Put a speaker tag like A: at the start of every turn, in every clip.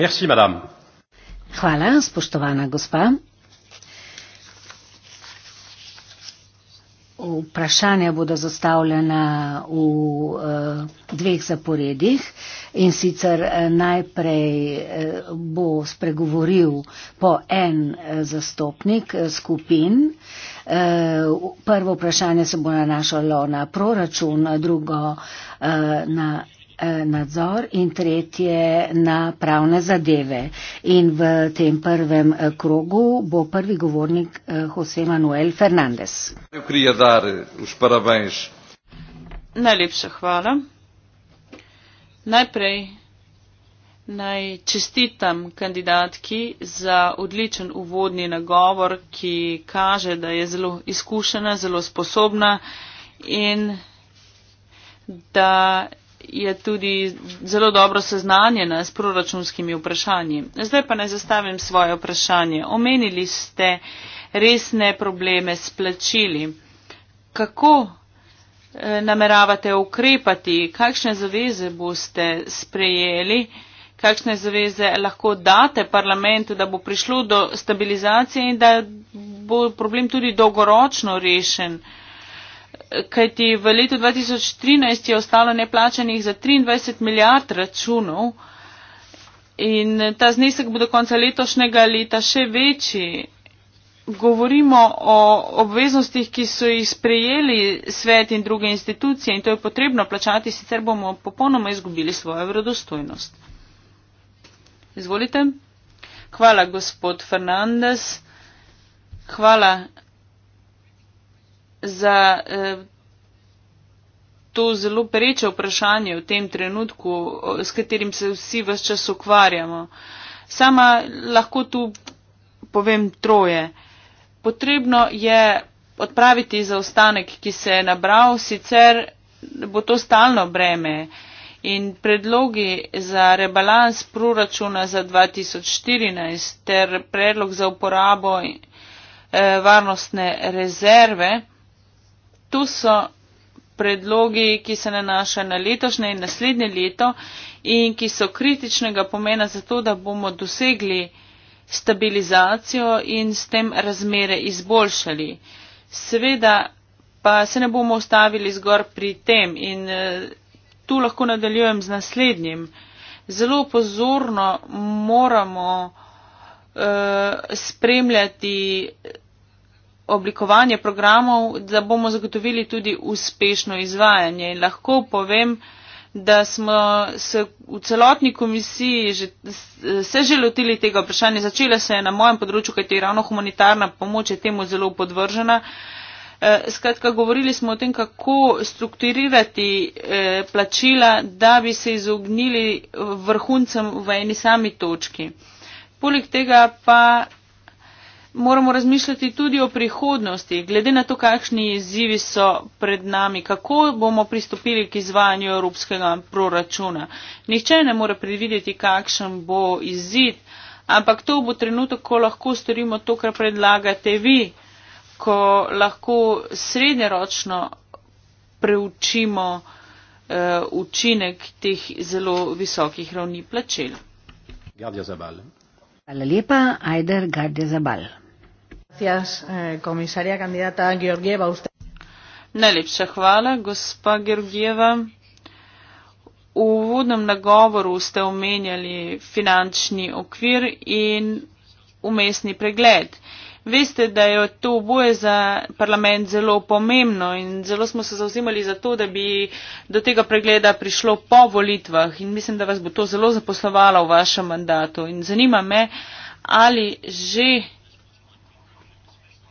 A: Merci, madame. Hvala, spoštovana gospa. Vprašanja bodo zastavljena v uh, dveh zaporedih in sicer uh, najprej uh, bo spregovoril po en uh, zastopnik uh, skupin. Uh, prvo vprašanje se bo nanašalo na proračun, drugo uh, na Eh, nadzor in tretje na pravne zadeve. In v tem prvem eh, krogu bo prvi govornik eh, Jose Manuel Fernandez.
B: Najlepša hvala. Najprej naj čestitam kandidatki za odličen uvodni nagovor, ki kaže, da je zelo izkušena, zelo sposobna in da je tudi zelo dobro seznanjena s proračunskimi vprašanji. Zdaj pa naj zastavim svoje vprašanje. Omenili ste resne probleme s plačili. Kako eh, nameravate ukrepati, kakšne zaveze boste sprejeli, kakšne zaveze lahko date parlamentu, da bo prišlo do stabilizacije in da bo problem tudi dolgoročno rešen kajti v letu 2013 je ostalo neplačanih za 23 milijard računov in ta znesek bo do konca letošnjega leta še večji. Govorimo o obveznostih, ki so jih sprejeli svet in druge institucije in to je potrebno plačati, sicer bomo popolnoma izgubili svojo vredostojnost. Izvolite. Hvala, gospod Fernandez. Hvala za eh, to zelo pereče vprašanje v tem trenutku, s katerim se vsi vse čas ukvarjamo. Sama lahko tu povem troje. Potrebno je odpraviti zaostanek, ki se je nabral, sicer bo to stalno breme. In predlogi za rebalans proračuna za 2014 ter predlog za uporabo eh, varnostne rezerve tu so predlogi, ki se nanašajo na letošnje in naslednje leto in ki so kritičnega pomena za to, da bomo dosegli stabilizacijo in s tem razmere izboljšali. Seveda pa se ne bomo ustavili zgor pri tem in eh, tu lahko nadaljujem z naslednjim. Zelo pozorno moramo uh, spremljati oblikovanje programov, da bomo zagotovili tudi uspešno izvajanje. In lahko povem, da smo se v celotni komisiji že, se že lotili tega vprašanja. Začela se je na mojem področju, kajti ravno humanitarna pomoč je temu zelo podvržena. Eh, skratka, govorili smo o tem, kako strukturirati eh, plačila, da bi se izognili vrhuncem v eni sami točki. Poleg tega pa moramo razmišljati tudi o prihodnosti, glede na to, kakšni izzivi so pred nami, kako bomo pristopili k izvajanju evropskega proračuna. Nihče ne more predvideti, kakšen bo izid, ampak to bo trenutek, ko lahko storimo to, kar predlagate vi, ko lahko srednjeročno preučimo eh, učinek teh zelo visokih ravni plačil.
A: Hvala lepa, Ajder Gardia Zabal.
B: Gracias, eh, comisaria candidata Georgieva. Usted... Najlepša hvala, gospa Georgieva. V uvodnem nagovoru ste omenjali finančni okvir in umestni pregled. Veste, da je to oboje za parlament zelo pomembno in zelo smo se zauzimali za to, da bi do tega pregleda prišlo po volitvah in mislim, da vas bo to zelo zaposlovalo v vašem mandatu. In zanima me, ali že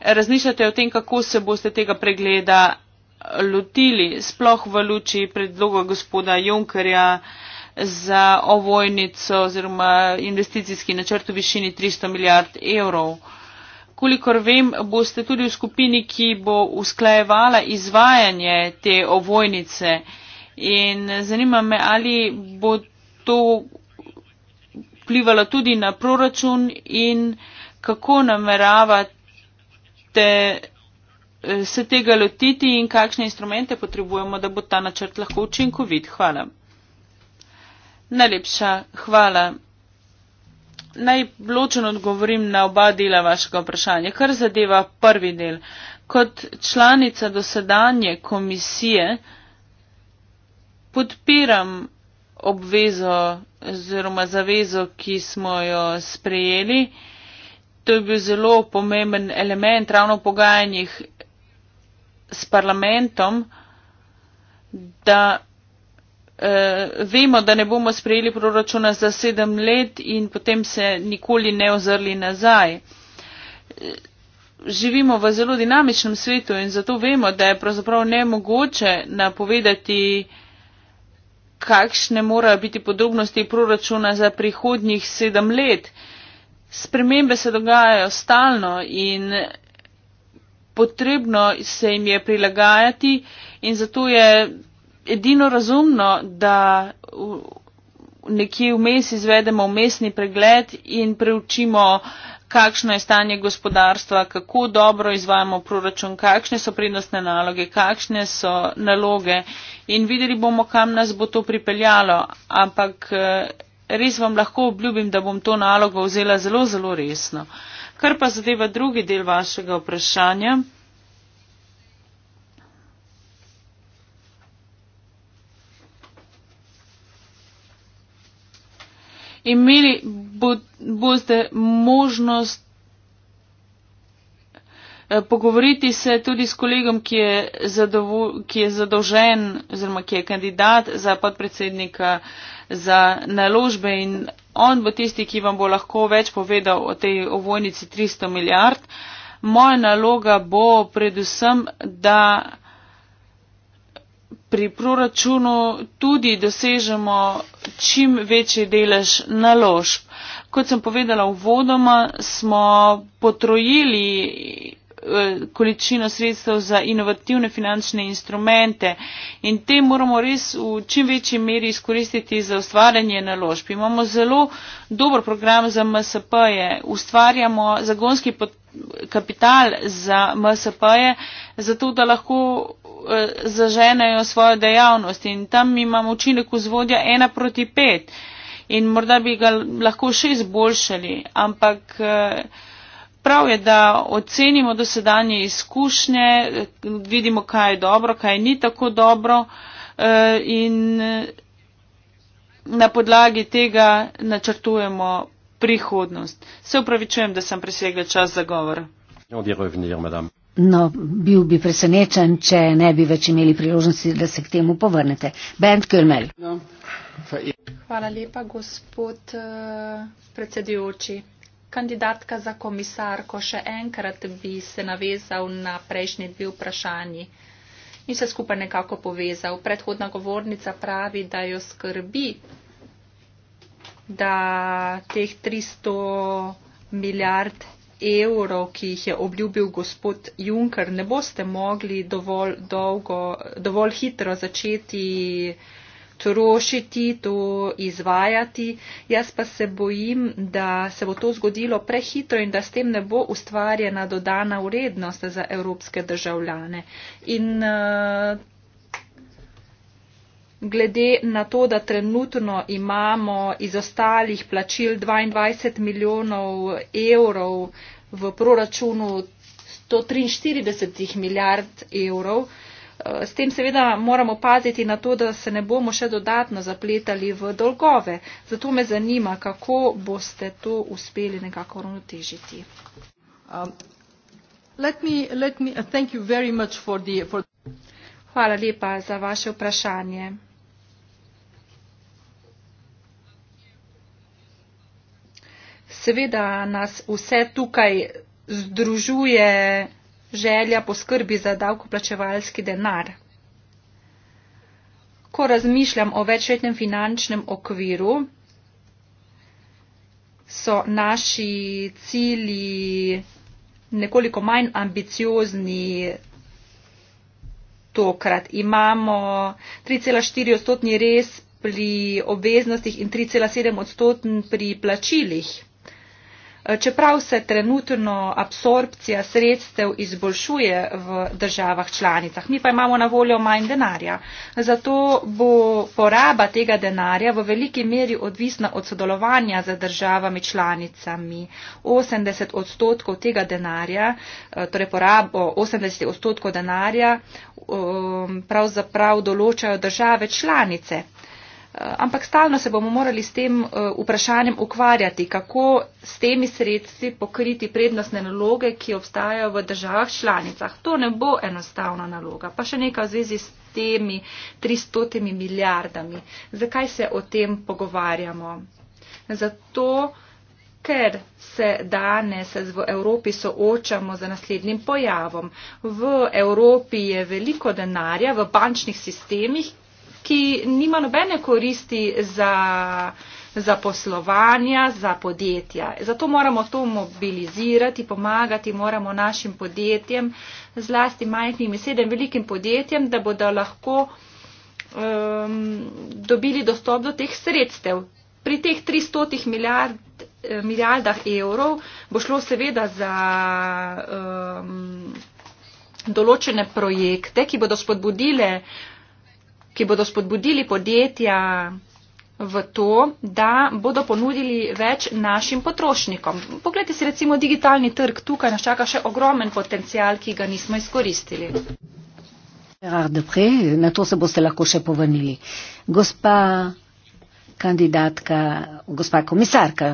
B: razmišljate o tem, kako se boste tega pregleda lotili, sploh v luči predloga gospoda Junkerja za ovojnico oziroma investicijski načrt v višini 300 milijard evrov. Kolikor vem, boste tudi v skupini, ki bo usklajevala izvajanje te ovojnice. In zanima me, ali bo to vplivalo tudi na proračun in kako nameravate boste eh, se tega lotiti in kakšne instrumente potrebujemo, da bo ta načrt lahko učinkovit. Hvala. Najlepša hvala. Naj ločen odgovorim na oba dela vašega vprašanja, kar zadeva prvi del. Kot članica dosedanje komisije podpiram obvezo oziroma zavezo, ki smo jo sprejeli. Uh, to je bil zelo pomemben element ravno v pogajanjih s parlamentom, da eh, vemo, da ne bomo sprejeli proračuna za sedem let in potem se nikoli ne ozrli nazaj. Živimo v zelo dinamičnem svetu in zato vemo, da je pravzaprav nemogoče napovedati, kakšne morajo biti podobnosti proračuna za prihodnjih sedem let. Eh, Spremembe se dogajajo stalno in potrebno se jim je prilagajati in zato je edino razumno, da nekje vmes izvedemo umestni pregled in preučimo, kakšno je stanje gospodarstva, kako dobro izvajamo proračun, kakšne so prednostne naloge, kakšne so naloge in videli bomo, kam nas bo to pripeljalo. Ampak eh, res vam lahko obljubim, da bom to nalogo vzela zelo, zelo resno. Kar pa zadeva drugi del vašega vprašanja. Imeli boste možnost eh, pogovoriti se tudi s kolegom, ki je, zadovo, ki je zadolžen oziroma ki je kandidat za podpredsednika za naložbe in on bo tisti, ki vam bo lahko več povedal o tej ovojnici 300 milijard. Moja naloga bo predvsem, da pri proračunu tudi dosežemo čim večji delež naložb. Kot sem povedala uvodoma, smo potrojili Eh, količino sredstev za inovativne finančne instrumente in te moramo res v čim večji meri izkoristiti za ustvarjanje naložb. Imamo zelo dober program za MSP-je, ustvarjamo zagonski kapital za MSP-je, zato da lahko eh, zaženejo svojo dejavnost in tam imamo učinek vzvodja ena proti pet in morda bi ga lahko še izboljšali, ampak eh, prav je, da ocenimo dosedanje izkušnje, vidimo, kaj je dobro, kaj ni tako dobro eh, in na podlagi tega načrtujemo prihodnost. Se upravičujem, da sem presegla čas za govor.
A: No, bil bi presenečen, če ne bi več imeli priložnosti, da se k temu povrnete. Bent Kölmel. No.
C: Hvala lepa, gospod uh, predsedujoči kandidatka za komisarko, še enkrat bi se navezal na prejšnji dve vprašanji in se skupaj nekako povezal. Predhodna govornica pravi, da jo skrbi, da teh 300 milijard evrov, ki jih je obljubil gospod Juncker, ne boste mogli dovolj, dolgo, dovolj hitro začeti trošiti, to izvajati. Jaz pa se bojim, da se bo to zgodilo prehitro in da s tem ne bo ustvarjena dodana urednost za evropske državljane. In eh, glede na to, da trenutno imamo iz ostalih plačil 22 milijonov evrov v proračunu 143 milijard evrov, S tem seveda moramo paziti na to, da se ne bomo še dodatno zapletali v dolgove. Zato me zanima, kako boste to uspeli nekako uravnotežiti. Um, uh, for... Hvala lepa za vaše vprašanje. Seveda nas vse tukaj združuje želja po skrbi za davkoplačevalski denar. Ko razmišljam o večletnem finančnem okviru, so naši cilji nekoliko manj ambiciozni tokrat. Imamo 3,4 odstotni res pri obveznostih in 3,7 odstotni pri plačilih čeprav se trenutno absorpcija sredstev izboljšuje v državah članicah. Mi pa imamo na voljo manj denarja. Zato bo poraba tega denarja v veliki meri odvisna od sodelovanja z državami članicami. 80 odstotkov tega denarja, eh, torej porabo 80 odstotkov denarja, um, pravzaprav določajo države članice ampak stalno se bomo morali s tem eh, vprašanjem ukvarjati, kako s temi sredstvi pokriti prednostne naloge, ki obstajajo v državah članicah. To ne bo enostavna naloga. Pa še nekaj v zvezi s temi 300 milijardami. Zakaj se o tem pogovarjamo? Zato, ker se danes v Evropi soočamo z naslednjim pojavom. V Evropi je veliko denarja v bančnih sistemih, ki nima nobene koristi za, za poslovanja, za podjetja. Zato moramo to mobilizirati, pomagati moramo našim podjetjem, zlasti majhnim in sedem velikim podjetjem, da bodo lahko um, dobili dostop do teh sredstev. Pri teh 300 milijard, eh, milijardah evrov bo šlo seveda za um, določene projekte, ki bodo spodbudile uh, ki bodo spodbudili podjetja v to, da bodo ponudili več našim potrošnikom. Poglejte si recimo digitalni trg, tukaj nas čaka še ogromen potencial, ki ga nismo izkoristili.
A: Na to se boste lahko še povrnili. Gospa kandidatka, gospa komisarka,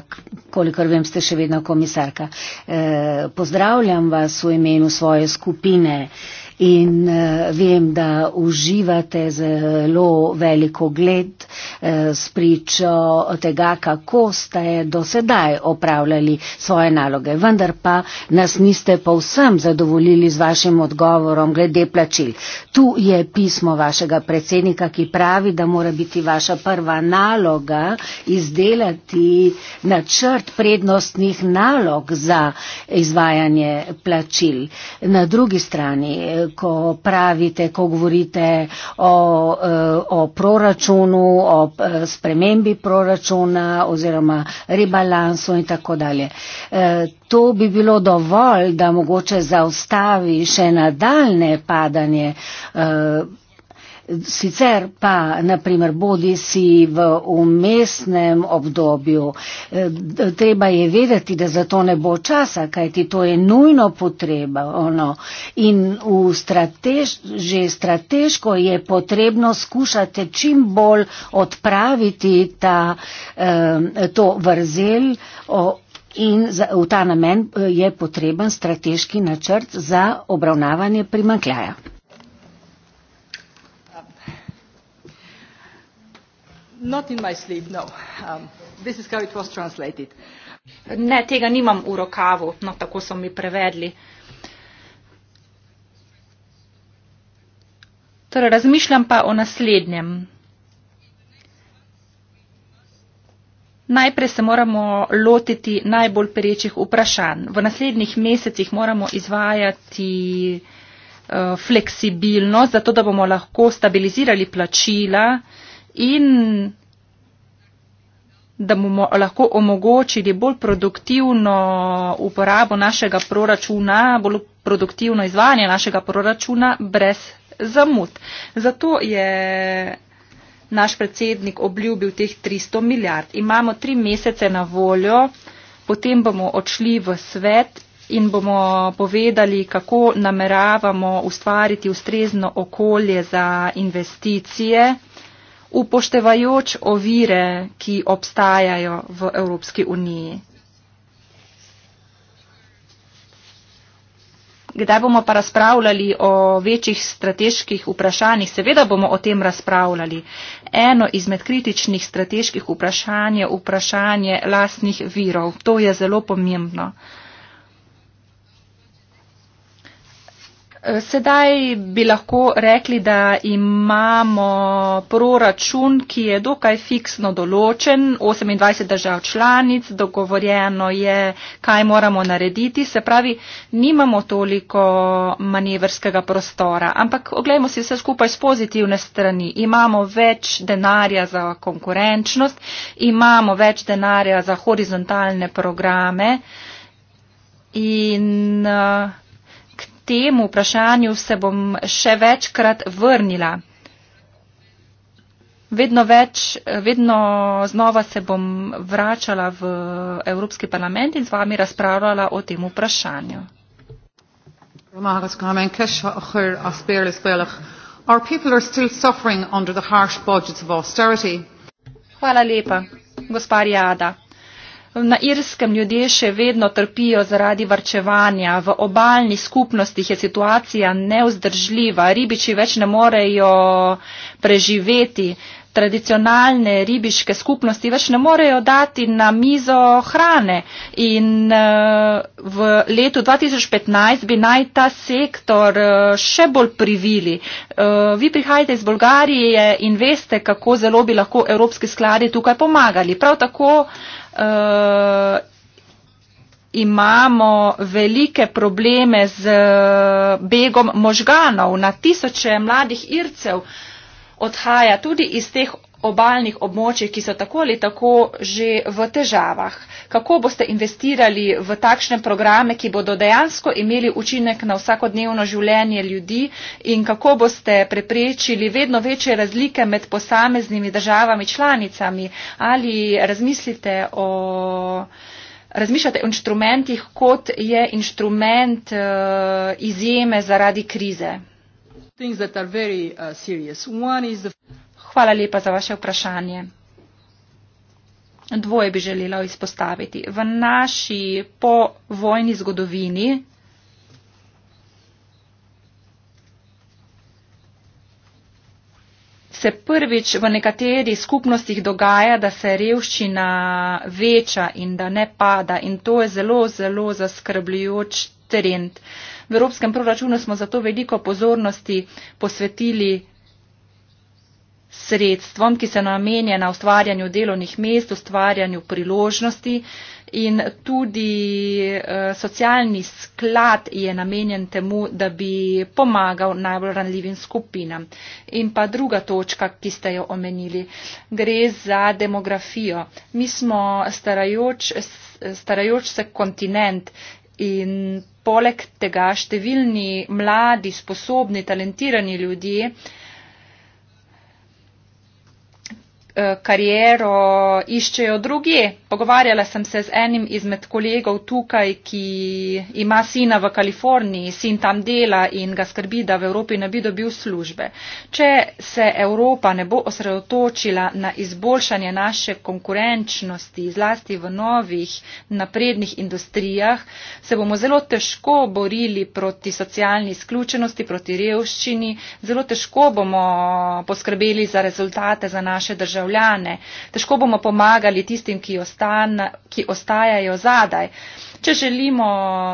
A: kolikor vem, ste še vedno komisarka, eh, pozdravljam vas v imenu svoje skupine. Eh, in eh, vem, da uživate zelo veliko gled eh, s pričo tega, kako ste do sedaj opravljali svoje naloge. Vendar pa nas niste povsem zadovoljili z vašim odgovorom glede plačil. Tu je pismo vašega predsednika, ki pravi, da mora biti vaša prva naloga izdelati načrt prednostnih nalog za izvajanje plačil. Na drugi strani ko pravite, ko govorite o, e, o proračunu, o e, spremembi proračuna oziroma rebalansu in tako dalje. E, to bi bilo dovolj, da mogoče zaustavi še nadaljne padanje Sicer pa, naprimer, bodi si v umestnem obdobju. Eh, treba je vedeti, da za to ne bo časa, kajti to je nujno potreba. Ono. In stratež, že strateško je potrebno skušati čim bolj odpraviti ta, eh, to vrzel. In za, v ta namen eh, je potreben strateški načrt za obravnavanje primankljaja.
C: not in my sleep no um, this is how it was translated ne tega nimam v rokavu no tako so mi prevedli Torej, razmišljam pa o naslednjem. Najprej se moramo lotiti najbolj perečih vprašanj. V naslednjih mesecih moramo izvajati uh, fleksibilnost, zato da bomo lahko stabilizirali plačila uh, in da bomo lahko omogočili bolj produktivno uporabo našega proračuna, bolj produktivno izvajanje našega proračuna brez zamud. Zato je naš predsednik obljubil teh 300 milijard. Imamo tri mesece na voljo, potem bomo odšli v svet in bomo povedali, kako nameravamo ustvariti ustrezno okolje za investicije upoštevajoč ovire, ki obstajajo v Evropski uniji. Kdaj bomo pa razpravljali o večjih strateških vprašanjih? Seveda bomo o tem razpravljali. Eno izmed kritičnih strateških vprašanj je vprašanje lastnih virov. To je zelo pomembno. Sedaj bi lahko rekli, da imamo proračun, ki je dokaj fiksno določen, 28 držav članic, dogovorjeno je, kaj moramo narediti, se pravi, nimamo toliko manevrskega prostora, ampak oglejmo si vse skupaj z pozitivne strani. Imamo več denarja za konkurenčnost, imamo več denarja za horizontalne programe in. Uh, temu vprašanju se bom še večkrat vrnila. Vedno več, vedno znova se bom vračala v Evropski parlament in z vami razpravljala o tem vprašanju. Hvala lepa, gospod Jada. Na Irskem ljudje še vedno trpijo zaradi varčevanja, v obaljnih skupnostih je situacija neuzdržljiva, ribiči več ne morejo preživeti, tradicionalne ribiške skupnosti več ne morejo dati na mizo hrane in eh, v letu 2015 bi naj ta sektor eh, še bolj privili. Eh, vi prihajate iz Bolgarije in veste, kako zelo bi lahko evropski skladi tukaj pomagali. Prav tako uh, imamo velike probleme z eh, begom možganov. Na tisoče mladih Ircev odhaja tudi iz teh obaljnih območjih, ki so tako ali tako že v težavah? Kako boste investirali v takšne programe, ki bodo dejansko imeli učinek na vsakodnevno življenje ljudi in kako boste preprečili vedno večje razlike med posameznimi državami članicami? Ali razmislite o. Razmišljate o inštrumentih, kot je inštrument uh, izjeme zaradi krize. Hvala lepa za vaše vprašanje. Dvoje bi želela izpostaviti. V naši povojni zgodovini se prvič v nekaterih skupnostih dogaja, da se revščina veča in da ne pada in to je zelo, zelo zaskrbljujoč trend. V evropskem proračunu smo zato veliko pozornosti posvetili sredstvom, ki se namenja na ustvarjanju delovnih mest, ustvarjanju priložnosti in tudi eh, socialni sklad je namenjen temu, da bi pomagal najbolj ranljivim skupinam. In pa druga točka, ki ste jo omenili, gre za demografijo. Mi smo starajoč, starajoč se kontinent in poleg tega številni mladi, sposobni, talentirani ljudje, Eh, kariero iščejo drugje. Pogovarjala sem se z enim izmed kolegov tukaj, ki ima sina v Kaliforniji, sin tam dela in ga skrbi, da v Evropi ne bi dobil službe. Če se Evropa ne bo osredotočila na izboljšanje naše konkurenčnosti, zlasti v novih naprednih industrijah, se bomo zelo težko borili proti socialni izključenosti, proti revščini, zelo težko bomo poskrbeli za rezultate za naše državljane, težko bomo pomagali tistim, ki ostajajo ostan, ki ostajajo zadaj. Če želimo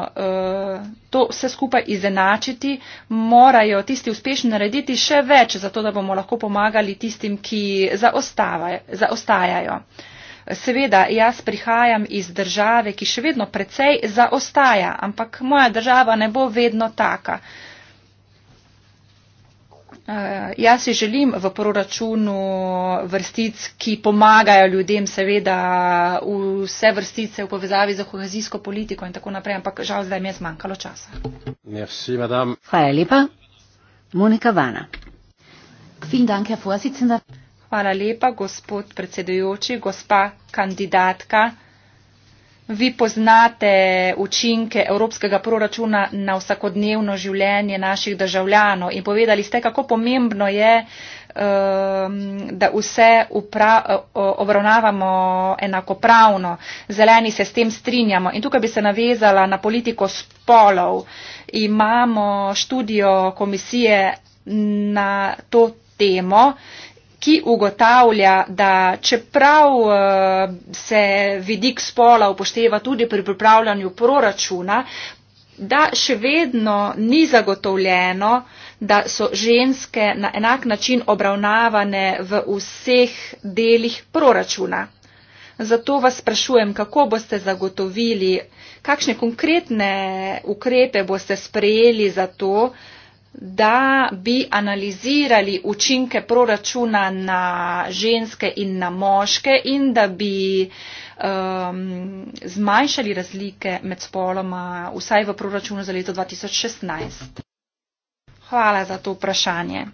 C: uh, to vse skupaj izenačiti, morajo tisti uspešni narediti še več, zato da bomo lahko pomagali tistim, ki zaostajajo. Seveda, jaz prihajam iz države, ki še vedno precej zaostaja, ampak moja država ne bo vedno taka. Uh, Eh, jaz si želim v proračunu vrstic, ki pomagajo ljudem, seveda vse vrstice v povezavi z kohezijsko politiko in tako naprej, ampak žal zdaj mi je zmanjkalo časa.
A: Merci, Hvala lepa. Monika Vana.
C: Dank, Hvala lepa, gospod predsedujoči, gospa kandidatka. Vi poznate učinke evropskega proračuna na vsakodnevno življenje naših državljanov in povedali ste, kako pomembno je, um, da vse upra, obravnavamo enakopravno. Zeleni se s tem strinjamo. In tukaj bi se navezala na politiko spolov. Imamo študijo komisije na to temo ki ugotavlja, da čeprav eh, se vidik spola upošteva tudi pri pripravljanju proračuna, da še vedno ni zagotovljeno, da so ženske na enak način obravnavane v vseh delih proračuna. Zato vas sprašujem, kako boste zagotovili, kakšne konkretne ukrepe boste sprejeli za to, da bi analizirali učinke proračuna na ženske in na moške in da bi um, zmanjšali razlike med spoloma, vsaj v proračunu za leto 2016. Hvala za to vprašanje.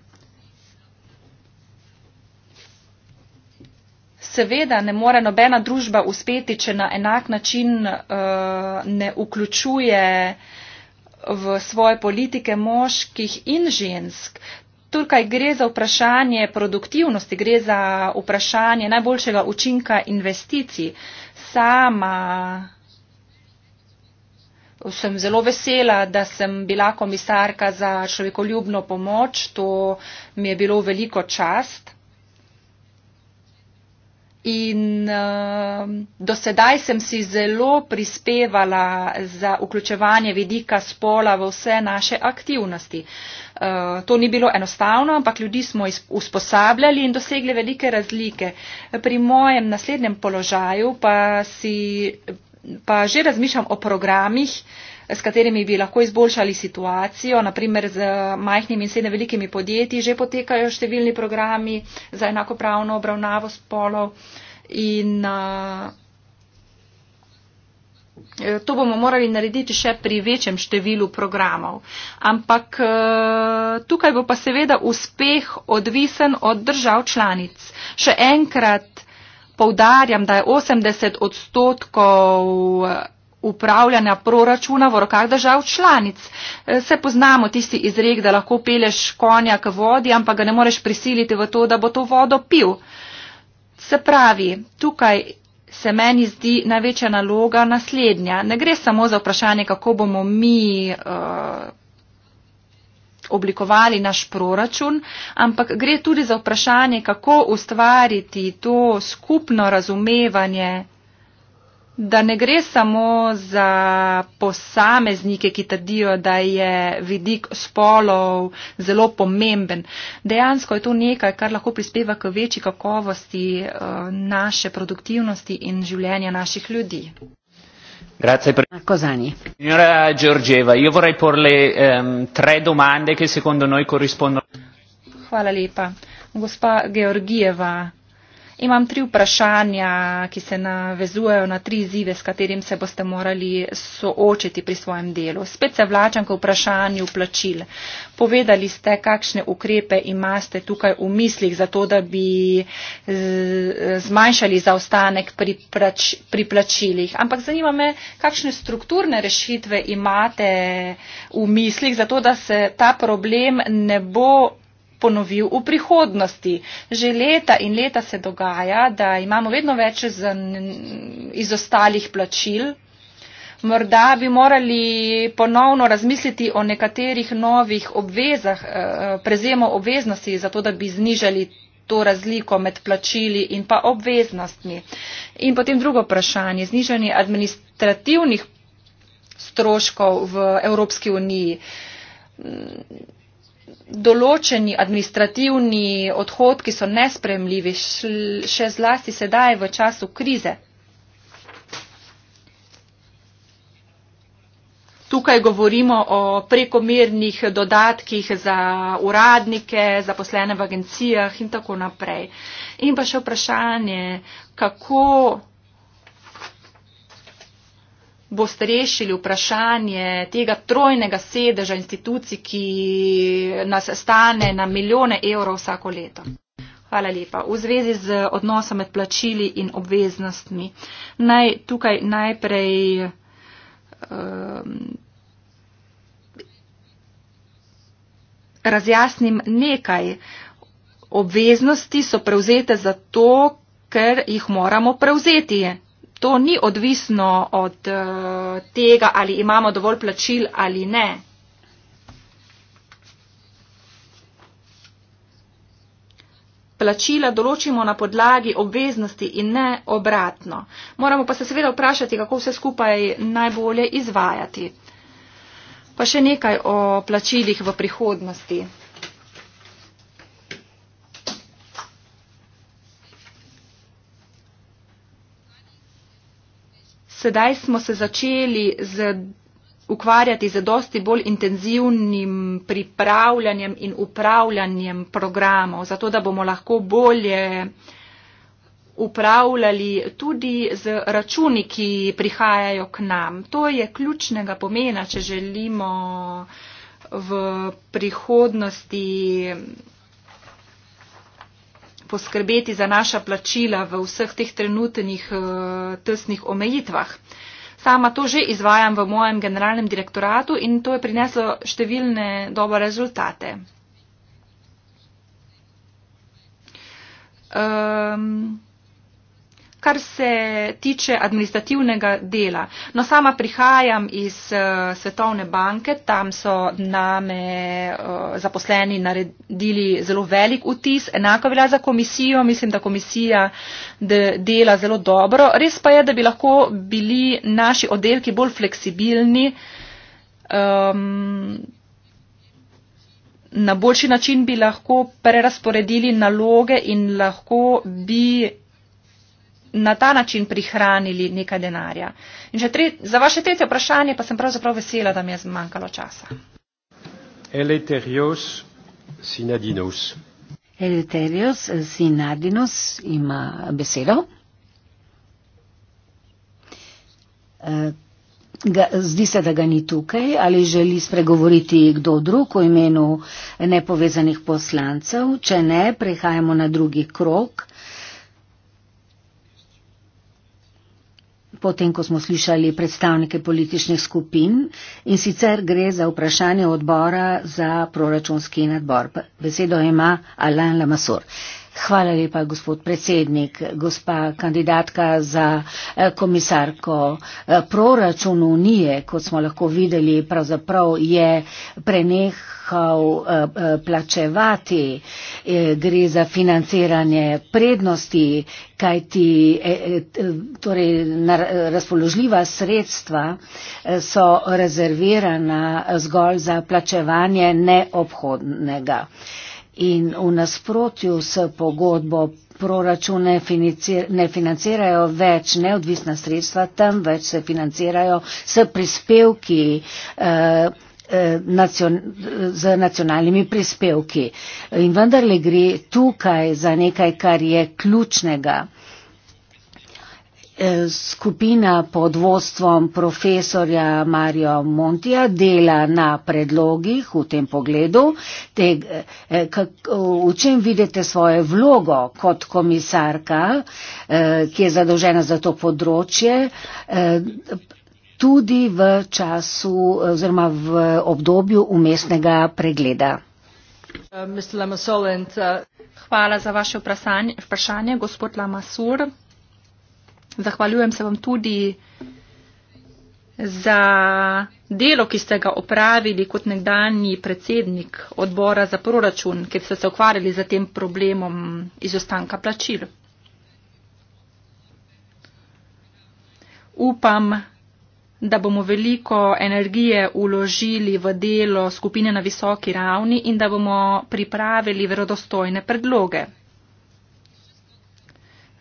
C: Seveda ne more nobena družba uspeti, če na enak način uh, ne vključuje uh, v svoje politike moških in žensk. Tukaj gre za vprašanje produktivnosti, gre za vprašanje najboljšega učinka investicij. Sama sem zelo vesela, da sem bila komisarka za človekoljubno pomoč, to mi je bilo veliko čast. In uh, um, dosedaj sem si zelo prispevala za vključevanje vidika spola v vse naše aktivnosti. Uh, to ni bilo enostavno, ampak ljudi smo usposabljali in dosegli velike razlike. Pri mojem naslednjem položaju pa, si, pa že razmišljam o programih, uh, s katerimi bi lahko izboljšali situacijo, naprimer z eh, majhnimi in srednje velikimi podjetji, že potekajo številni programi za enakopravno obravnavo spolov in eh, eh, To bomo morali narediti še pri večjem številu programov. Ampak tukaj bo pa seveda uspeh odvisen od držav članic. Še enkrat povdarjam, da je 80 odstotkov upravljanja proračuna v rokah držav članic. E, se poznamo tisti izrek, da lahko peleš konja k vodi, ampak ga ne moreš prisiliti v to, da bo to vodo pil. Se pravi, tukaj se meni zdi največja naloga naslednja. Ne gre samo za vprašanje, kako bomo mi uh, oblikovali naš proračun, ampak gre tudi za vprašanje, kako ustvariti to skupno razumevanje da ne gre samo za posameznike, ki trdijo, da je vidik spolov zelo pomemben. Dejansko je to nekaj, kar lahko prispeva k večji kakovosti eh, naše produktivnosti in življenja naših ljudi.
A: Grazie per Cosani. Signora
B: Giorgieva, io vorrei porle um, tre domande che secondo noi corrispondono.
C: Hvala lepa. Gospa Georgieva, Imam tri vprašanja, ki se navezujejo na tri izzive, s katerim se boste morali soočiti pri svojem delu. Spet se vlačam k vprašanju plačil. Povedali ste, kakšne ukrepe imate tukaj v mislih za to, da bi zmanjšali zaostanek pri, plač, pri plačilih. Ampak zanima me, kakšne strukturne rešitve imate v mislih za to, da se ta problem ne bo ponovil v prihodnosti. Že leta in leta se dogaja, da imamo vedno več iz ostalih plačil. Morda bi morali ponovno razmisliti o nekaterih novih obvezah, eh, prezemo obveznosti, zato da bi znižali to razliko med plačili in pa obveznostmi. In potem drugo vprašanje, znižanje administrativnih stroškov v Evropski uniji določeni administrativni odhodki so nespremljivi, še zlasti sedaj v času krize. Tukaj govorimo o prekomernih dodatkih za uradnike, zaposlene v agencijah in tako naprej. In pa še vprašanje, kako boste rešili vprašanje tega trojnega sedeža institucij, ki nas stane na milijone evrov vsako leto. Hvala lepa. V zvezi z odnosom med plačili in obveznostmi, naj tukaj najprej um, razjasnim nekaj. Obveznosti so prevzete zato, ker jih moramo prevzeti. To ni odvisno od uh, tega, ali imamo dovolj plačil ali ne. Plačila določimo na podlagi obveznosti in ne obratno. Moramo pa se seveda vprašati, kako vse skupaj najbolje izvajati. Pa še nekaj o plačilih v prihodnosti. sedaj smo se začeli z ukvarjati z dosti bolj intenzivnim pripravljanjem in upravljanjem programov, zato da bomo lahko bolje upravljali tudi z računi, ki prihajajo k nam. To je ključnega pomena, če želimo v prihodnosti poskrbeti za naša plačila v vseh teh trenutnih eh, tesnih omejitvah. Sama to že izvajam v mojem generalnem direktoratu in to je prineslo številne dobre rezultate. Um, kar se tiče administrativnega dela. No, sama prihajam iz uh, Svetovne banke, tam so name uh, zaposleni naredili zelo velik vtis, enako velja za komisijo, mislim, da komisija de, dela zelo dobro. Res pa je, da bi lahko bili naši oddelki bolj fleksibilni. Um, Na boljši način bi lahko prerasporedili naloge in lahko bi na ta način prihranili nekaj denarja. In tre, za vaše tretje vprašanje pa sem pravzaprav vesela, da mi je zmanjkalo časa. Eleterios sinadinus.
A: Eleterios sinadinus ima besedo. Eh, ga, zdi se, da ga ni tukaj ali želi spregovoriti kdo drug v imenu nepovezanih poslancev. Če ne, prehajamo na drugi krok. potem, ko smo slišali predstavnike političnih skupin in sicer gre za vprašanje odbora za proračunski nadbor. Besedo ima Alain Lamasur. Hvala lepa, gospod predsednik, gospa kandidatka za eh, komisarko. Eh, proračun unije, kot smo lahko videli, pravzaprav je preneh nehal eh, eh, plačevati. Eh, gre za financiranje prednosti, kajti torej, razpoložljiva sredstva so rezervirana zgolj za plačevanje neobhodnega. In v nasprotju s pogodbo proračune ne financirajo več neodvisna sredstva, temveč se financirajo s prispevki. Eh, z nacionalnimi prispevki. In vendarle gre tukaj za nekaj, kar je ključnega. E, skupina pod vodstvom profesorja Mario Montija dela na predlogih v tem pogledu. Te, e, kak, v čem vidite svojo vlogo kot komisarka, e, ki je zadolžena za to področje? tudi v času eh, oziroma v obdobju umestnega pregleda.
C: Uh, uh, Hvala za vaše vprašanje, vprašanje gospod Lamasur. Zahvaljujem se vam tudi za delo, ki ste ga opravili kot nekdani predsednik odbora za proračun, ker ste se ukvarjali za tem problemom izostanka plačil. Upam, da bomo veliko energije uložili v delo skupine na visoki ravni in da bomo pripravili verodostojne predloge.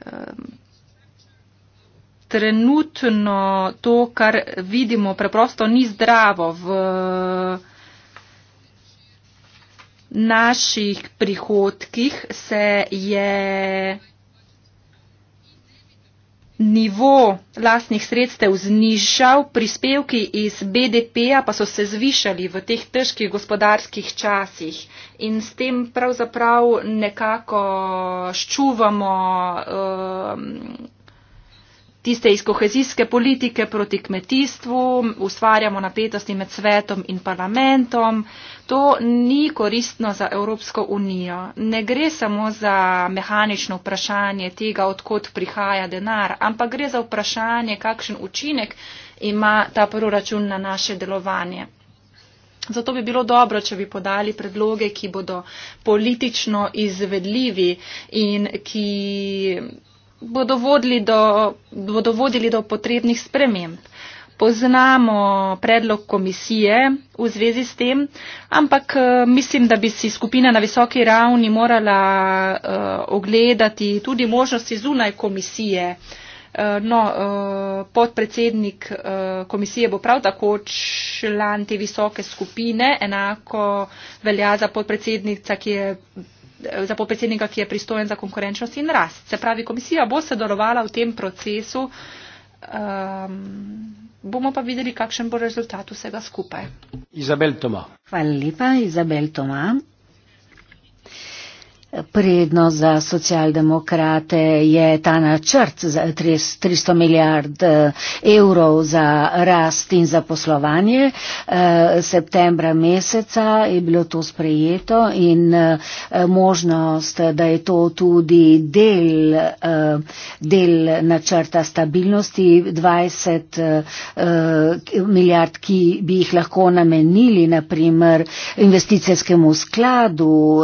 C: Ehm, trenutno to, kar vidimo, preprosto ni zdravo v naših prihodkih, se je nivo lastnih sredstev znižal, prispevki iz BDP-a pa so se zvišali v teh težkih gospodarskih časih in s tem pravzaprav nekako ščuvamo. Uh, tiste iz kohezijske politike proti kmetijstvu, ustvarjamo napetosti med svetom in parlamentom. To ni koristno za Evropsko unijo. Ne gre samo za mehanično vprašanje tega, odkot prihaja denar, ampak gre za vprašanje, kakšen učinek ima ta proračun na naše delovanje. Zato bi bilo dobro, če bi podali predloge, ki bodo politično izvedljivi in ki bodo vodili do, bodo vodili do potrebnih sprememb. Poznamo predlog komisije v zvezi s tem, ampak eh, mislim, da bi si skupina na visoki ravni morala uh, ogledati tudi možnosti zunaj komisije. Uh, no, uh, podpredsednik uh, komisije bo prav tako član te visoke skupine, enako velja za podpredsednica, ki je za podpredsednika, ki je pristojen za konkurenčnost in rast. Se pravi, komisija bo sodelovala v tem procesu. Um, bomo pa videli, kakšen bo rezultat vsega skupaj.
A: Izabel Toma. Hvala lepa, Izabel Toma prednost za socialdemokrate je ta načrt za 300 milijard eh, evrov za rast in za poslovanje. Eh, septembra meseca je bilo to sprejeto in eh, možnost, da je to tudi del, del načrta stabilnosti 20 milijard, ki bi jih lahko namenili naprimer investicijskemu skladu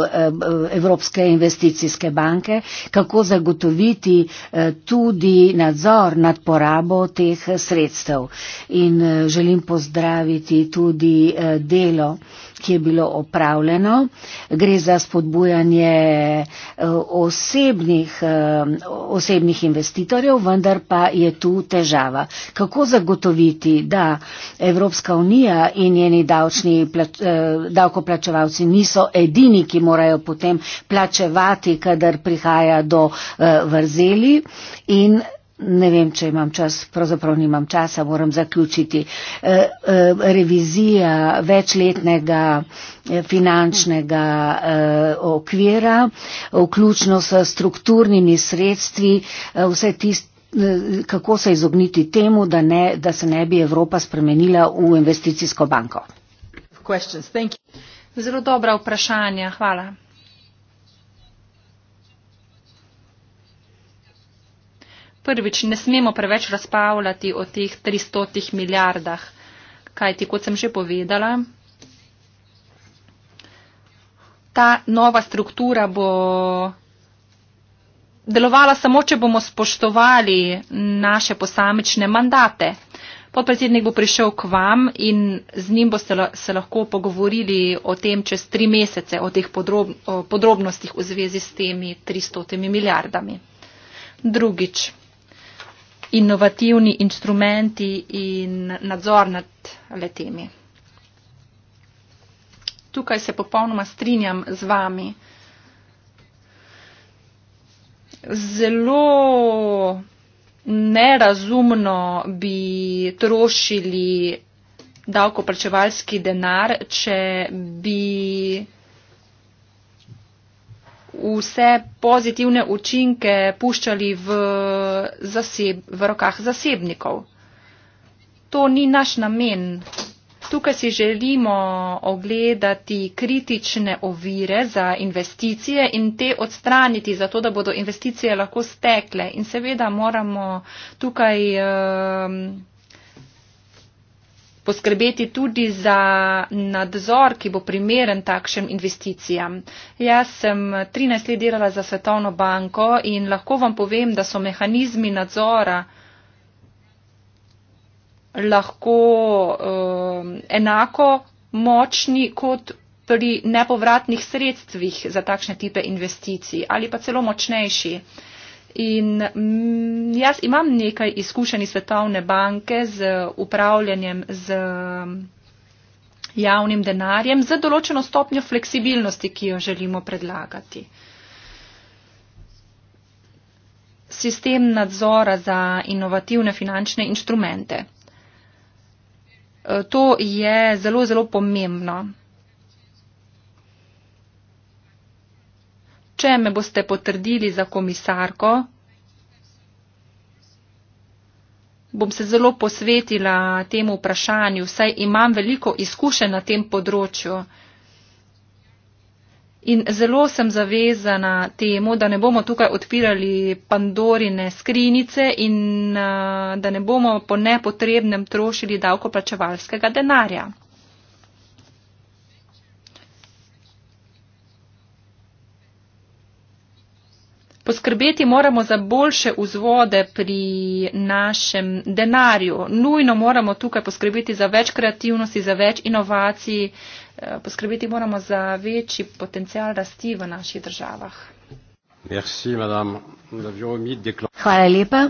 A: Evropske Evropske investicijske banke, kako zagotoviti eh, tudi nadzor nad porabo teh eh, sredstev. In eh, želim pozdraviti tudi delo ki je bilo opravljeno. Gre za spodbujanje eh, osebnih, eh, osebnih investitorjev, vendar pa je tu težava. Kako zagotoviti, da Evropska unija in njeni davčni plač, eh, davkoplačevalci niso edini, ki morajo potem plačevati, kadar prihaja do vrzeli in Ne vem, če imam čas, pravzaprav nimam časa, moram zaključiti. Eh, eh, revizija večletnega eh, finančnega okvira, vključno s strukturnimi sredstvi, vse tisto kako se izogniti temu, da, ne, da se ne bi Evropa spremenila v investicijsko banko.
C: Zelo dobra vprašanja, hvala. prvič ne smemo preveč razpavljati o teh 300 milijardah, kajti kot sem že povedala, ta nova struktura bo delovala samo, če bomo spoštovali naše posamične mandate. Podpredsednik bo prišel k vam in z njim boste se lahko pogovorili o tem čez tri mesece, o teh podrobnostih v zvezi s temi 300 milijardami. Drugič inovativni instrumenti in nadzor nad letemi. Tukaj se popolnoma strinjam z vami. Zelo nerazumno bi trošili davkoprečevalski denar, če bi vse pozitivne učinke puščali v, zaseb, v rokah zasebnikov. To ni naš namen. Tukaj si želimo ogledati kritične ovire za investicije in te odstraniti, zato da bodo investicije lahko stekle. In seveda moramo tukaj. Um, poskrbeti tudi za nadzor, ki bo primeren takšnim investicijam. Jaz sem 13 let delala za Svetovno banko in lahko vam povem, da so mehanizmi nadzora lahko um, enako močni kot pri nepovratnih sredstvih za takšne type investicij ali pa celo močnejši. In mm, jaz imam nekaj izkušenj iz Svetovne banke z upravljanjem z mm, javnim denarjem, z določeno stopnjo fleksibilnosti, ki jo želimo predlagati. Sistem nadzora za inovativne finančne inštrumente. E, to je zelo, zelo pomembno. Če me boste potrdili za komisarko, bom se zelo posvetila temu vprašanju, saj imam veliko izkušenj na tem področju. In zelo sem zavezana temu, da ne bomo tukaj odpirali pandorine skrinice in eh, da ne bomo po nepotrebnem trošili davkoplačevalskega denarja. Poskrbeti moramo za boljše vzvode pri našem denarju. Nujno moramo tukaj poskrbeti za več kreativnosti, za več inovacij. Eh, poskrbeti moramo za večji potencial rasti v naših državah.
A: Merci, madame. Hvala lepa.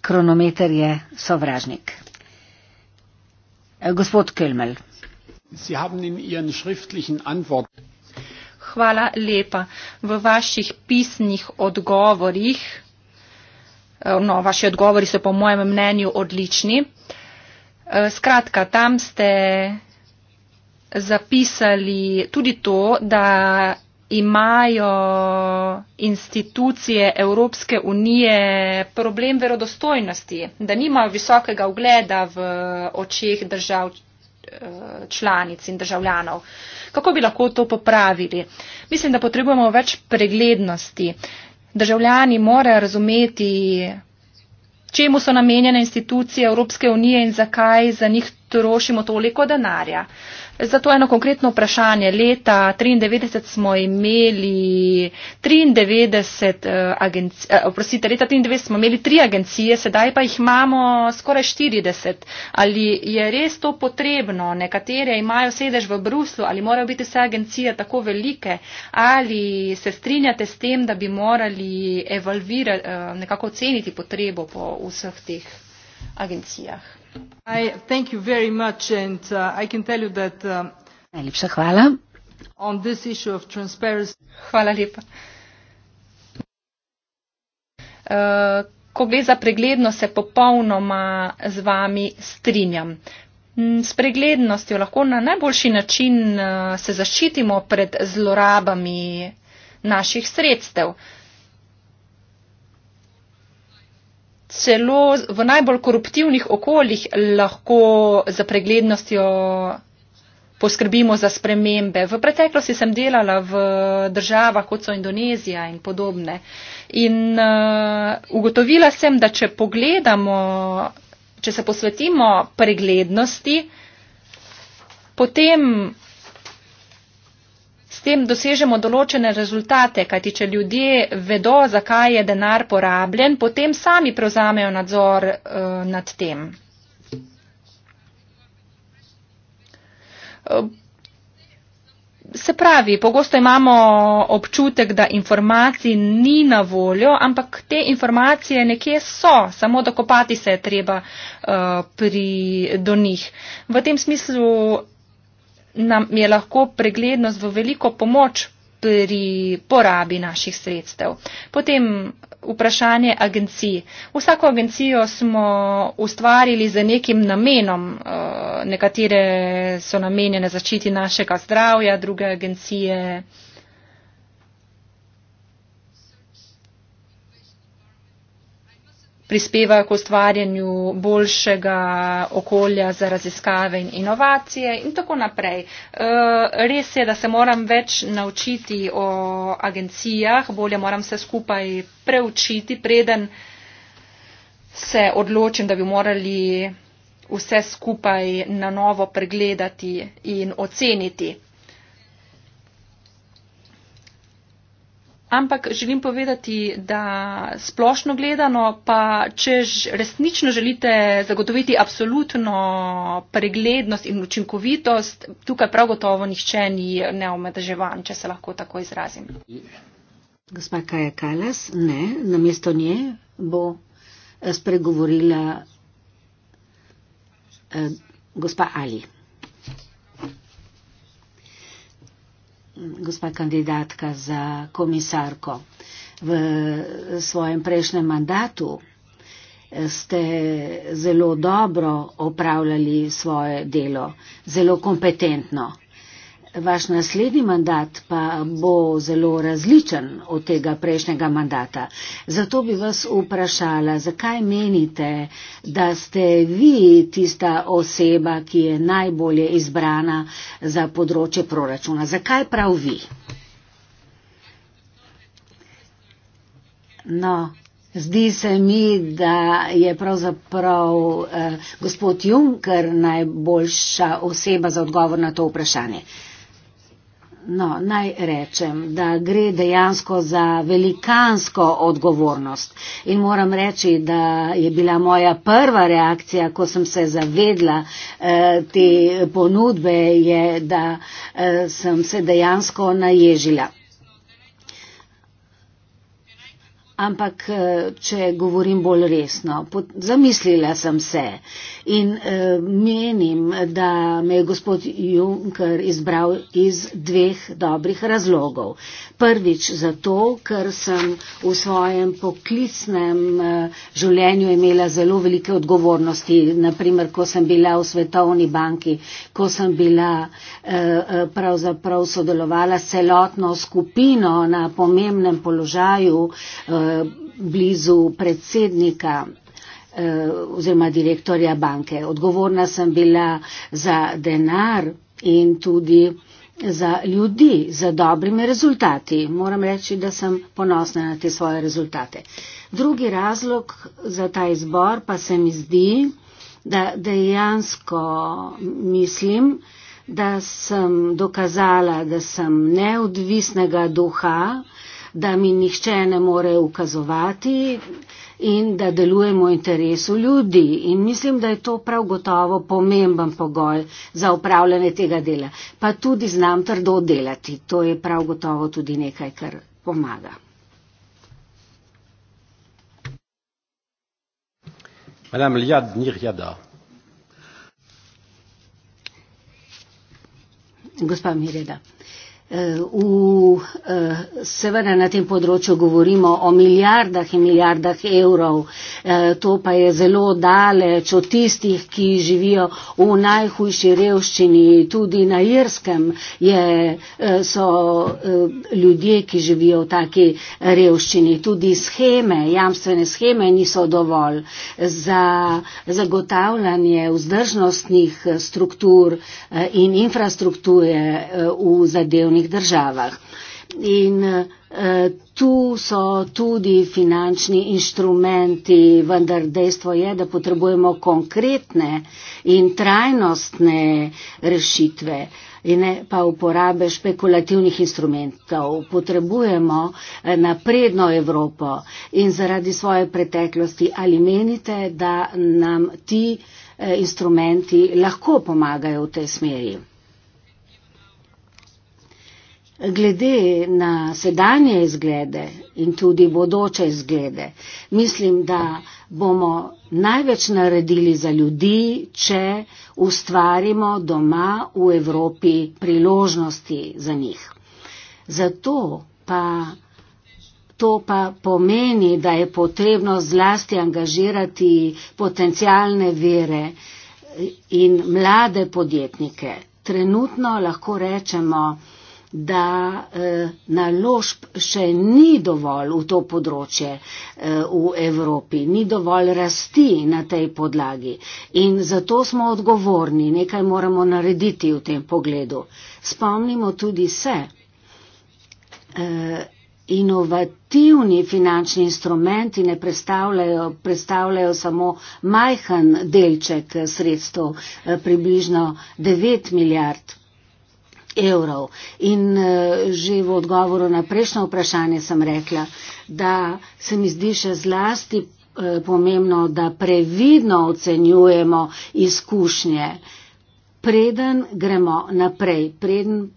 A: Kronometer je sovražnik. Eh, gospod Kölmel. Sie haben in Ihren schriftlichen Antworten hvala
C: lepa. V vaših pisnih odgovorih, eh, no, vaši odgovori so po mojem mnenju odlični. Eh, skratka, tam ste zapisali tudi to, da imajo institucije Evropske unije problem verodostojnosti, da nimajo visokega ugleda v očeh držav Eh, članic in državljanov. Kako bi lahko to popravili? Mislim, da potrebujemo več preglednosti. Državljani morajo razumeti, čemu so namenjene institucije Evropske unije in zakaj za njih trošimo toliko denarja. Zato eno konkretno vprašanje. Leta 93 smo imeli 93 eh, agencije, eh, oprostite, leta 93 smo imeli tri agencije, sedaj pa jih imamo skoraj 40. Ali je res to potrebno? Nekatere imajo sedež v Bruslu, ali morajo biti vse agencije tako velike? Ali se strinjate s tem, da bi morali evalvirati, eh, nekako oceniti potrebo po vseh teh agencijah? Uh, uh, Najlepša hvala. Hvala lepa. Uh, ko gre za pregledno, se popolnoma z vami strinjam. Mm, s preglednostjo lahko na najboljši način se zaščitimo pred zlorabami naših sredstev. celo v najbolj koruptivnih okoljih lahko za preglednostjo poskrbimo za spremembe. V preteklosti sem delala v državah, kot so Indonezija in podobne. In uh, ugotovila sem, da če pogledamo, če se posvetimo preglednosti, potem S tem dosežemo določene rezultate, kajti če ljudje vedo, zakaj je denar porabljen, potem sami prevzamejo nadzor uh, nad tem. Eh, se pravi, pogosto imamo občutek, da informacij ni na voljo, ampak te informacije nekje so, samo dokopati se je treba uh, pri, do njih. V tem smislu nam je lahko preglednost v veliko pomoč pri porabi naših sredstev. Potem vprašanje agencij. Vsako agencijo smo ustvarili z nekim namenom. Eh, nekatere so namenjene zaščiti našega zdravja, druge agencije. prispevajo k ustvarjanju boljšega okolja za raziskave in inovacije in tako naprej. Eh, res je, da se moram več naučiti o agencijah, bolje moram se skupaj preučiti, preden se odločim, da bi morali vse skupaj na novo pregledati in oceniti. Ampak želim povedati, da splošno gledano, pa če resnično želite zagotoviti absolutno preglednost in učinkovitost, tukaj prav gotovo nihče ni neomedeževan, če se lahko tako izrazim.
A: Gospa Kaja Kalas, ne, na mesto nje bo eh, spregovorila eh, gospa Ali. gospa kandidatka za komisarko. V svojem prejšnjem mandatu eh, ste zelo dobro opravljali svoje delo, zelo kompetentno. Vaš naslednji mandat pa bo zelo različen od tega prejšnjega mandata. Zato bi vas vprašala, zakaj menite, da ste vi tista oseba, ki je najbolje izbrana za področje proračuna. Zakaj prav vi? No, zdi se mi, da je pravzaprav eh, gospod Juncker najboljša oseba za odgovor na to vprašanje. No, naj rečem, da gre dejansko za velikansko odgovornost. In moram reči, da je bila moja prva reakcija, ko sem se zavedla eh, te ponudbe, je, da eh, sem se dejansko naježila. Ampak, eh, če govorim bolj resno, zamislila sem se. Eh, in uh, menim, da me je gospod Juncker izbral iz dveh dobrih razlogov. Prvič zato, ker sem v svojem poklicnem uh, življenju imela zelo velike odgovornosti, naprimer, ko sem bila v Svetovni banki, ko sem bila uh, pravzaprav sodelovala s celotno skupino na pomembnem položaju uh, blizu predsednika Eh, oziroma direktorja banke. Odgovorna sem bila za denar in tudi za ljudi, za dobrimi rezultati. Moram reči, da sem ponosna na te svoje rezultate. Drugi razlog za ta izbor pa se mi zdi, da dejansko mislim, da sem dokazala, da sem neodvisnega duha, da mi nihče ne more ukazovati, in da delujemo v interesu ljudi. In mislim, da je to prav gotovo pomemben pogoj za upravljanje tega dela. Pa tudi znam trdo delati. To je prav gotovo tudi nekaj, kar pomaga. Gospa Mirjada. V, eh, seveda na tem področju govorimo o milijardah in milijardah evrov, eh, to pa je zelo daleč od tistih, ki živijo v najhujši revščini. Tudi na Irskem je, eh, so ljudje, ki živijo v taki revščini. Tudi scheme, jamstvene scheme niso dovolj za zagotavljanje vzdržnostnih struktur in infrastrukture v zadevni. Združenih državah. In eh, tu so tudi finančni inštrumenti, vendar dejstvo je, da potrebujemo konkretne in trajnostne rešitve in ne pa uporabe špekulativnih instrumentov. Potrebujemo eh, napredno Evropo in zaradi svoje preteklosti ali menite, da nam ti eh, instrumenti lahko pomagajo v tej smeri. Glede na sedanje izglede in tudi bodoče izglede, mislim, da bomo največ naredili za ljudi, če ustvarimo doma v Evropi priložnosti za njih. Zato pa to pa pomeni, da je potrebno zlasti angažirati potencijalne vere in mlade podjetnike. Trenutno lahko rečemo, da eh, naložb še ni dovolj v to področje eh, v Evropi, ni dovolj rasti na tej podlagi. In zato smo odgovorni, nekaj moramo narediti v tem pogledu. Spomnimo tudi se, eh, inovativni finančni instrumenti ne predstavljajo, predstavljajo samo majhen delček eh, sredstev, eh, približno 9 milijard evrov. In eh, že v odgovoru na prejšnjo vprašanje sem rekla, da se mi zdi še zlasti eh, pomembno, da previdno ocenjujemo izkušnje. Preden gremo naprej, preden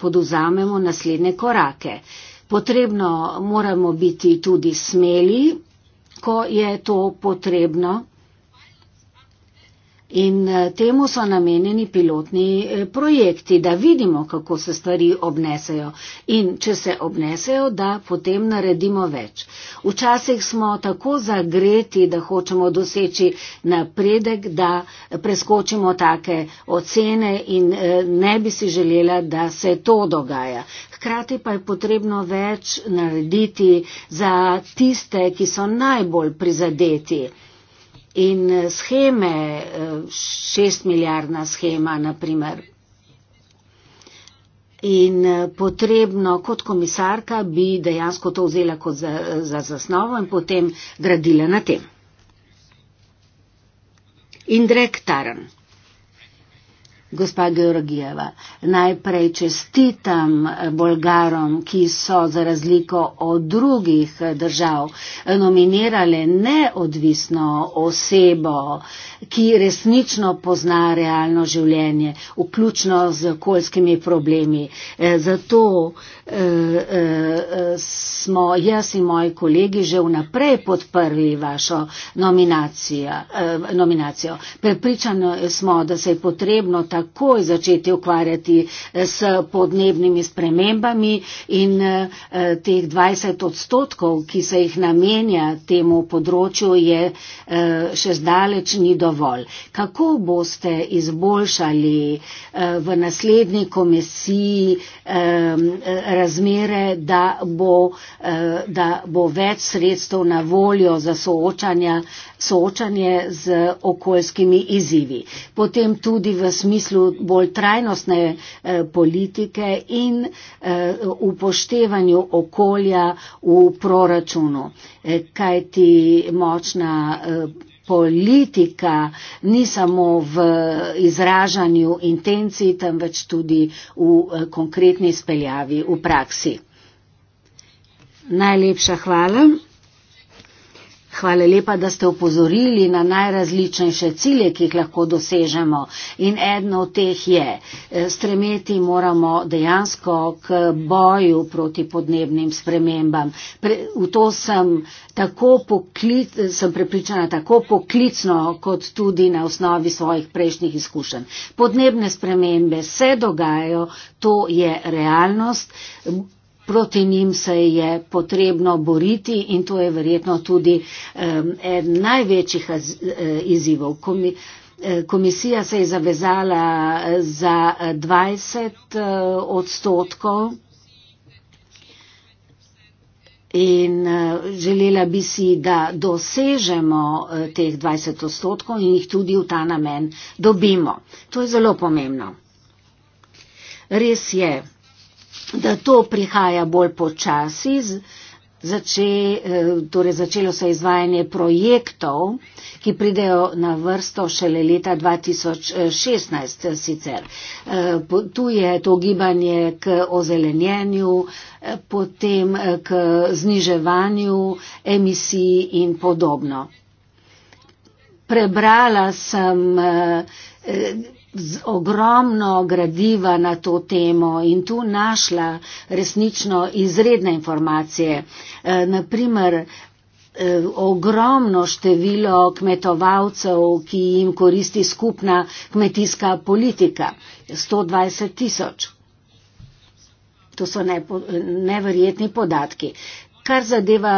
A: poduzamemo naslednje korake. Potrebno moramo biti tudi smeli, ko je to potrebno. In eh, temu so namenjeni pilotni eh, projekti, da vidimo, kako se stvari obnesejo in če se obnesejo, da potem naredimo več. Včasih smo tako zagreti, da hočemo doseči napredek, da preskočimo take ocene in eh, ne bi si želela, da se to dogaja. Hkrati pa je potrebno več narediti za tiste, ki so najbolj prizadeti in eh, scheme, eh, šestmilijardna schema naprimer. In eh, potrebno kot komisarka bi dejansko to vzela kot za, za zasnovo in potem gradila na tem. Indrek Taran. Gospa Georgijeva, najprej čestitam eh, Bolgarom, ki so za razliko od drugih eh, držav eh, nominirale neodvisno osebo, ki resnično pozna realno življenje, vključno z okoljskimi problemi. Zato eh, eh, smo jaz in moji kolegi že vnaprej podprli vašo eh, nominacijo. Prepričani smo, da se je potrebno tako takoj začeti ukvarjati eh, s podnebnimi spremembami in eh, eh, teh 20 odstotkov, ki se jih namenja temu področju, je še zdaleč ni dovolj. Kako boste izboljšali v naslednji komisiji razmere, da bo, da bo več sredstev na voljo za soočanje z okoljskimi izzivi? Potem tudi v smislu, smislu bolj trajnostne eh, politike in eh, upoštevanju okolja v proračunu. Eh, Kaj ti močna politika ni samo v izražanju intenciji, temveč tudi v konkretni speljavi v praksi. Najlepša hvala. Hvala lepa, da ste upozorili na najrazličnejše cilje, ki jih lahko dosežemo. In eno od teh je, eh, stremeti moramo dejansko k boju proti podnebnim spremembam. Pre, v to sem, tako poklic, sem prepričana tako poklicno, kot tudi na osnovi svojih prejšnjih izkušenj. Podnebne spremembe se dogajajo, to je realnost proti njim se je potrebno boriti in to je verjetno tudi eden največjih eh, izzivov. Eh, komisija se je zavezala eh, za 20 odstotkov in želela bi si, da dosežemo teh 20 odstotkov in jih tudi v ta namen dobimo. To je zelo pomembno. Res je da to prihaja bolj počasi. Zače, eh, torej začelo se izvajanje projektov, ki pridejo na vrsto šele leta 2016 eh, sicer. Eh, tu je to gibanje k ozelenjenju, potem k zniževanju emisij in podobno. Prebrala sem z ogromno gradiva na to temo in tu našla resnično izredne informacije. E, Naprimer, e, ogromno število kmetovalcev, ki jim koristi skupna kmetijska politika, 120 tisoč. To so nepo, neverjetni podatki. Kar zadeva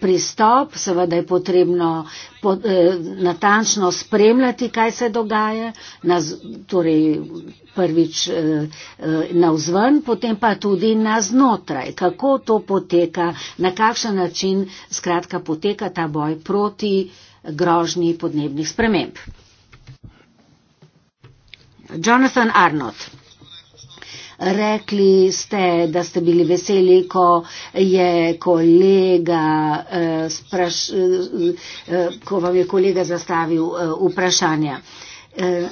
A: pristop, seveda je potrebno po, eh, natančno spremljati, kaj se dogaja, na, torej prvič eh, eh na vzven, potem pa tudi na znotraj, kako to poteka, na kakšen način skratka poteka ta boj proti grožnji podnebnih sprememb. Jonathan Arnott. Rekli ste, da ste bili veseli, ko je kolega, eh, spraš, eh, eh ko vam je kolega zastavil eh, vprašanja. Eh,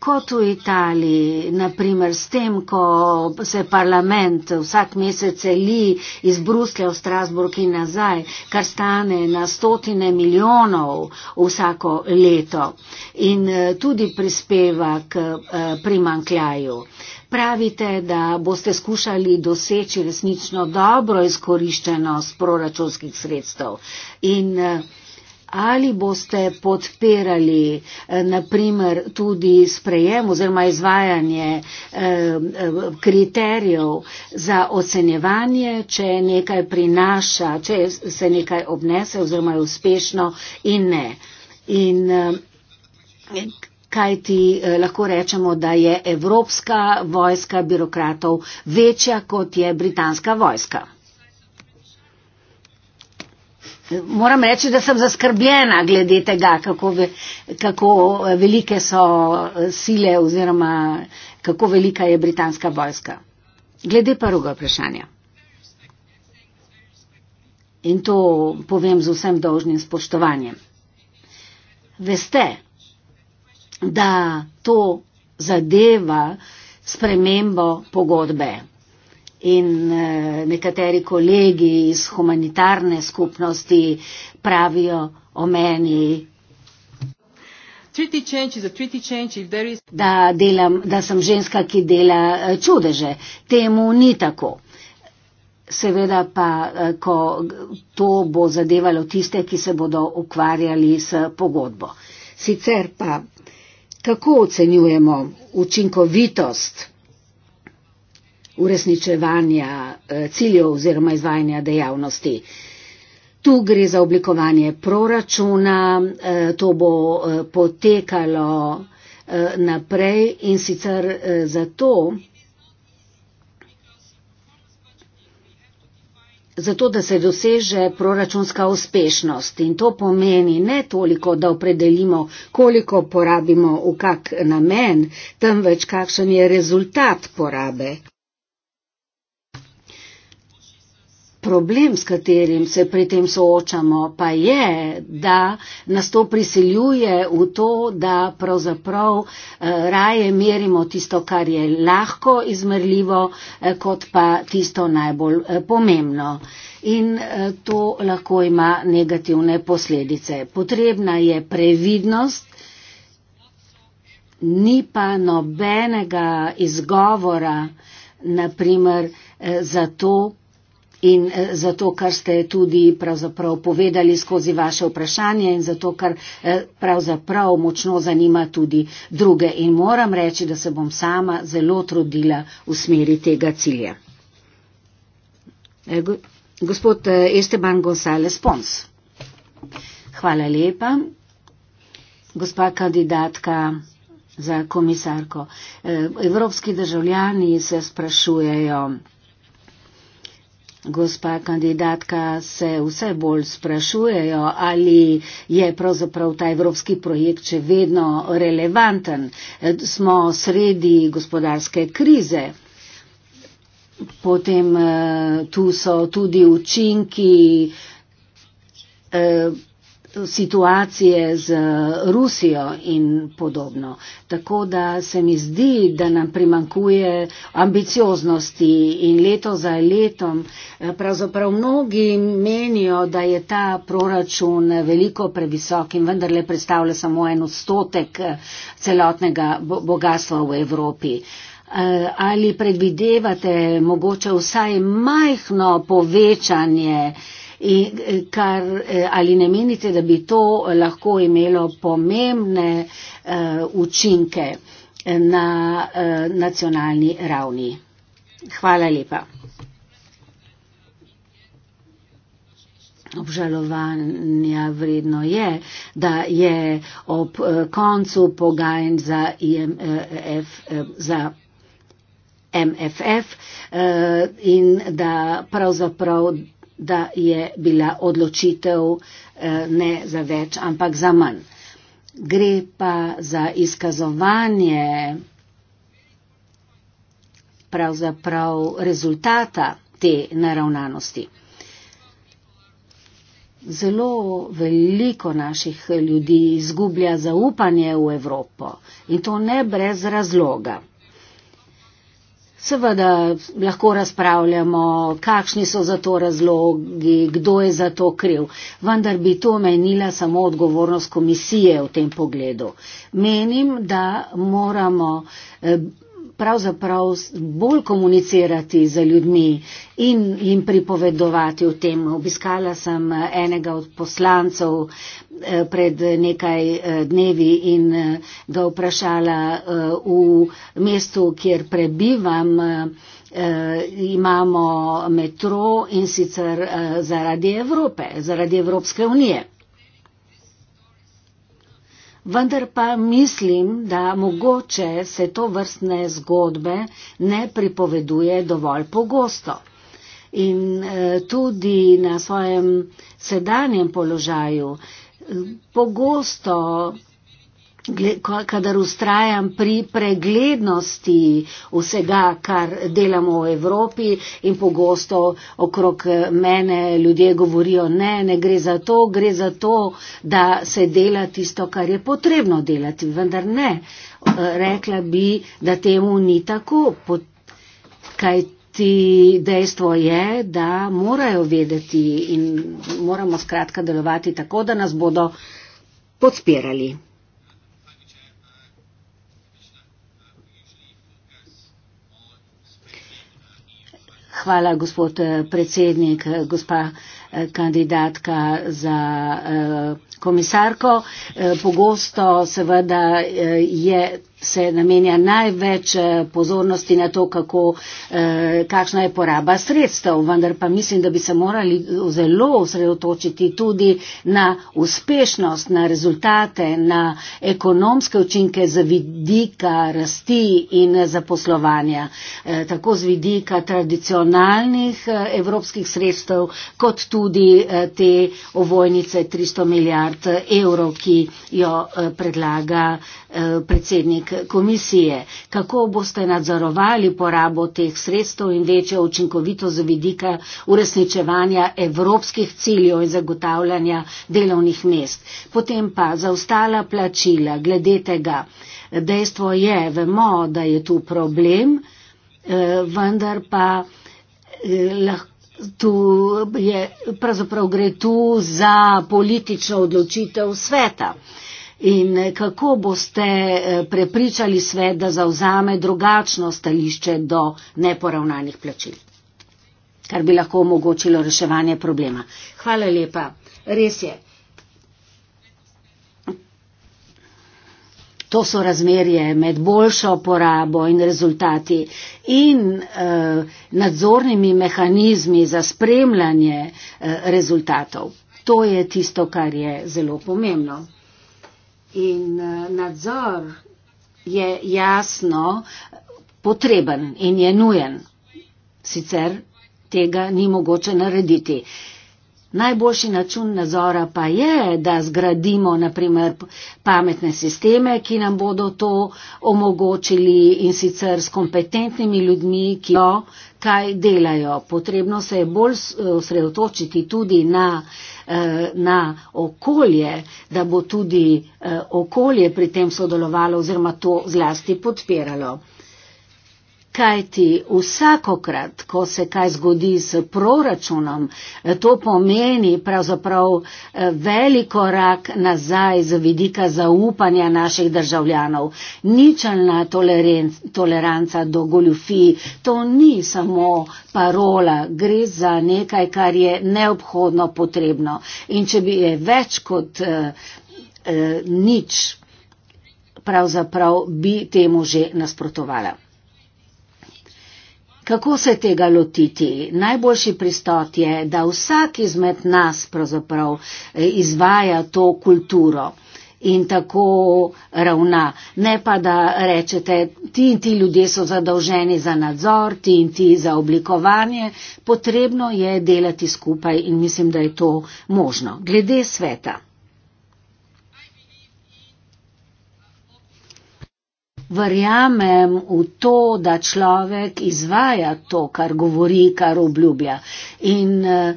A: kot v Italiji, naprimer s tem, ko se parlament vsak mesec li iz Bruslja v Strasburg in nazaj, kar stane na stotine milijonov vsako leto in eh, tudi prispeva k eh, primankljaju. Eh, Pravite, da boste skušali doseči resnično dobro izkoriščenost proračunskih sredstev in eh, ali boste podpirali eh, naprimer tudi sprejem oziroma izvajanje eh, kriterijev za ocenjevanje, če nekaj prinaša, če se nekaj obnese oziroma je uspešno in ne. In, kajti eh, lahko rečemo, da je evropska vojska birokratov večja kot je britanska vojska. Moram reči, da sem zaskrbljena glede tega, kako, ve, kako eh, velike so eh, sile oziroma kako velika je britanska vojska. Glede prvega vprašanja. In to povem z vsem dožnim spoštovanjem. Veste, da to zadeva spremembo pogodbe. In eh, nekateri kolegi iz humanitarne skupnosti pravijo o meni, da, delam, da sem ženska, ki dela eh, čudeže. Temu ni tako. Seveda pa, eh, ko to bo zadevalo tiste, ki se bodo ukvarjali s pogodbo. Sicer pa kako ocenjujemo učinkovitost uresničevanja eh, ciljev oziroma izvajanja dejavnosti. Tu gre za oblikovanje proračuna, eh, to bo eh, potekalo naprej in sicer zato, zato da se doseže proračunska uspešnost. In to pomeni ne toliko, da opredelimo, koliko porabimo v kak namen, temveč kakšen je rezultat porabe. Problem, s katerim se pri tem soočamo, pa je, da nas to priseljuje v to, da pravzaprav eh, raje merimo tisto, kar je lahko izmerljivo, eh, kot pa tisto najbolj eh, pomembno. In to lahko ima negativne posledice. Potrebna je previdnost. Ni pa nobenega izgovora, naprimer, za to, in eh, za to, kar ste tudi pravzaprav povedali skozi vaše vprašanje in za to, kar eh, pravzaprav močno zanima tudi druge. In moram reči, da se bom sama zelo trudila v smeri tega cilja. Eh, gospod Esteban Gonzales Pons. Hvala lepa. Gospa kandidatka za komisarko. Evropski državljani se sprašujejo, Gospa kandidatka, se vse bolj sprašujejo, ali je pravzaprav ta evropski projekt še vedno relevanten. Smo sredi gospodarske krize. Potem eh, tu so tudi učinki eh, situacije z Rusijo in podobno. Tako da se mi zdi, da nam primankuje ambicioznosti in leto za letom. Eh, pravzaprav mnogi menijo, da je ta proračun veliko previsok in vendarle predstavlja samo en odstotek eh, celotnega bogatstva v Evropi. Eh, ali predvidevate mogoče vsaj majhno povečanje Eh, kar, eh, ali ne menite, da bi to lahko imelo pomembne uh, učinke na uh, nacionalni ravni? Hvala lepa. Obžalovanja vredno je, da je ob koncu pogajanj za, za MFF in da pravzaprav da je bila odločitev eh, ne za več, ampak za manj. Gre pa za izkazovanje pravzaprav rezultata te naravnanosti. Zelo veliko naših ljudi izgublja zaupanje v Evropo in to ne brez razloga. Seveda lahko razpravljamo, kakšni so za to razlogi, kdo je za to kriv, vendar bi to menila samo odgovornost komisije v tem pogledu. Menim, da moramo. Eh, pravzaprav bolj komunicirati z ljudmi in jim pripovedovati o tem. Obiskala sem eh, enega od poslancev eh, pred eh, nekaj dnevi in ga vprašala v mestu, kjer prebivam. Uh, imamo metro in sicer uh, zaradi Evrope, zaradi Evropske unije. Vendar pa mislim, da mogoče se to vrstne zgodbe ne pripoveduje dovolj pogosto. In eh, tudi na svojem sedanjem položaju eh, pogosto kadar ustrajam pri preglednosti vsega, kar delamo v Evropi in pogosto okrog eh, mene ljudje govorijo, ne, ne gre za to, gre za to, da se dela tisto, kar je potrebno delati. Vendar ne, eh, rekla bi, da temu ni tako, kaj ti dejstvo je, da morajo vedeti in moramo skratka delovati tako, da nas bodo podpirali. Hvala, gospod eh, predsednik, eh, gospa eh, kandidatka za komisarko. Pogosto seveda je se namenja največ eh, pozornosti na to, kako, eh, kakšna je poraba sredstev, vendar pa mislim, da bi se morali zelo osredotočiti tudi na uspešnost, na rezultate, na ekonomske učinke z vidika rasti in eh, zaposlovanja, tako z vidika tradicionalnih evropskih sredstev, kot tudi te ovojnice 300 milijard evrov, ki jo predlaga predsednik komisije, kako boste nadzorovali porabo teh sredstev in večjo učinkovitost z vidika uresničevanja evropskih ciljev in zagotavljanja delovnih mest. Potem pa za ostala plačila, glede tega, dejstvo je, vemo, da je tu problem, eh, vendar pa eh, lahko. Tu je, pravzaprav gre tu za politično odločitev sveta. Uh, In eh, kako boste eh, prepričali svet, da zauzame drugačno stališče do neporavnanih plačil, kar bi lahko omogočilo reševanje problema? Hvala lepa. Res je. To so razmerje med boljšo porabo in rezultati in eh, nadzornimi mehanizmi za spremljanje eh, rezultatov. To je tisto, kar je zelo pomembno in eh, nadzor je jasno potreben in je nujen. Sicer tega ni mogoče narediti. Najboljši način nadzora pa je, da zgradimo naprimer pametne sisteme, ki nam bodo to omogočili in sicer s kompetentnimi ljudmi, ki jo kaj delajo. Potrebno se je bolj osredotočiti tudi na uh, Eh, na okolje, da bo tudi eh, okolje pri tem sodelovalo oziroma to zlasti podpiralo. Kajti vsakokrat, ko se kaj zgodi s proračunom, to pomeni pravzaprav eh, veliko rak nazaj z vidika zaupanja naših državljanov. Ničelna toleranca do goljufij, to ni samo parola, gre za nekaj, kar je neobhodno potrebno. In če bi je več kot eh, eh, nič, pravzaprav bi temu že nasprotovala. Kako se tega lotiti? Najboljši pristop je, da vsak izmed nas pravzaprav eh, izvaja to kulturo in tako ravna. Ne pa, da rečete, ti in ti ljudje so zadolženi za nadzor, ti in ti za oblikovanje. Potrebno je delati skupaj in mislim, da je to možno. Glede sveta. verjamem v to, da človek izvaja to, kar govori, kar obljublja. In eh,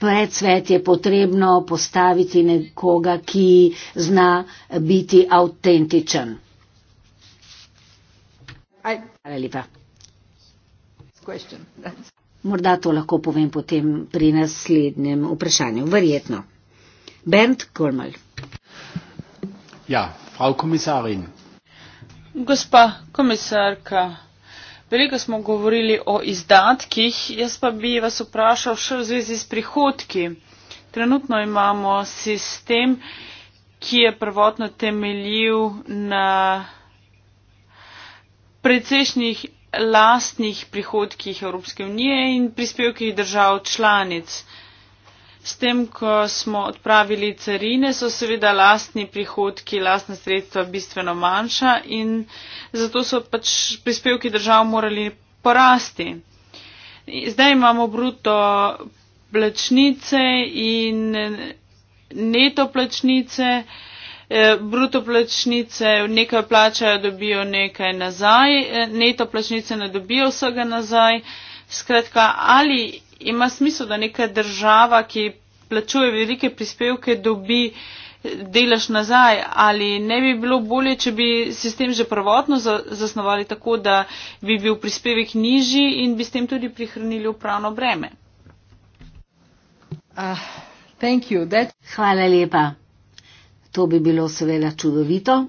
A: pred svet je potrebno postaviti nekoga, ki zna biti avtentičen. Hvala lepa. Morda to lahko povem potem pri naslednjem vprašanju. Verjetno. Bernd Kolmel. Ja, frau Kommissarin.
B: Gospa komisarka, veliko smo govorili o izdatkih, jaz pa bi vas vprašal še v zvezi s prihodki. Trenutno imamo sistem, ki je prvotno temeljil na precejšnjih lastnih prihodkih Evropske unije in prispevkih držav članic. S tem, ko smo odpravili carine, so seveda lastni prihodki, lastna sredstva bistveno manjša in zato so pač prispevki držav morali porasti. Zdaj imamo bruto plačnice in neto plačnice. E, bruto plačnice nekaj plačajo, dobijo nekaj nazaj, e, neto plačnice ne dobijo vsega nazaj. Skratka, ali ima smisel, da neka država, ki plačuje velike prispevke, dobi delaš nazaj ali ne bi bilo bolje, če bi sistem že prvotno zasnovali tako, da bi bil prispevek nižji in bi s tem tudi prihranili upravno breme.
A: Uh, Hvala lepa. To bi bilo seveda čudovito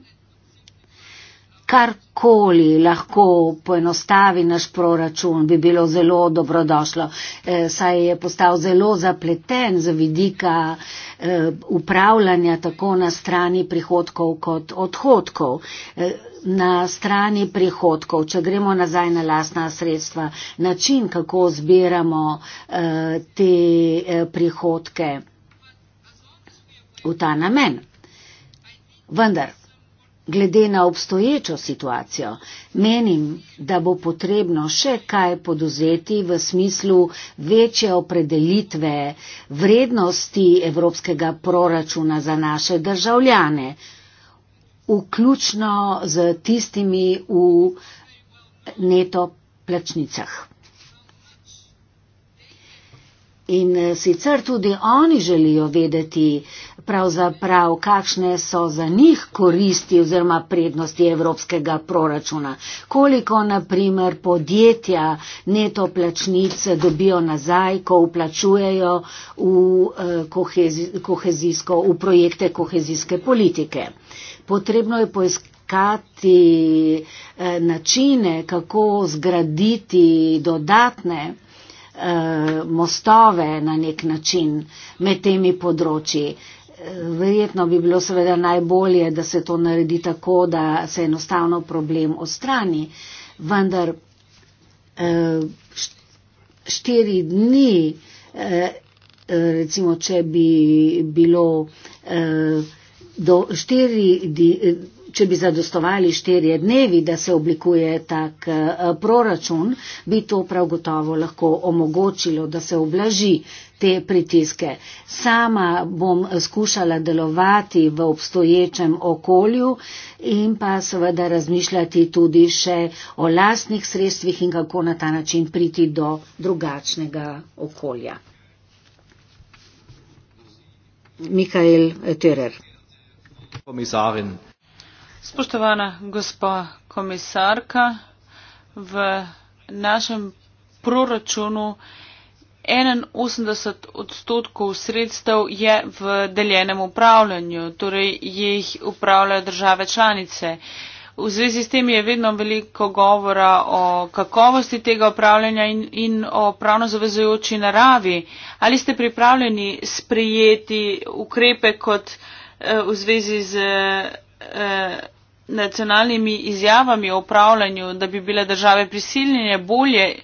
A: karkoli lahko poenostavi naš proračun, bi bilo zelo dobrodošlo. E, saj je postal zelo zapleten z vidika e, upravljanja tako na strani prihodkov kot odhodkov. E, na strani prihodkov, če gremo nazaj na lasna sredstva, način, kako zbiramo e, te e, prihodke v ta namen. Vendar, Glede na obstoječo situacijo, menim, da bo potrebno še kaj podozeti v smislu večje opredelitve vrednosti evropskega proračuna za naše državljane, vključno z tistimi v neto plačnicah. In eh, sicer tudi oni želijo vedeti, pravzaprav, kakšne so za njih koristi oziroma prednosti evropskega proračuna. Koliko, naprimer, podjetja neto plačnice dobijo nazaj, ko vplačujejo v, eh, kohezi, v projekte kohezijske politike. Potrebno je poiskati kati eh, načine, kako zgraditi dodatne Eh, mostove na nek način med temi področji. Eh, verjetno bi bilo seveda najbolje, da se to naredi tako, da se enostavno problem ostrani, vendar eh, štiri dni, recimo, če bi bilo do štiri dni, če bi zadostovali štirje dnevi, da se oblikuje tak eh, proračun, bi to prav gotovo lahko omogočilo, da se oblaži te pritiske. Sama bom eh, skušala delovati v obstoječem okolju in pa seveda razmišljati tudi še o lastnih sredstvih in kako na ta način priti do drugačnega okolja. Mikael Törer. Kommissarin.
B: Spoštovana gospa komisarka, v našem proračunu 81 odstotkov sredstev je v deljenem upravljanju, torej jih upravljajo države članice. V zvezi s tem je vedno veliko govora o kakovosti tega upravljanja in, in o pravno zavezujoči naravi. Ali ste pripravljeni sprijeti ukrepe kot eh, v zvezi z. Eh, nacionalnimi izjavami o upravljanju, da bi bile države prisiljene bolje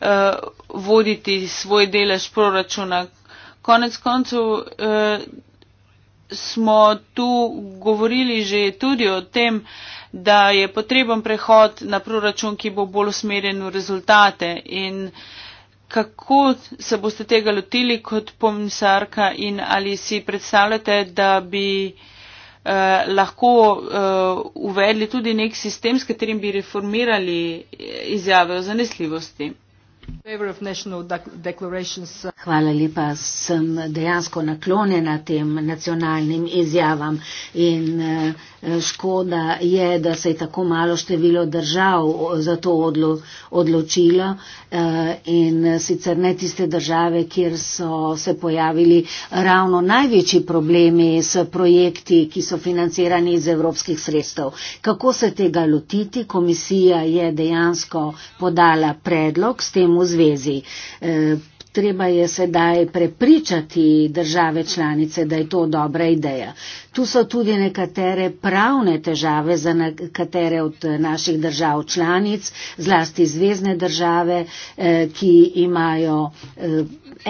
B: eh, voditi svoj delež proračuna. Konec koncev eh, smo tu govorili že tudi o tem, da je potreben prehod na proračun, ki bo bolj usmerjen v rezultate in kako se boste tega lotili kot pomisarka in ali si predstavljate, da bi eh, Eh, lahko uh, uvedli tudi nek sistem, s katerim bi reformirali eh, izjave o zanesljivosti.
A: Hvala lepa, sem dejansko naklonjena tem nacionalnim izjavam in uh, Eh, škoda je, da se je tako malo število držav za to odlo, odločilo eh, in sicer ne tiste države, kjer so se pojavili ravno največji problemi s projekti, ki so financirani iz evropskih sredstev. Kako se tega lotiti? Komisija je dejansko podala predlog s tem v zvezi. Eh, treba je sedaj prepričati države članice, da je to dobra ideja. Tu so tudi nekatere pravne težave za nekatere od naših držav članic, zlasti zvezdne države, eh, ki imajo eh,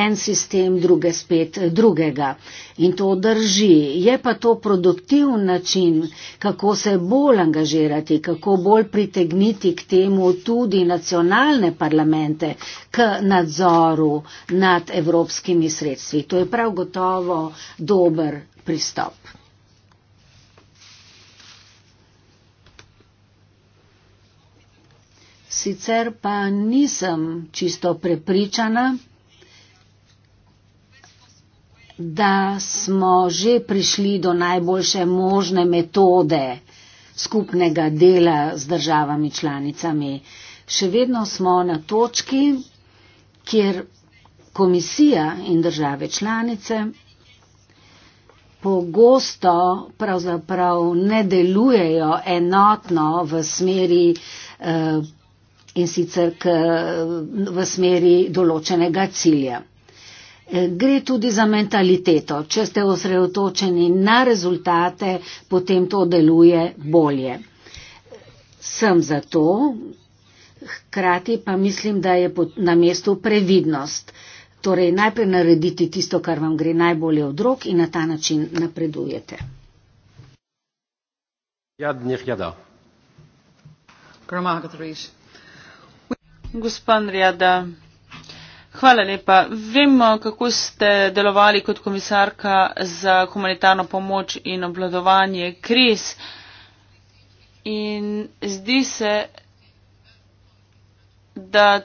A: en sistem, druge spet eh, drugega. In to drži. Je pa to produktiv način, kako se bolj angažirati, kako bolj pritegniti k temu tudi nacionalne parlamente, k nadzoru nad evropskimi sredstvi. To je prav gotovo dober pristop. sicer pa nisem čisto prepričana, da smo že prišli do najboljše možne metode skupnega dela z državami članicami. Še vedno smo na točki, kjer komisija in države članice pogosto pravzaprav ne delujejo enotno v smeri eh, in sicer k, v smeri določenega cilja. E, gre tudi za mentaliteto. Če ste osredotočeni na rezultate, potem to deluje bolje. Sem za to, hkrati pa mislim, da je na mestu previdnost. Torej, najprej narediti tisto, kar vam gre najbolje od rok in na ta način napredujete.
B: Jadnih jadov.
A: Kromagatriš.
B: Gospa Andrijada, hvala lepa. Vemo, kako ste delovali kot komisarka za humanitarno pomoč in obladovanje kriz. In zdi se, da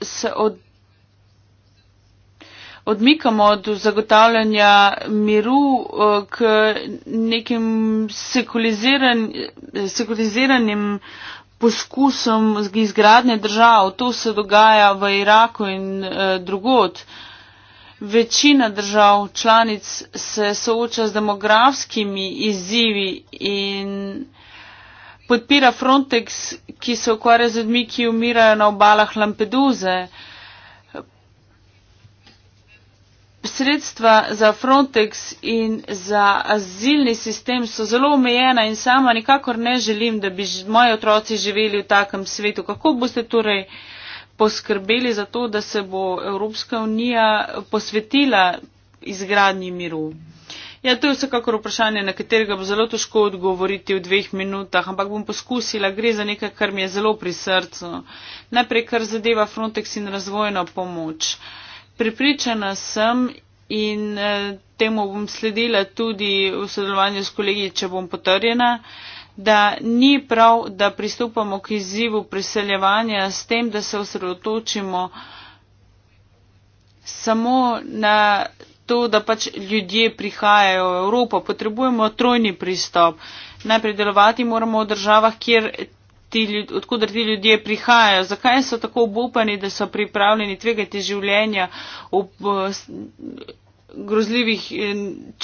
B: se od, odmikamo od zagotavljanja miru eh, k nekim sekuliziran, sekuliziranim poskusom izgradnje držav. To se dogaja v Iraku in eh, drugot. Večina držav članic se sooča z demografskimi izzivi in podpira Frontex, ki se ukvarja z ljudmi, ki umirajo na obalah Lampeduze. Eh, sredstva za Frontex in za azilni sistem so zelo omejena in sama nikakor ne želim, da bi moji otroci živeli v takem svetu. Kako boste torej poskrbeli za to, da se bo Evropska unija posvetila izgradnji miru? Ja, to je vsekakor vprašanje, na katerega bo zelo težko odgovoriti v dveh minutah, ampak bom poskusila, gre za nekaj, kar mi je zelo pri srcu. Najprej, kar zadeva Frontex in razvojno pomoč. Uh, Pripričana sem in eh, temu bom sledila tudi v sodelovanju s kolegi, če bom potrjena, da ni prav, da pristopamo k izzivu priseljevanja s tem, da se osredotočimo samo na to, da pač ljudje prihajajo v Evropo. Potrebujemo trojni pristop. Najprej delovati moramo v državah, kjer ti, odkudar ti ljudje prihajajo, zakaj so tako obupani, da so pripravljeni tvegati življenja ob eh, grozljivih eh,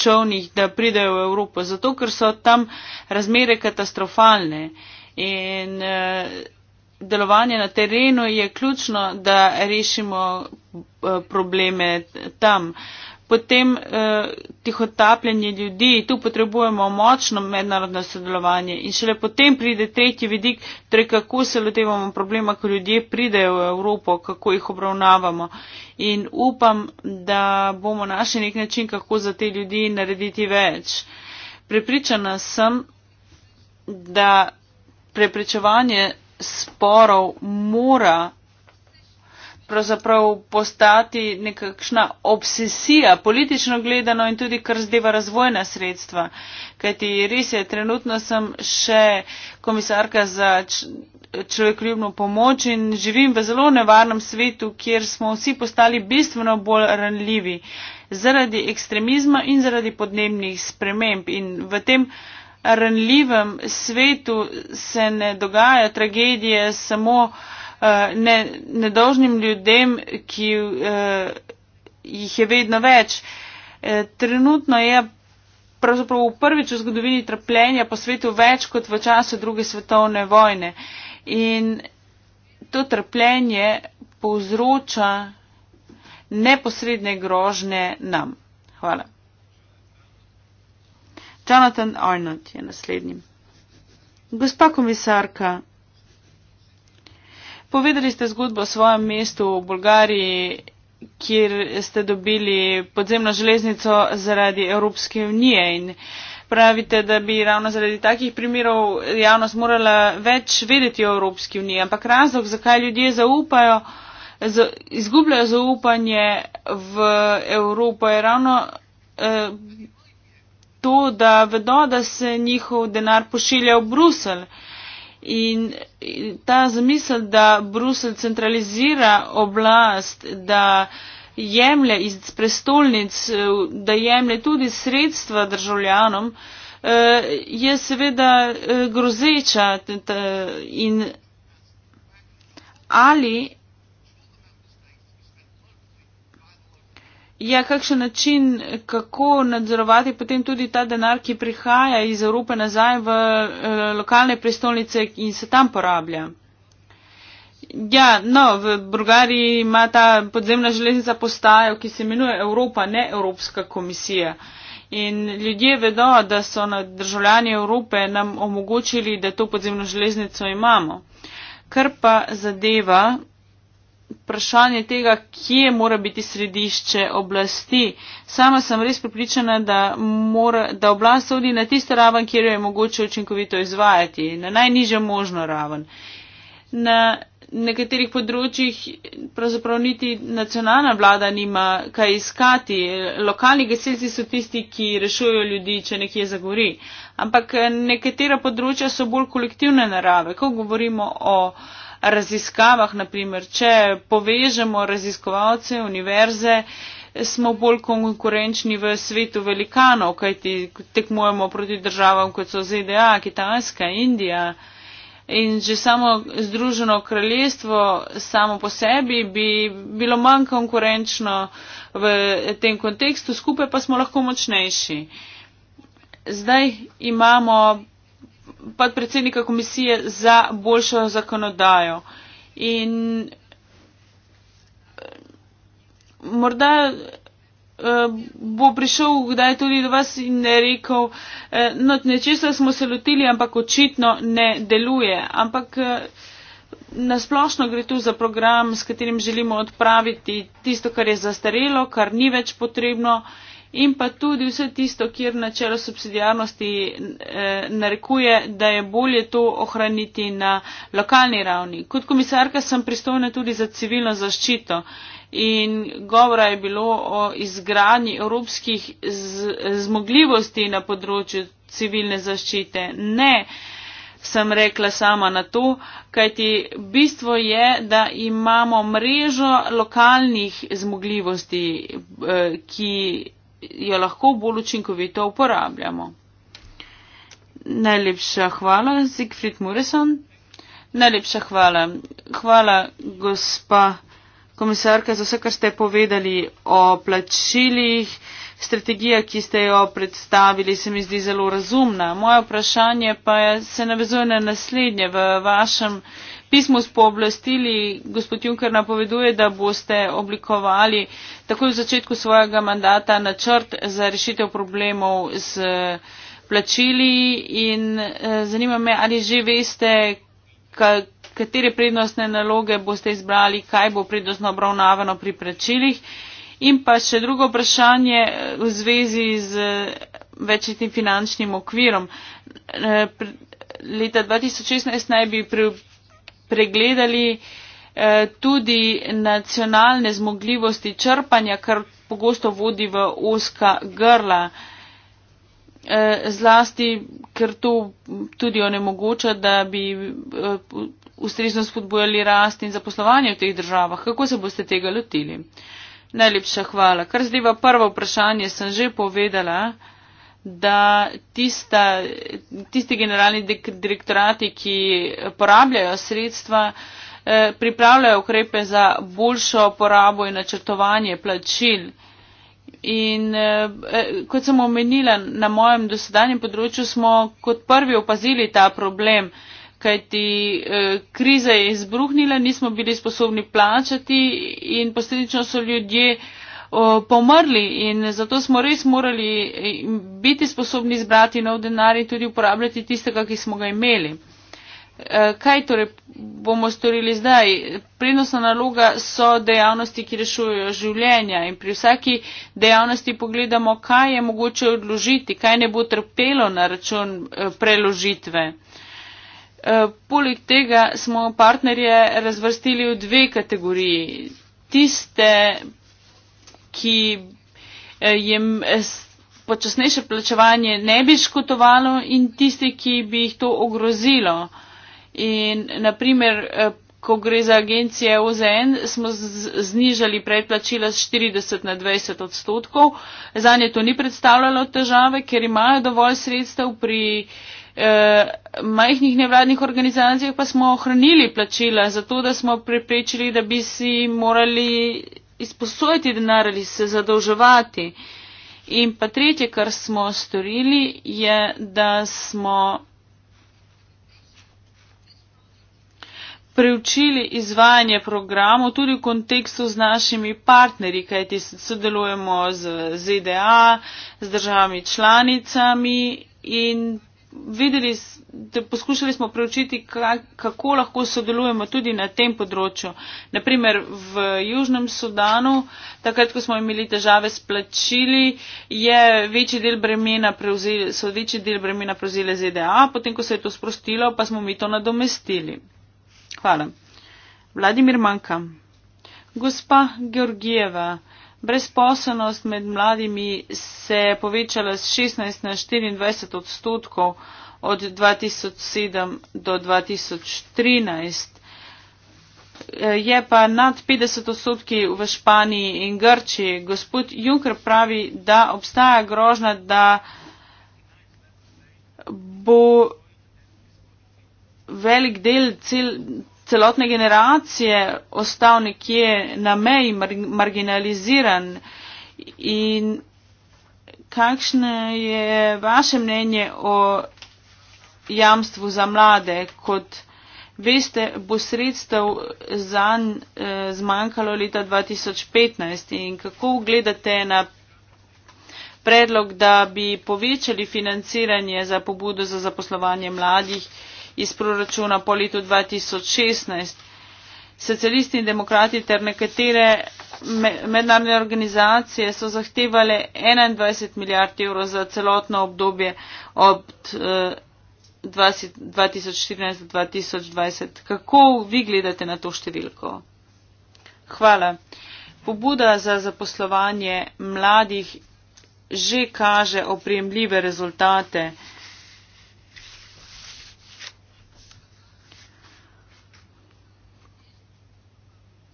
B: čovnih, da pridajo v Evropo. Zato, ker so tam razmere katastrofalne in eh, delovanje na terenu je ključno, da rešimo probleme tam. Uh, potem eh, tihotapljanje ljudi, tu potrebujemo močno mednarodno sodelovanje in šele potem pride tretji vidik, torej kako se lotevamo problema, ko ljudje pridejo v Evropo, kako jih obravnavamo. In upam, da bomo našli nek način, kako za te ljudi narediti več. Prepričana sem, da preprečevanje sporov mora pravzaprav postati nekakšna obsesija, politično gledano in tudi kar zdeva razvojna sredstva. Kajti res je, trenutno sem še komisarka za človekoljubno pomoč in živim v zelo nevarnem svetu, kjer smo vsi postali bistveno bolj ranljivi zaradi ekstremizma in zaradi podnebnih sprememb. In v tem ranljivem svetu se ne dogaja tragedije samo Eh, ne, nedožnim ljudem, ki eh, jih je vedno več. Eh, trenutno je pravzaprav v prvič v zgodovini trpljenja po svetu več kot v času druge svetovne vojne. In to trpljenje povzroča neposredne grožne nam. Hvala. Jonathan Arnold je naslednji. Gospa komisarka, Povedali ste zgodbo o svojem mestu v Bolgariji, kjer ste dobili podzemno železnico zaradi Evropske unije in pravite, da bi ravno zaradi takih primerov javnost morala več vedeti o Evropski uniji. Ampak razlog, zakaj ljudje zaupajo, izgubljajo zaupanje v Evropo, je ravno eh, to, da vedo, da se njihov denar pošilja v Bruselj. In ta zamisel, da Bruselj centralizira oblast, da jemlje iz prestolnic, da jemlje tudi sredstva državljanom, eh, je seveda eh, grozeča. In ali Ja, kakšen način, kako nadzorovati potem tudi ta denar, ki prihaja iz Evrope nazaj v eh, lokalne prestolnice in se tam porablja? Ja, no, v Bulgariji ima ta podzemna železnica postajo, ki se imenuje Evropa, ne Evropska komisija. In ljudje vedo, da so na državljani Evrope nam omogočili, da to podzemno železnico imamo. Kar pa zadeva vprašanje tega, kje mora biti središče oblasti. Sama sem res pripričana, da, mora, da oblast vodi na tisto raven, kjer jo je mogoče učinkovito izvajati, na najnižjo možno raven. Na nekaterih področjih pravzaprav niti nacionalna vlada nima kaj iskati. Lokalni gasilci so tisti, ki rešujejo ljudi, če nekje zagori. Ampak nekatera področja so bolj kolektivne narave. Ko govorimo o raziskavah, naprimer, če povežemo raziskovalce, univerze, smo bolj konkurenčni v svetu velikanov, kajti tekmujemo proti državam, kot so ZDA, Kitajska, Indija. In že samo Združeno kraljestvo samo po sebi bi bilo manj konkurenčno v tem kontekstu, skupaj pa smo lahko močnejši. Zdaj imamo podpredsednika komisije za boljšo zakonodajo. In eh, morda eh, bo prišel kdaj tudi do vas in rekel, no, nečesa smo se lotili, ampak očitno ne deluje. Ampak nasplošno gre tu za program, s katerim želimo odpraviti tisto, kar je zastarelo, kar ni več potrebno in pa tudi vse tisto, kjer načelo subsidijarnosti eh, narekuje, da je bolje to ohraniti na lokalni ravni. Kot komisarka sem pristojna tudi za civilno zaščito in govora je bilo o izgradnji evropskih zmogljivosti na področju civilne zaščite. Ne sem rekla sama na to, kajti bistvo je, da imamo mrežo lokalnih zmogljivosti, eh, ki jo lahko bolj učinkovito uporabljamo. Najlepša hvala, Siegfried Morrison. Najlepša hvala. Hvala, gospa komisarka, za vse, kar ste povedali o plačilih. Strategija, ki ste jo predstavili, se mi zdi zelo razumna. Moje vprašanje pa se navezuje na naslednje. V vašem pismo s pooblastili, gospod Juncker napoveduje, da boste oblikovali takoj v začetku svojega mandata načrt za rešitev problemov z plačili in eh, zanima me, ali že veste, katere prednostne naloge boste izbrali, kaj bo prednostno obravnavano pri plačilih. In pa še drugo vprašanje eh, v zvezi z eh, večetnim finančnim okvirom. Leta 2016 naj bi pregledali eh, tudi nacionalne zmogljivosti črpanja, kar pogosto vodi v oska grla. Eh, zlasti, ker to tudi onemogoča, da bi eh, ustrezno spodbojali rast in zaposlovanje v teh državah. Kako se boste tega lotili? Najlepša hvala. Kar zdiva prvo vprašanje, sem že povedala da tista, tisti generalni direktorati, ki porabljajo sredstva, eh, pripravljajo ukrepe za boljšo porabo in načrtovanje plačil. In eh, eh, kot sem omenila, na mojem dosedanjem področju smo kot prvi opazili ta problem, kajti kriza je izbruhnila, nismo bili sposobni plačati in posledično so ljudje pomrli in zato smo res morali eh, biti sposobni zbrati nov denar in tudi uporabljati tistega, ki smo ga imeli. Eh, kaj torej bomo storili zdaj? Prednostna naloga so dejavnosti, ki rešujejo življenja in pri vsaki dejavnosti pogledamo, kaj je mogoče odložiti, kaj ne bo trpelo na račun eh, preložitve. Poleg tega smo partnerje razvrstili v dve kategoriji. Tiste ki eh, jim eh, počasnejše plačevanje ne bi škotovalo in tisti, ki bi jih to ogrozilo. In naprimer, eh, ko gre za agencije OZN, smo znižali predplačila z 40 na 20 odstotkov. Za nje to ni predstavljalo težave, ker imajo dovolj sredstev pri eh, majhnih nevladnih organizacijah, pa smo ohranili plačila, zato da smo preprečili, da bi si morali izposojiti denar ali se zadolževati. In pa tretje, kar smo storili, je, da smo preučili izvajanje programov tudi v kontekstu z našimi partnerji, kajti sodelujemo z ZDA, z državami članicami in videli, poskušali smo preučiti, kako lahko sodelujemo tudi na tem področju. Naprimer, v Južnem Sudanu, takrat, ko smo imeli težave s plačili, je večji del bremena prevzel, so večji del bremena prevzele ZDA, potem, ko se je to sprostilo, pa smo mi to nadomestili. Hvala. Vladimir Manka. Gospa Georgijeva. Brezposelnost med mladimi se je povečala z 16 na 24 odstotkov od 2007 do 2013. Je pa nad 50 odstotki v Španiji in Grčiji. Gospod Juncker pravi, da obstaja grožna, da bo velik del cel, celotne generacije ostal nekje na meji mar marginaliziran. In kakšno je vaše mnenje o jamstvu za mlade, kot veste, bo sredstev za njih eh, zmanjkalo leta 2015 in kako gledate na predlog, da bi povečali financiranje za pobudo za zaposlovanje mladih? iz proračuna po letu 2016. Socialisti in demokrati ter nekatere mednarodne organizacije so zahtevali 21 milijard evrov za celotno obdobje od 2014 eh, do 2020. Kako vi gledate na to številko? Hvala. Pobuda za zaposlovanje mladih že kaže opremljive rezultate.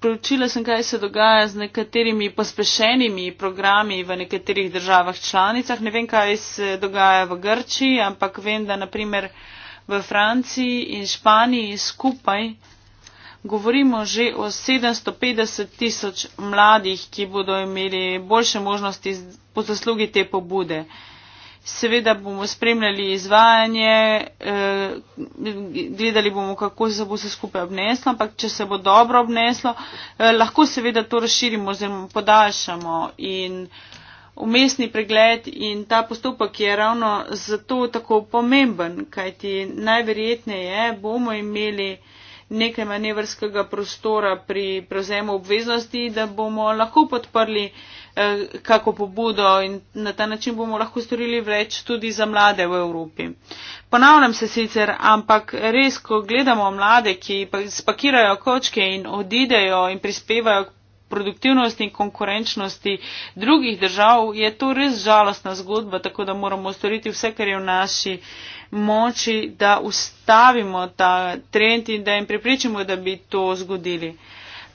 B: Preučila sem, kaj se dogaja z nekaterimi pospešenimi programi v nekaterih državah članicah. Ne vem, kaj se dogaja v Grčiji, ampak vem, da naprimer v Franciji in Španiji skupaj govorimo že o 750 tisoč mladih, ki bodo imeli boljše možnosti po zaslugi te pobude. Uh, Seveda bomo spremljali izvajanje, eh, gledali bomo, kako se bo se skupaj obneslo, ampak če se bo dobro obneslo, eh, lahko seveda to razširimo oziroma podaljšamo. In umestni pregled in ta postopek je ravno zato tako pomemben, kajti najverjetneje bomo imeli nekaj manevrskega prostora pri prevzemu obveznosti, da bomo lahko podprli Eh, kako pobudo in na ta način bomo lahko storili več tudi za mlade v Evropi. Ponavljam se sicer, ampak res, ko gledamo mlade, ki spakirajo kočke in odidejo in prispevajo k produktivnosti in konkurenčnosti drugih držav, je to res žalostna zgodba, tako da moramo storiti vse, kar je v naši moči, da ustavimo ta trend in da jim pripričamo, da bi to zgodili.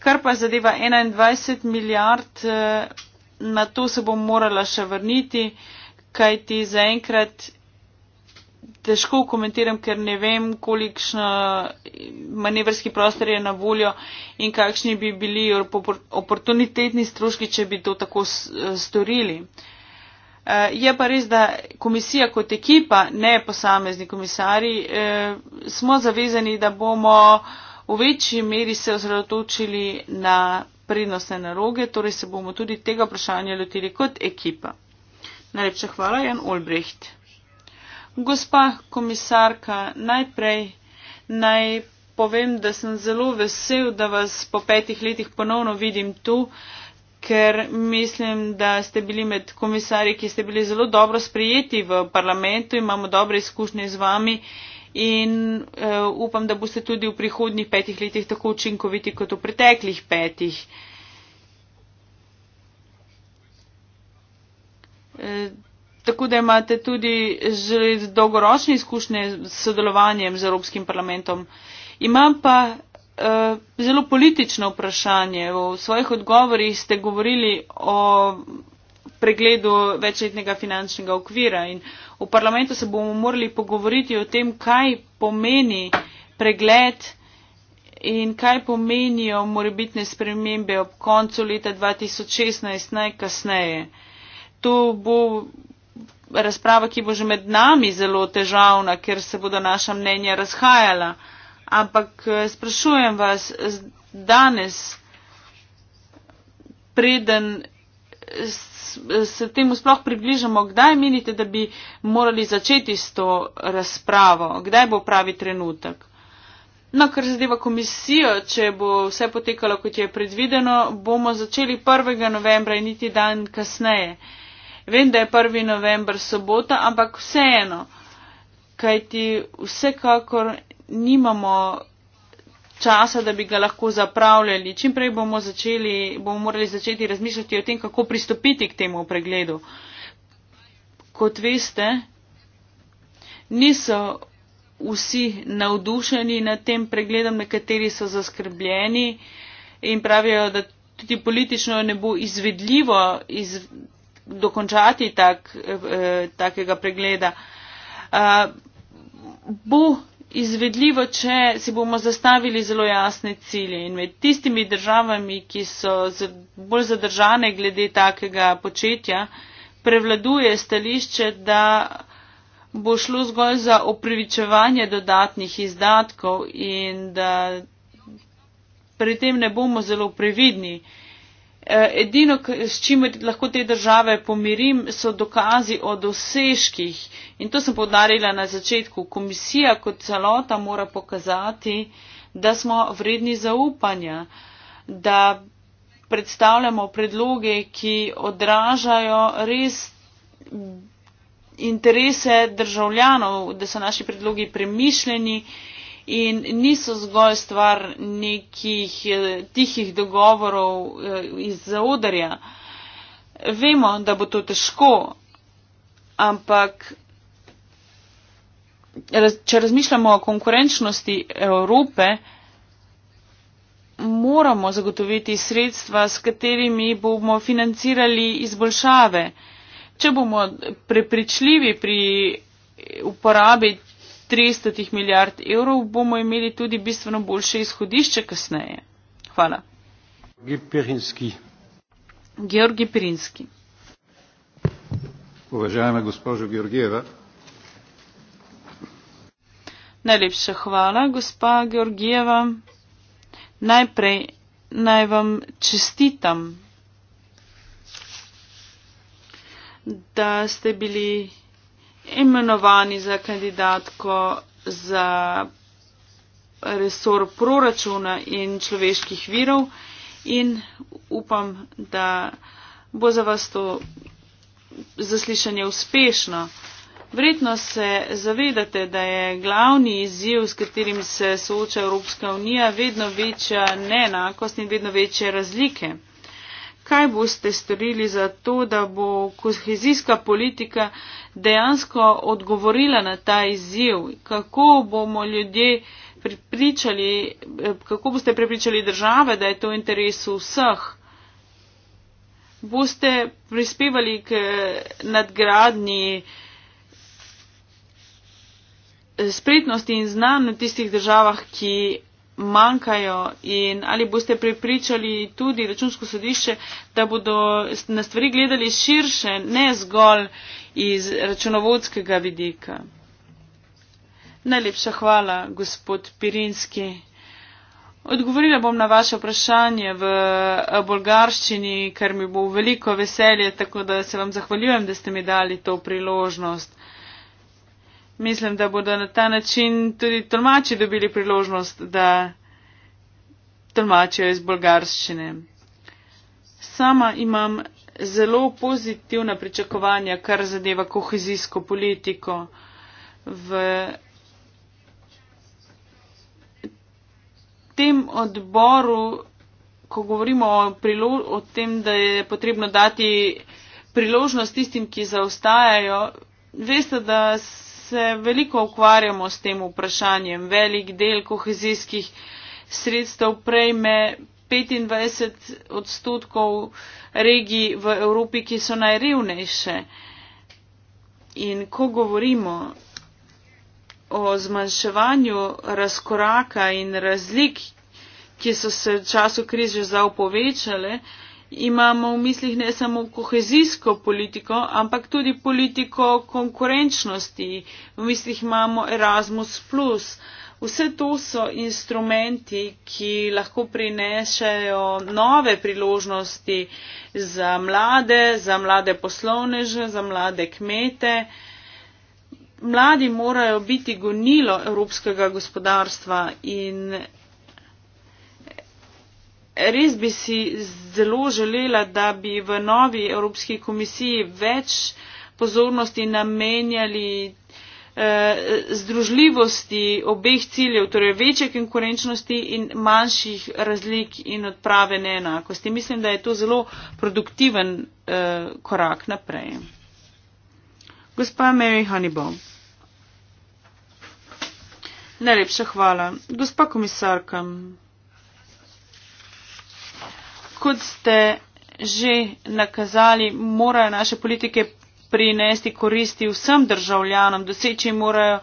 B: Kar pa zadeva 21 milijard. Eh, na to se bom morala še vrniti, kaj ti zaenkrat težko komentiram, ker ne vem, kolikšno manevrski prostor je na voljo in kakšni bi bili oportunitetni stroški, če bi to tako storili. Eh, je pa res, da komisija kot ekipa, ne posamezni komisari, eh, smo zavezani, da bomo v večji meri se osredotočili na prednostne naloge, torej se bomo tudi tega vprašanja lotili kot ekipa. Najlepša hvala, Jan Olbrecht. Gospa komisarka, najprej naj povem, da sem zelo vesel, da vas po petih letih ponovno vidim tu, ker mislim, da ste bili med komisarji, ki ste bili zelo dobro sprijeti v parlamentu, imamo dobre izkušnje z vami in uh, upam, da boste tudi v prihodnjih petih letih tako učinkoviti kot v preteklih petih. Eh, tako da imate tudi že dolgoročne izkušnje s sodelovanjem z Evropskim parlamentom. Imam pa uh, zelo politično vprašanje. V svojih odgovorih ste govorili o pregledu večletnega finančnega okvira in V parlamentu se bomo morali pogovoriti o tem, kaj pomeni pregled in kaj pomenijo morebitne spremembe ob koncu leta 2016 najkasneje. To bo razprava, ki bo že med nami zelo težavna, ker se bodo naša mnenja razhajala. Ampak eh, sprašujem vas danes, preden se temu sploh približamo, kdaj menite, da bi morali začeti s to razpravo, kdaj bo pravi trenutek. Na no, kar zadeva komisijo, če bo vse potekalo, kot je predvideno, bomo začeli 1. novembra in niti dan kasneje. Vem, da je 1. novembr sobota, ampak vseeno, kajti vsekakor nimamo časa, da bi ga lahko zapravljali. Čim prej bomo, začeli, bomo morali začeti razmišljati o tem, kako pristopiti k temu pregledu. Kot veste, niso vsi navdušeni nad tem pregledom, nekateri so zaskrbljeni in pravijo, da tudi politično ne bo izvedljivo iz, dokončati tak, eh, takega pregleda. Uh, bo izvedljivo, če si bomo zastavili zelo jasne cilje in med tistimi državami, ki so bolj zadržane glede takega početja, prevladuje stališče, da bo šlo zgolj za opravičevanje dodatnih izdatkov in da pri tem ne bomo zelo previdni. Eh, edino, s čimer lahko te države pomirim, so dokazi o dosežkih. In to sem povdarila na začetku. Komisija kot celota mora pokazati, da smo vredni zaupanja, da predstavljamo predloge, ki odražajo res interese državljanov, da so naši predlogi premišljeni in niso zgolj stvar nekih eh, tihih dogovorov eh, iz zaudarja. Vemo, da bo to težko, ampak če razmišljamo o konkurenčnosti Evrope, moramo zagotoviti sredstva, s katerimi bomo financirali izboljšave. Če bomo prepričljivi pri uporabi 300 milijard evrov, bomo imeli tudi bistveno boljše izhodišče kasneje. Hvala. Georgi Pirinski. Uvažajme gospožo Georgijeva. Najlepša hvala, gospa Georgijeva. Najprej naj vam čestitam, da ste bili imenovani za kandidatko za resor proračuna in človeških virov in upam, da bo za vas to zaslišanje uspešno. Vredno se zavedate, da je glavni izziv, s katerim se sooča Evropska unija, vedno večja neenakost in vedno večje razlike kaj boste storili za to, da bo kohezijska politika dejansko odgovorila na ta izziv? Kako bomo ljudje pripričali, eh, kako boste pripričali države, da je to v interesu vseh? Boste prispevali k nadgradni eh, spretnosti in znanju tistih državah, ki manjkajo in ali boste pripričali tudi računsko sodišče, da bodo na stvari gledali širše, ne zgolj iz računovodskega vidika. Najlepša hvala, gospod Pirinski. Odgovorila bom na vaše vprašanje v eh, bolgarščini, ker mi bo veliko veselje, tako da se vam zahvaljujem, da ste mi dali to priložnost mislim, da bodo na ta način tudi tolmači dobili priložnost, da tolmačijo iz bolgarščine. Sama imam zelo pozitivna pričakovanja, kar zadeva kohezijsko politiko. V tem odboru, ko govorimo o, o tem, da je potrebno dati priložnost tistim, ki zaostajajo, veste, da se veliko ukvarjamo s tem vprašanjem. Velik del kohezijskih sredstev prejme 25 odstotkov regij v Evropi, ki so najrevnejše. In ko govorimo o zmanjševanju razkoraka in razlik, ki so se v času krize žal povečale, imamo v mislih ne samo kohezijsko politiko, ampak tudi politiko konkurenčnosti, v mislih imamo Erasmus. Vse to so instrumenti, ki lahko prinešajo nove priložnosti za mlade, za mlade poslovneže, za mlade kmete. Mladi morajo biti gonilo evropskega gospodarstva in res bi si zelo želela, da bi v novi Evropski komisiji več pozornosti namenjali eh, združljivosti obeh ciljev, torej večje konkurenčnosti in manjših razlik in odprave neenakosti. Mislim, da je to zelo produktiven uh, korak naprej. Gospa Mary Honeybaum. Najlepša hvala. Gospa komisarka kot ste že nakazali, morajo naše politike prinesti koristi vsem državljanom, doseči morajo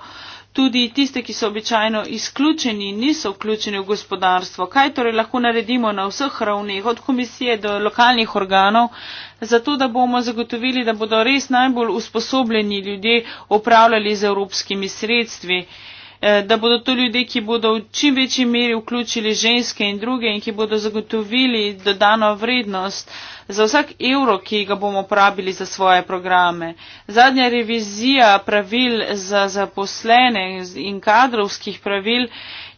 B: tudi tiste, ki so običajno izključeni in niso vključeni v gospodarstvo. Kaj torej lahko naredimo na vseh ravneh, od komisije do lokalnih organov, zato da bomo zagotovili, da bodo res najbolj usposobljeni ljudje upravljali z evropskimi sredstvi. Eh, da bodo to ljudje, ki bodo v čim večji meri vključili ženske in druge in ki bodo zagotovili dodano vrednost za vsak evro, ki ga bomo uporabili za svoje programe. Zadnja revizija pravil za zaposlene in kadrovskih pravil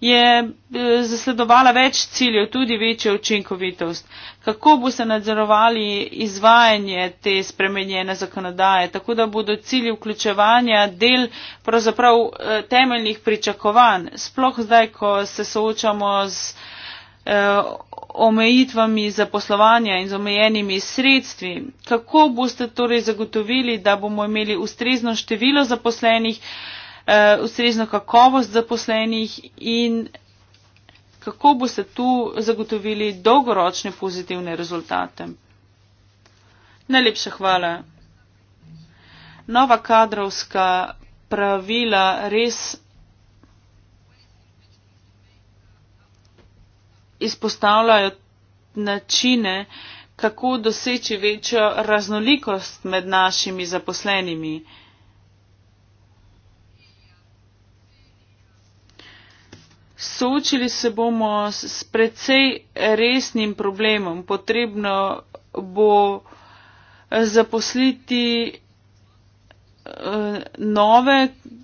B: je eh, zasledovala več ciljev, tudi večjo učinkovitost kako bo se nadzorovali izvajanje te spremenjene zakonodaje, tako da bodo cilji vključevanja del pravzaprav eh, temeljnih pričakovanj, sploh zdaj, ko se soočamo z eh, omejitvami zaposlovanja in z omejenimi sredstvi. Kako boste torej zagotovili, da bomo imeli ustrezno število zaposlenih, eh, ustrezno kakovost zaposlenih in kako boste tu zagotovili dolgoročne pozitivne rezultate. Najlepša hvala. Nova kadrovska pravila res izpostavljajo načine, kako doseči večjo raznolikost med našimi zaposlenimi. Soočili se bomo s precej resnim problemom. Potrebno bo eh, zaposliti eh, nove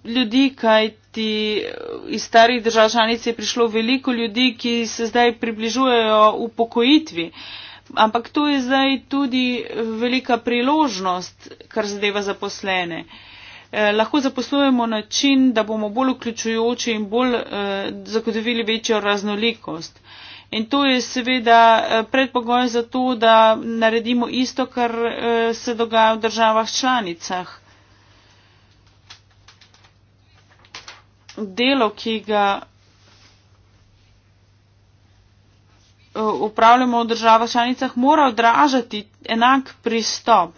B: ljudi, kajti eh, iz starih držav članic je prišlo veliko ljudi, ki se zdaj približujejo v pokojitvi. Ampak to je zdaj tudi velika priložnost, kar zadeva zaposlene. Uh, Eh, lahko zaposlujemo način, da bomo bolj vključujoči in bolj eh, zagotovili večjo raznolikost. In to je seveda eh, predpogoj za to, da naredimo isto, kar se dogaja v državah članicah. Delo, ki ga upravljamo v državah članicah, mora odražati enak pristop.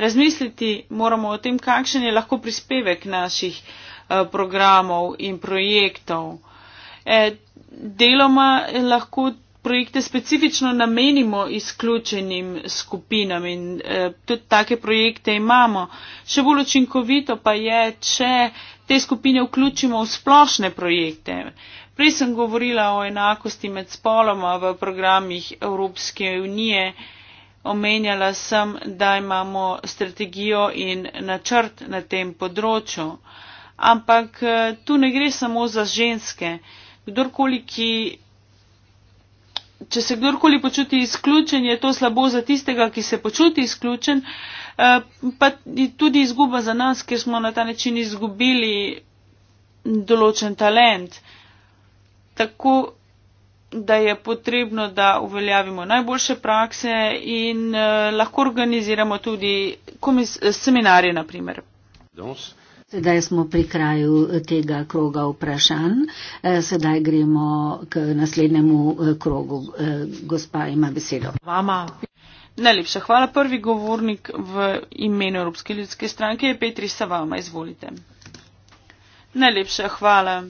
B: Razmisliti moramo o tem, kakšen je lahko prispevek naših eh, programov in projektov. E, deloma lahko projekte specifično namenimo izključenim skupinam in eh, tudi take projekte imamo. Še bolj učinkovito pa je, če te skupine vključimo v splošne projekte. Prej sem govorila o enakosti med spoloma v programih Evropske unije. Omenjala sem, da imamo strategijo in načrt na tem področju. Ampak eh, tu ne gre samo za ženske. Kdorkoli, ki, če se kdorkoli počuti izključen, je to slabo za tistega, ki se počuti izključen, eh, pa tudi izguba za nas, ker smo na ta način izgubili določen talent. Tako da je potrebno, da uveljavimo najboljše prakse in uh, lahko organiziramo tudi seminarje, naprimer.
A: Sedaj smo pri kraju eh, tega kroga vprašanj. Eh, sedaj gremo k naslednjemu krogu. Gospa ima besedo.
B: Vama. Najlepša hvala. Prvi govornik v imenu Evropske ljudske stranke je Petri Savama. Izvolite. Najlepša hvala.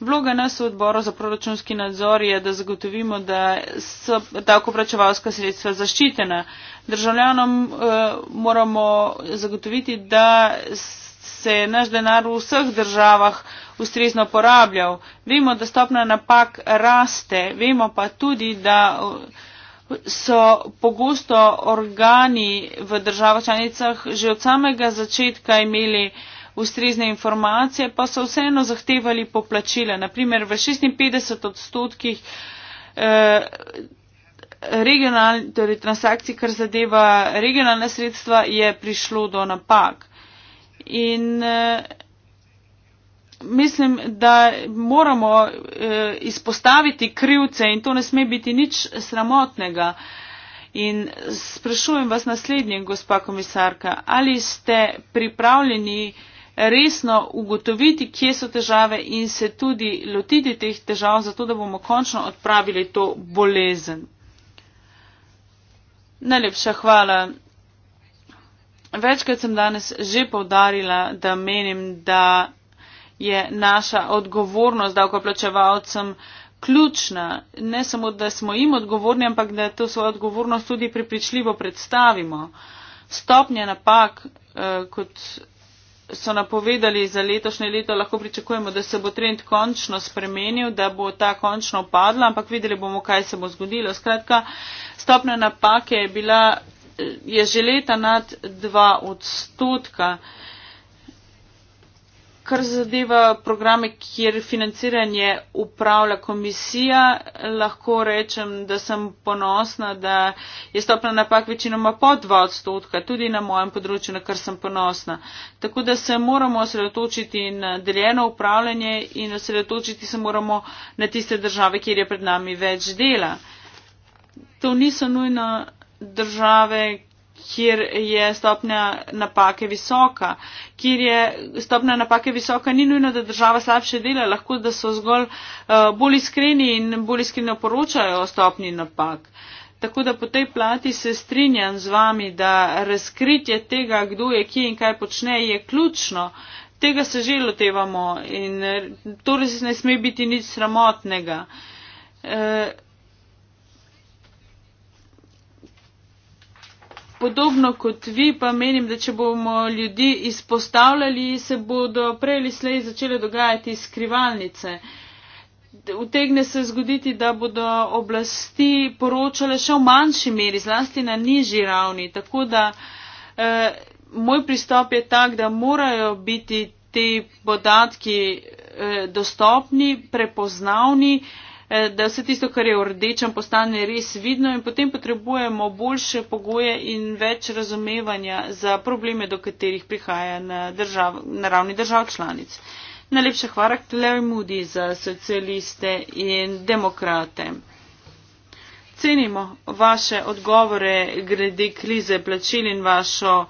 B: Vloga nas v odboru za proračunski nadzor je, da zagotovimo, da so davkoplačevalska sredstva zaščitena. Državljanom eh, moramo zagotoviti, da se je naš denar v vseh državah ustrezno porabljal. Vemo, da stopna napak raste, vemo pa tudi, da eh, so pogosto organi v državah članicah že od samega začetka imeli eh, ustrezne informacije, pa so vseeno zahtevali poplačila. Naprimer, v 56 odstotkih eh, torej transakcij, kar zadeva regionalne sredstva, je prišlo do napak. In eh, mislim, da moramo eh, izpostaviti krivce in to ne sme biti nič sramotnega. In sprašujem vas naslednje, gospa komisarka, ali ste pripravljeni eh, resno ugotoviti, kje so težave in se tudi lotiti teh težav, zato da bomo končno odpravili to bolezen. Najlepša hvala. Večkrat sem danes že povdarila, da menim, da je naša odgovornost davkoplačevalcem ključna. Ne samo, da smo jim odgovorni, ampak da to svojo odgovornost tudi prepričljivo predstavimo. Stopnje napak, eh, kot so napovedali za letošnje leto, lahko pričakujemo, da se bo trend končno spremenil, da bo ta končno padla, ampak videli bomo, kaj se bo zgodilo. Skratka, stopna napake je bila, je že leta nad 2 odstotka kar zadeva programe, kjer financiranje upravlja komisija, lahko rečem, da sem ponosna, da je stopna napak večinoma pod 2 odstotka, tudi na mojem področju, na kar sem ponosna. Tako da se moramo osredotočiti na deljeno upravljanje in osredotočiti se moramo na tiste države, kjer je pred nami več dela. To niso nujno države, kjer je stopnja napake visoka, kjer je stopnja napake visoka, ni nujno, da država slabše dela, lahko da so zgolj uh, bolj iskreni in bolj iskreno poročajo o stopnji napak. Tako da po tej plati se strinjam z vami, da razkritje tega, kdo je kje in kaj počne, je ključno. Tega se že lotevamo in eh, to res ne sme biti nič sramotnega. Uh, podobno kot vi, pa menim, da če bomo ljudi izpostavljali, se bodo prej ali slej začele dogajati skrivalnice. Utegne se zgoditi, da bodo oblasti poročale še v manjši meri, zlasti na nižji ravni. Tako da eh, moj pristop je tak, da morajo biti ti podatki eh, dostopni, prepoznavni, eh, Eh, da vse tisto, kar je v rdečem, postane res vidno in potem potrebujemo boljše pogoje in več razumevanja za probleme, do katerih prihaja na, držav, na ravni držav članic. Najlepša hvala, Klej Mudi, za socialiste in demokrate. Cenimo vaše odgovore glede krize plačil in vašo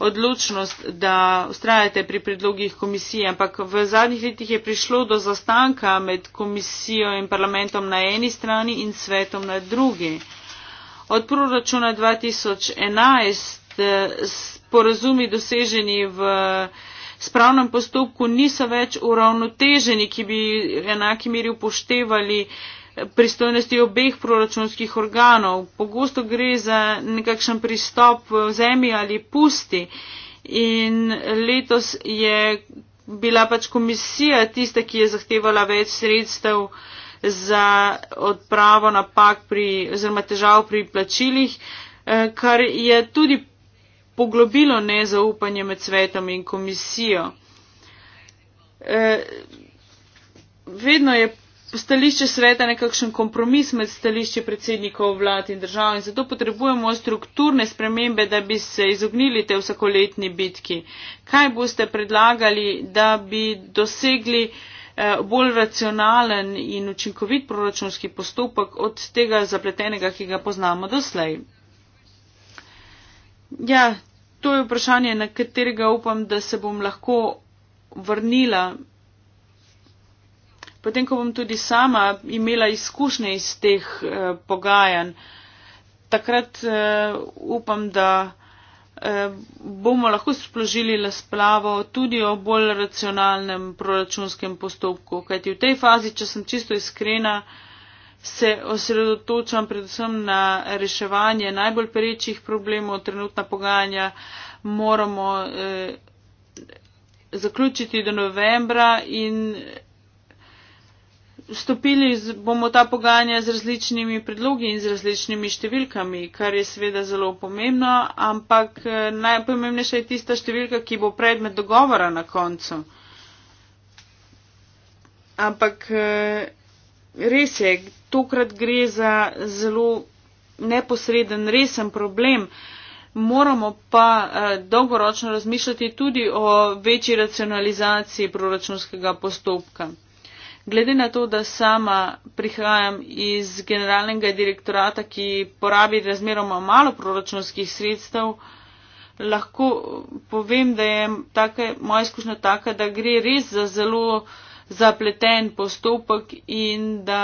B: odločnost, da ustrajate pri predlogih komisije, ampak v zadnjih letih je prišlo do zastanka med komisijo in parlamentom na eni strani in svetom na drugi. Od proračuna 2011 eh, porazumi doseženi v spravnem postopku niso več uravnoteženi, ki bi v enaki meri upoštevali eh, pristojnosti obeh proračunskih organov. Pogosto gre za nekakšen pristop v zemlji ali pusti. In letos je bila pač komisija tista, ki je zahtevala več sredstev za odpravo napak pri, oziroma težav pri plačilih, eh, kar je tudi poglobilo nezaupanje med svetom in komisijo. Eh, vedno je stališče sveta nekakšen kompromis med stališči predsednikov vlad in držav in zato potrebujemo strukturne spremembe, da bi se izognili te vsakoletni bitki. Kaj boste predlagali, da bi dosegli eh, bolj racionalen in učinkovit proračunski postopek od tega zapletenega, ki ga poznamo doslej? Ja, to je vprašanje, na katerega upam, da se bom lahko vrnila potem ko bom tudi sama imela izkušnje iz teh eh, pogajanj, takrat eh, upam, da eh, bomo lahko splošili razplavo tudi o bolj racionalnem proračunskem postopku, kajti v tej fazi, če sem čisto iskrena, se osredotočam predvsem na reševanje najbolj perečih problemov, trenutna pogajanja moramo eh, zaključiti do novembra in vstopili bomo ta pogajanja z različnimi predlogi in z različnimi številkami, kar je seveda zelo pomembno, ampak eh, najpomembnejša je tista številka, ki bo predmet dogovora na koncu. Ampak eh, res je, tokrat gre za zelo neposreden, resen problem. Moramo pa eh, dolgoročno razmišljati tudi o večji racionalizaciji proračunskega postopka. Glede na to, da sama prihajam iz generalnega direktorata, ki porabi razmeroma malo proračunskih sredstev, lahko povem, da je take, moja izkušnja taka, da gre res za zelo zapleten postopek in da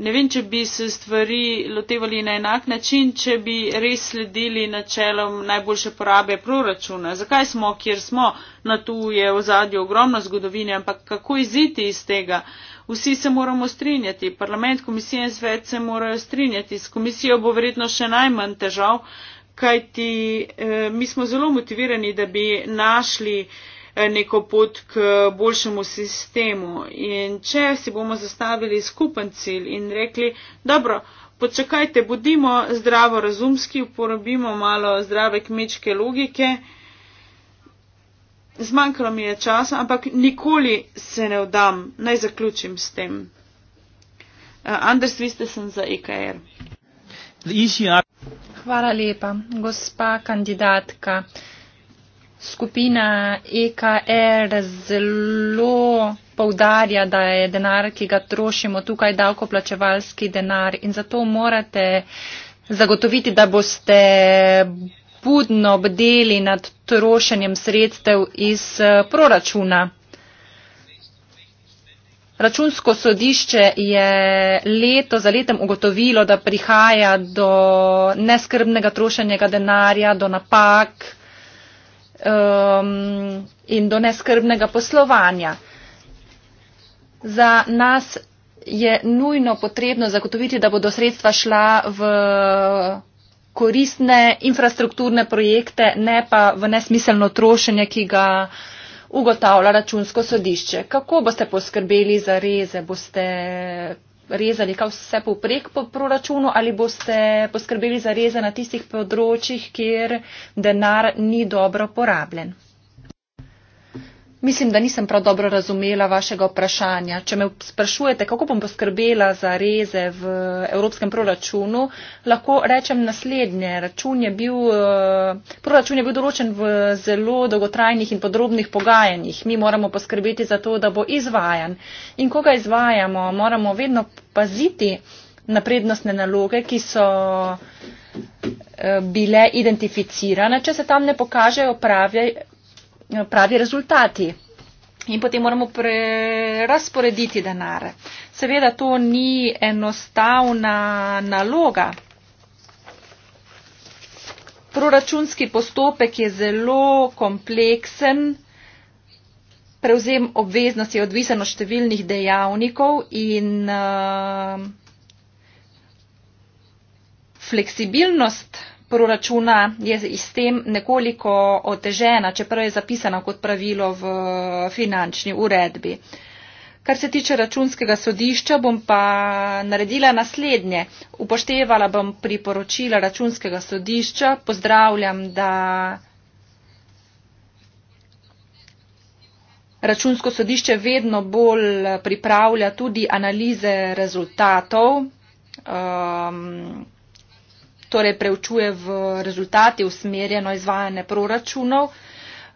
B: ne vem, če bi se stvari lotevali na enak način, če bi res sledili načelom najboljše porabe proračuna. Zakaj smo, kjer smo, na tu je v zadju ogromno zgodovine, ampak kako iziti iz tega? Vsi se moramo strinjati, parlament, komisija in svet se morajo strinjati. S komisijo bo verjetno še najmanj težav, kajti eh, mi smo zelo motivirani, da bi našli eh, neko pot k boljšemu sistemu. In če si bomo zastavili skupen cilj in rekli, dobro, počakajte, bodimo zdravo razumski, uporabimo malo zdrave kmečke logike. Zmanjkalo mi je časa, ampak nikoli se ne vdam. Naj zaključim s tem. Uh, Anders, vi ste sem za EKR. Hvala lepa, gospa kandidatka
C: skupina EKR e zelo povdarja, da je denar, ki ga trošimo tukaj, davkoplačevalski denar in zato morate zagotoviti, da boste budno bdeli nad trošenjem sredstev iz eh, proračuna. Računsko sodišče je leto za letem ugotovilo, da prihaja do neskrbnega trošenjega denarja, do napak, um, in do neskrbnega poslovanja. Za nas je nujno potrebno zagotoviti, da bodo sredstva šla v koristne infrastrukturne projekte, ne pa v nesmiselno trošenje, ki ga ugotavlja računsko sodišče. Kako boste poskrbeli za reze? Boste rezali kaj vse poprek po proračunu ali boste poskrbeli za reze na tistih področjih, kjer denar ni dobro porabljen. Mislim, da nisem prav dobro razumela vašega vprašanja. Če me sprašujete, kako bom poskrbela za reze v evropskem proračunu, lahko rečem naslednje. Račun je bil, eh, proračun je bil določen v zelo dolgotrajnih in podrobnih pogajanjih. Mi moramo poskrbeti za to, da bo izvajan. In koga izvajamo, moramo vedno paziti na prednostne naloge, ki so eh, bile identificirane. Če se tam ne pokažejo pravi, Eh, pravi rezultati. In potem moramo prerasporediti denar. Seveda to ni enostavna naloga. Proračunski postopek je zelo kompleksen, prevzem obveznosti je odvisen od številnih dejavnikov in uh, fleksibilnost proračuna je s tem nekoliko otežena, čeprav je zapisana kot pravilo v finančni uredbi. Kar se tiče računskega sodišča, bom pa naredila naslednje. Upoštevala bom priporočila računskega sodišča. Pozdravljam, da računsko sodišče vedno bolj pripravlja tudi analize rezultatov. Um, torej preučuje v rezultati usmerjeno izvajanje proračunov.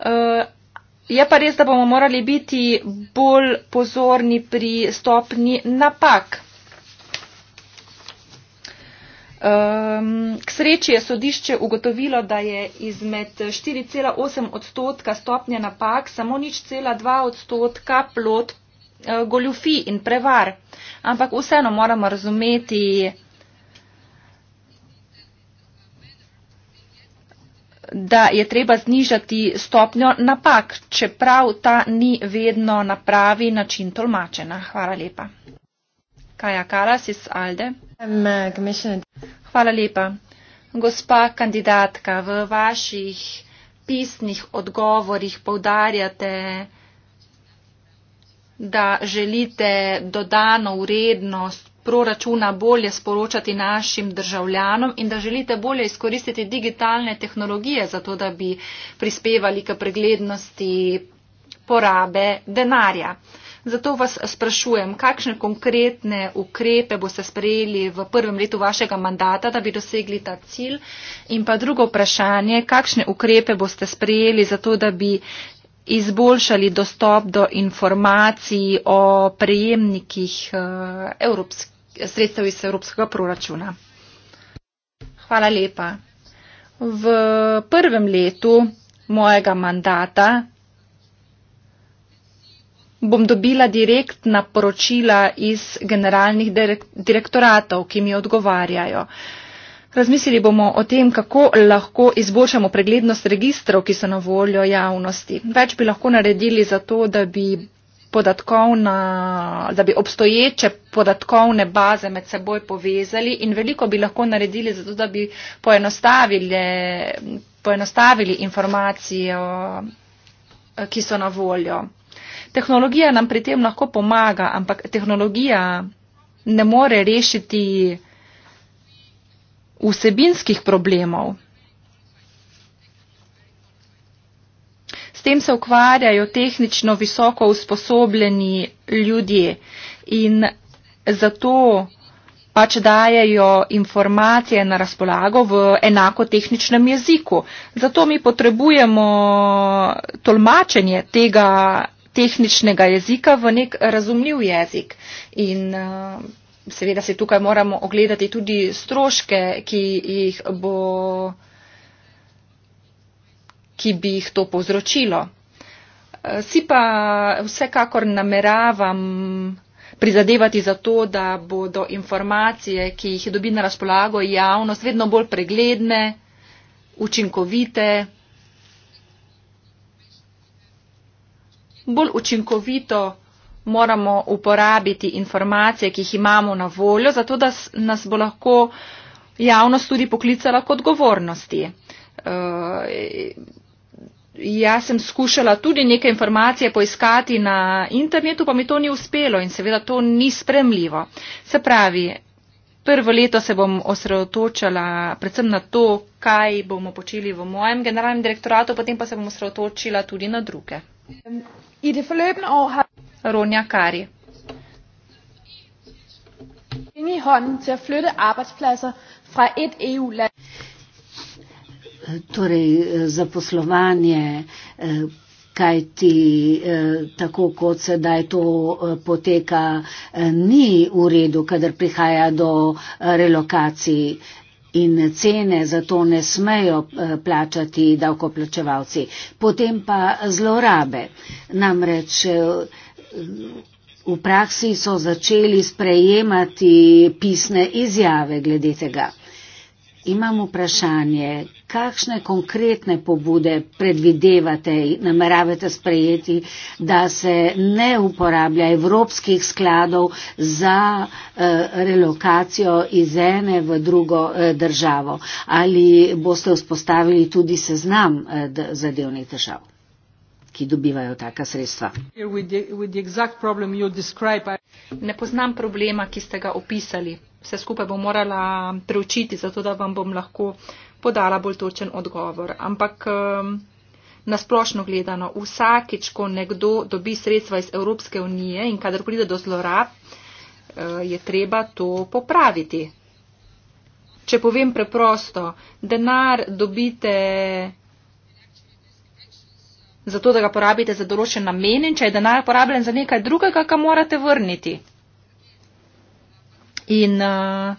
C: Eh, je pa res, da bomo morali biti bolj pozorni pri stopni napak. Ehm, k sreči je sodišče ugotovilo, da je izmed 4,8 odstotka stopnje napak samo nič cela 2 odstotka plot eh, goljufi in prevar. Ampak vseeno moramo razumeti, da je treba znižati stopnjo napak, čeprav ta ni vedno na pravi način tolmačena. Hvala lepa. Kaja Karas iz Alde. Um, uh, Hvala lepa. Gospa kandidatka, v vaših pisnih odgovorih povdarjate, da želite dodano urednost proračuna bolje sporočati našim državljanom in da želite bolje izkoristiti digitalne tehnologije, zato da bi prispevali k preglednosti porabe denarja. Zato vas sprašujem, kakšne konkretne ukrepe boste sprejeli v prvem letu vašega mandata, da bi dosegli ta cilj? In pa drugo vprašanje, kakšne ukrepe boste sprejeli zato, da bi izboljšali dostop do informacij o prejemnikih eh, evropskih? sredstev iz evropskega proračuna. Hvala lepa. V prvem letu mojega mandata bom dobila direktna poročila iz generalnih direktoratov, ki mi odgovarjajo. Razmislili bomo o tem, kako lahko izboljšamo preglednost registrov, ki so na voljo javnosti. Več bi lahko naredili za to, da bi podatkovna, da bi obstoječe podatkovne baze med seboj povezali in veliko bi lahko naredili zato, da bi poenostavili, poenostavili informacije, ki so na voljo. Tehnologija nam pri tem lahko pomaga, ampak tehnologija ne more rešiti vsebinskih problemov. tem se ukvarjajo tehnično visoko usposobljeni ljudje in zato pač dajajo informacije na razpolago v enako tehničnem jeziku. Zato mi potrebujemo tolmačenje tega tehničnega jezika v nek razumljiv jezik. In eh, seveda se tukaj moramo ogledati tudi stroške, ki jih bo ki bi jih to povzročilo. Eh, si pa vsekakor nameravam prizadevati za to, da bodo informacije, ki jih dobi na razpolago javnost, vedno bolj pregledne, učinkovite, bolj učinkovito moramo uporabiti informacije, ki jih imamo na voljo, zato da nas bo lahko javnost tudi poklicala k odgovornosti. Uh, jaz sem skušala tudi neke informacije poiskati na internetu, pa mi to ni uspelo in seveda to ni spremljivo. Se pravi, prvo leto se bom osredotočala predvsem na to, kaj bomo počeli v mojem generalnem direktoratu, potem pa se bom osredotočila tudi na druge. Ronja Kari. Ingen hånden til at flytte arbejdspladser
A: fra et EU-land torej eh, zaposlovanje, eh, kaj ti eh, tako kot sedaj to poteka, ni v redu, kadar prihaja do relokacij in cene za to ne smejo plačati davkoplačevalci. Potem pa zlorabe. Namreč v praksi so začeli sprejemati pisne izjave glede tega imam vprašanje, kakšne konkretne pobude predvidevate in nameravate sprejeti, da se ne uporablja evropskih skladov za eh, relokacijo iz ene v drugo eh, državo? Ali boste vzpostavili tudi seznam eh, zadevnih držav? ki dobivajo taka sredstva.
C: Ne poznam problema, ki ste ga opisali vse skupaj bom morala preučiti, zato da vam bom lahko podala bolj točen odgovor. Ampak ehm, nasplošno gledano, vsakič, ko nekdo dobi sredstva iz Evropske unije in kadar pride do zlorab, eh, je treba to popraviti. Če povem preprosto, denar dobite zato, da ga porabite za določen namen in če je denar porabljen za nekaj drugega, ga morate vrniti. In uh,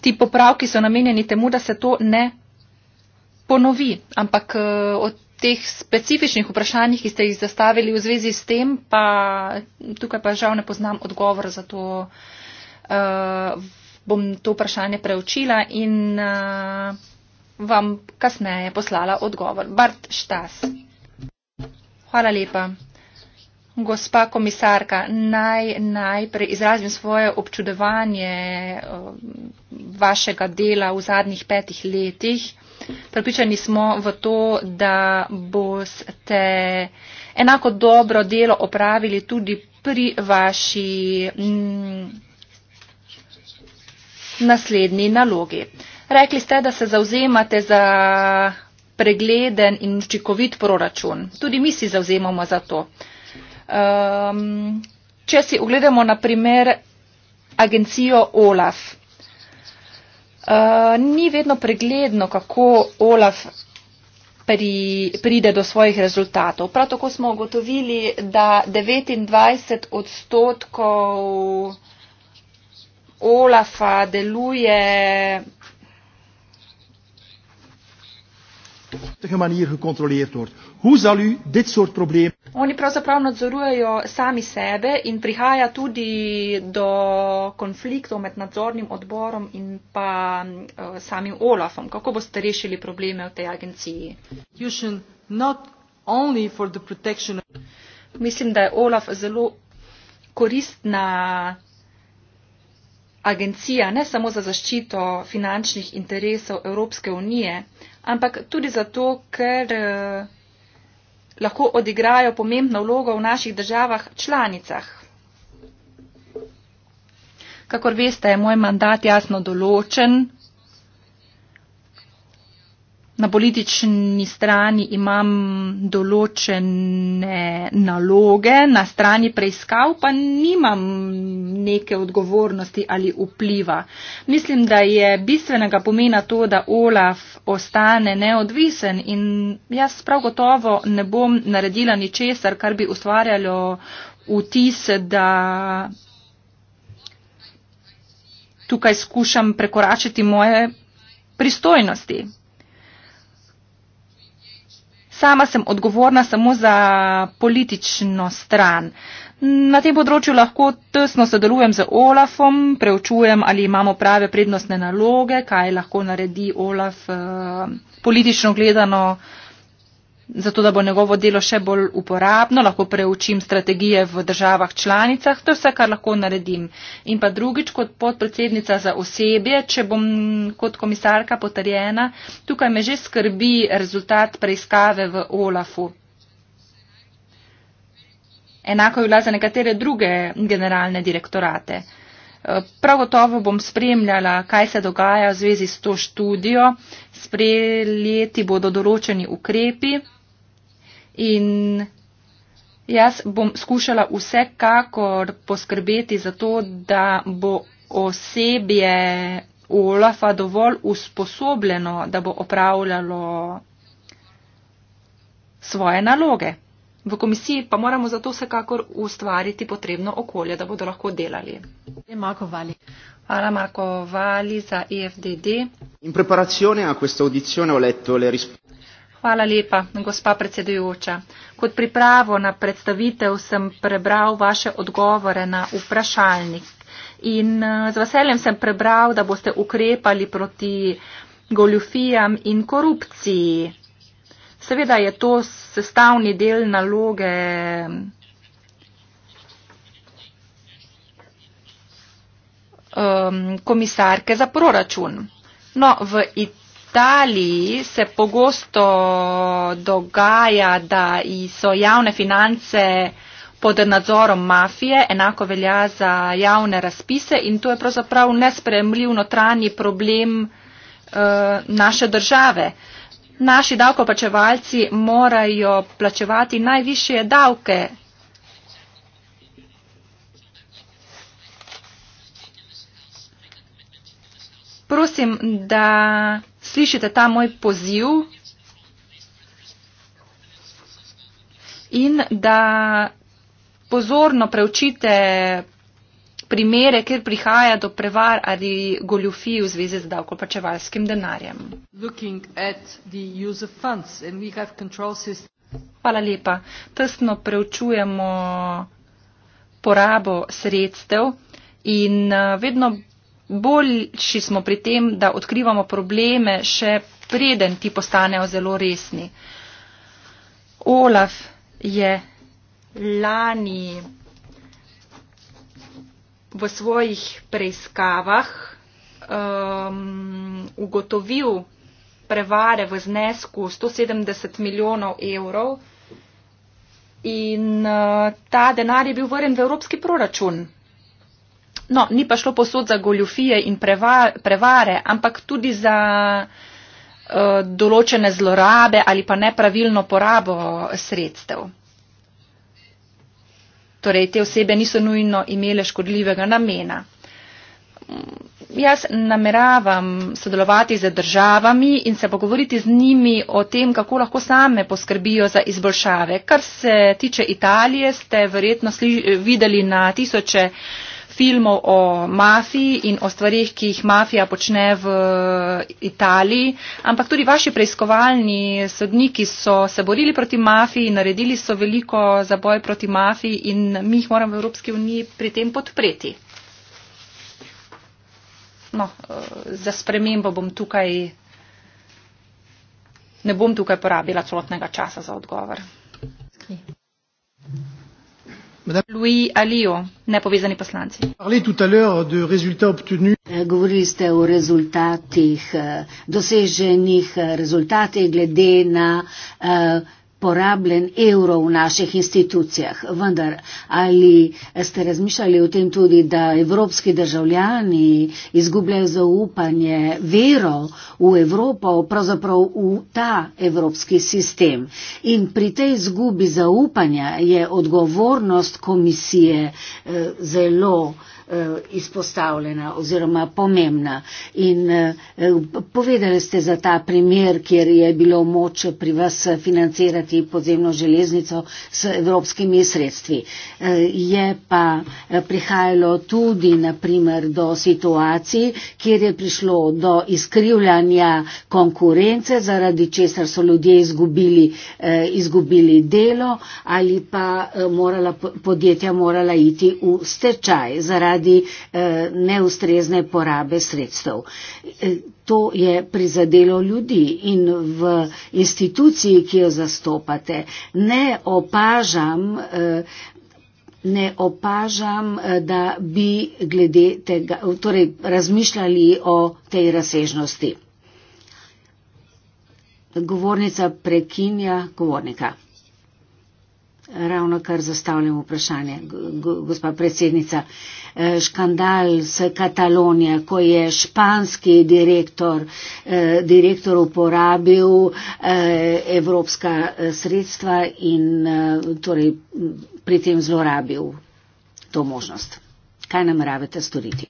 C: ti popravki so namenjeni temu, da se to ne ponovi. Ampak uh, od teh specifičnih vprašanjih, ki ste jih zastavili v zvezi s tem, pa tukaj pa žal ne poznam odgovor, zato uh, bom to vprašanje preučila in vam kasneje poslala odgovor. Bart Štas. Hvala lepa. Gospa komisarka, naj najprej izrazim svoje občudovanje um, vašega dela v zadnjih petih letih. Pripričani smo v to, da boste enako dobro delo opravili tudi pri vaši mm, naslednji nalogi. Rekli ste, da se zauzemate za pregleden in učinkovit proračun. Tudi mi si zauzemamo za to. Um, če si ogledamo na primer agencijo OLAF, Uh, ni vedno pregledno, kako Olaf pri, pride do svojih rezultatov. Prav tako smo ugotovili, da 29 odstotkov Olafa deluje. Na manier gecontroleerd wordt. Hoe zal u dit soort problemen? Oni pravzaprav nadzorujejo sami sebe in prihaja tudi do konfliktov med nadzornim odborom in pa uh, samim Olafom. Kako boste rešili probleme v tej agenciji? Mislim, da je Olaf zelo koristna agencija, ne samo za zaščito finančnih interesov Evropske unije, ampak tudi zato, ker. Uh, lahko odigrajo pomembno vlogo v naših državah članicah. Kakor veste, je moj mandat jasno določen. Na politični strani imam določene naloge, na strani preiskav pa nimam neke odgovornosti ali vpliva. Mislim, da je bistvenega pomena to, da Olaf ostane neodvisen in jaz prav gotovo ne bom naredila ničesar, kar bi ustvarjalo vtis, da. Tukaj skušam prekoračiti moje pristojnosti. Sama sem odgovorna samo za politično stran. Na tem področju lahko tesno sodelujem z Olafom, preučujem, ali imamo prave prednostne naloge, kaj lahko naredi Olaf eh, politično gledano eh, zato da bo njegovo delo še bolj uporabno, lahko preučim strategije v državah članicah, to je vse, kar lahko naredim. In pa drugič, kot podpredsednica za osebje, če bom kot komisarka potrjena, tukaj me že skrbi rezultat preiskave v OLAF-u. Enako je bila za nekatere druge generalne direktorate. Prav gotovo bom spremljala, kaj se dogaja v zvezi s to študijo, sprejeti bodo določeni ukrepi. In jaz bom skušala vsekakor poskrbeti za to, da bo osebje Olafa dovolj usposobljeno, da bo opravljalo svoje naloge. V komisiji pa moramo za to vsekakor ustvariti potrebno okolje, da bodo lahko delali. Marko Vali. Hvala Marko Vali za EFDD.
B: In preparacijone a questa audizione ho letto le risposte.
C: Hvala lepa, gospa predsedujoča. Kot pripravo na predstavitev sem prebral vaše odgovore na vprašalnik in eh, z veseljem sem prebral, da boste ukrepali proti goljufijam in korupciji. Seveda je to sestavni del naloge um, komisarke za proračun. No, v Italiji. Italiji se pogosto dogaja, da so javne finance pod nadzorom mafije, enako velja za javne razpise in to je pravzaprav nespremljiv notranji problem uh, naše države. Naši davkoplačevalci morajo plačevati najvišje davke. Prosim, da slišite ta moj poziv in da pozorno preučite primere, kjer prihaja do prevar ali goljufij v zvezi z davkoplačevalskim denarjem. Hvala lepa. Tesno preučujemo porabo sredstev in eh, vedno boljši smo pri tem, da odkrivamo probleme še preden ti postanejo zelo resni. Olaf je lani v svojih preiskavah um, ugotovil prevare v znesku 170 milijonov evrov in uh, ta denar je bil vrnjen v evropski proračun no, ni pa šlo posod za goljufije in prevar, prevare, ampak tudi za uh, določene zlorabe ali pa nepravilno porabo sredstev. Torej, te osebe niso nujno imele škodljivega namena. Jaz nameravam sodelovati z državami in se pogovoriti z njimi o tem, kako lahko same poskrbijo za izboljšave. Kar se tiče Italije, ste verjetno sli, videli na tisoče uh, filmov o mafiji in o stvarih, ki jih mafija počne v eh, Italiji, ampak tudi vaši preiskovalni sodniki so se borili proti mafiji, naredili so veliko za boj proti mafiji in mi jih moramo v Evropski uniji pri tem podpreti. No, eh, za spremembo bom tukaj, ne bom tukaj porabila celotnega časa za odgovor.
A: Eh, govorili ste o rezultatih, eh, doseženih eh, rezultatih glede na uh, porabljen evro v naših institucijah. Vendar, ali ste razmišljali o tem tudi, da evropski državljani izgubljajo zaupanje, vero v Evropo, pravzaprav v ta evropski sistem? In pri tej izgubi zaupanja je odgovornost komisije eh, zelo. Eh, izpostavljena oziroma pomembna. In eh, povedali ste za ta primer, kjer je bilo moč pri vas financirati podzemno železnico s evropskimi sredstvi. Eh, je pa prihajalo tudi, naprimer, do situacij, kjer je prišlo do izkrivljanja konkurence, zaradi česar so ljudje izgubili, izgubili delo ali pa morala, podjetja morala iti v stečaj zaradi zaradi eh, neustrezne porabe sredstev. Eh, to je prizadelo ljudi in v instituciji, ki jo zastopate, ne opažam, eh, ne opažam, da bi glede tega, torej razmišljali o tej razsežnosti. Govornica prekinja govornika ravno kar zastavljam vprašanje, gospa predsednica. Eh, škandal s Katalonija, ko je španski direktor, eh, direktor uporabil eh, evropska sredstva in torej pri tem zlorabil to možnost. Kaj nameravate storiti?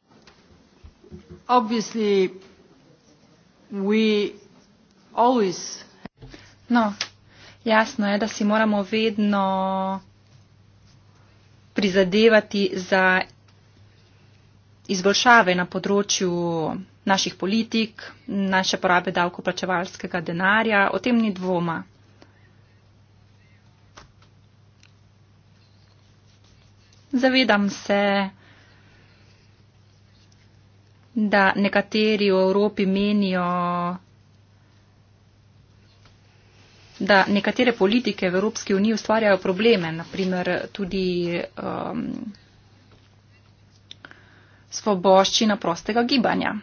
C: No, Jasno je, da si moramo vedno prizadevati za izboljšave na področju naših politik, naše porabe davkoplačevalskega denarja. O tem ni dvoma. Zavedam se, da nekateri v Evropi menijo, da nekatere politike v Evropski uniji ustvarjajo probleme, naprimer tudi um, svoboščina prostega gibanja.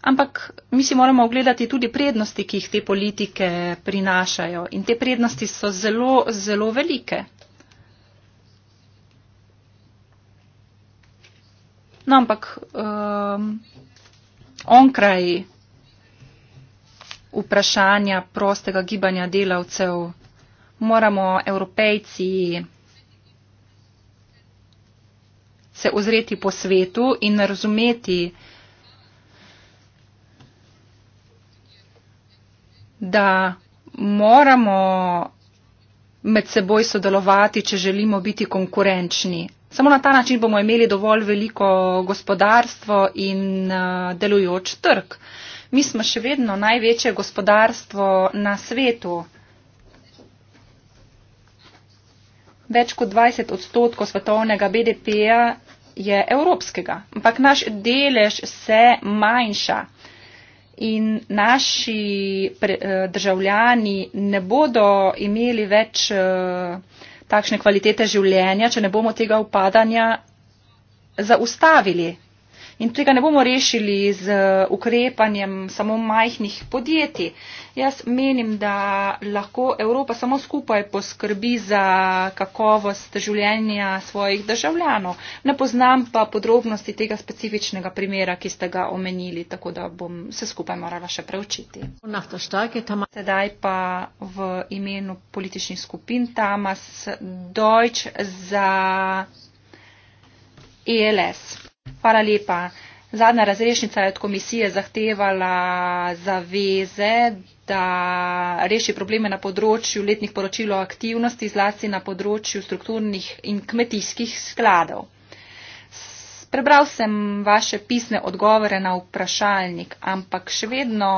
C: Ampak mi si moramo ogledati tudi prednosti, ki jih te politike prinašajo. In te prednosti so zelo, zelo velike. No, ampak um, onkraj vprašanja prostega gibanja delavcev. Moramo evropejci se ozreti po svetu in razumeti, da moramo med seboj sodelovati, če želimo biti konkurenčni. Samo na ta način bomo imeli dovolj veliko gospodarstvo in eh, delujoč trg. Mi smo še vedno največje gospodarstvo na svetu. Več kot 20 odstotkov svetovnega BDP-ja je evropskega, ampak naš delež se manjša in naši eh, državljani ne bodo imeli več eh, takšne kvalitete življenja, če ne bomo tega upadanja zaustavili. In tega ne bomo rešili z ukrepanjem samo majhnih podjetij. Jaz menim, da lahko Evropa samo skupaj poskrbi za kakovost življenja svojih državljanov. Ne poznam pa podrobnosti tega specifičnega primera, ki ste ga omenili, tako da bom se skupaj morala še preučiti. Sedaj pa v imenu političnih skupin Tamas Deutsch za ELS. Hvala lepa. Zadnja razrešnica je od komisije zahtevala zaveze, da reši probleme na področju letnih poročil o aktivnosti, zlasti na področju strukturnih in kmetijskih skladov. Prebral sem vaše pisne odgovore na vprašalnik, ampak še vedno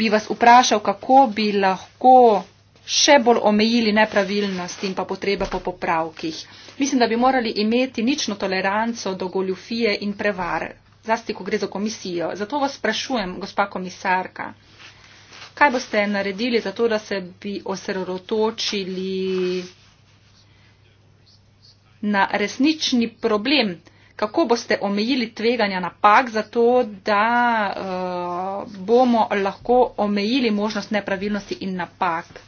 C: bi vas vprašal, kako bi lahko še bolj omejili nepravilnosti in pa potrebe po popravkih. Mislim, da bi morali imeti nično toleranco do goljufije in prevar, zlasti ko gre za komisijo. Zato vas sprašujem, gospa komisarka, kaj boste naredili za to, da se bi osredotočili na resnični problem, kako boste omejili tveganja napak za to, da uh, bomo lahko omejili možnost nepravilnosti in napak.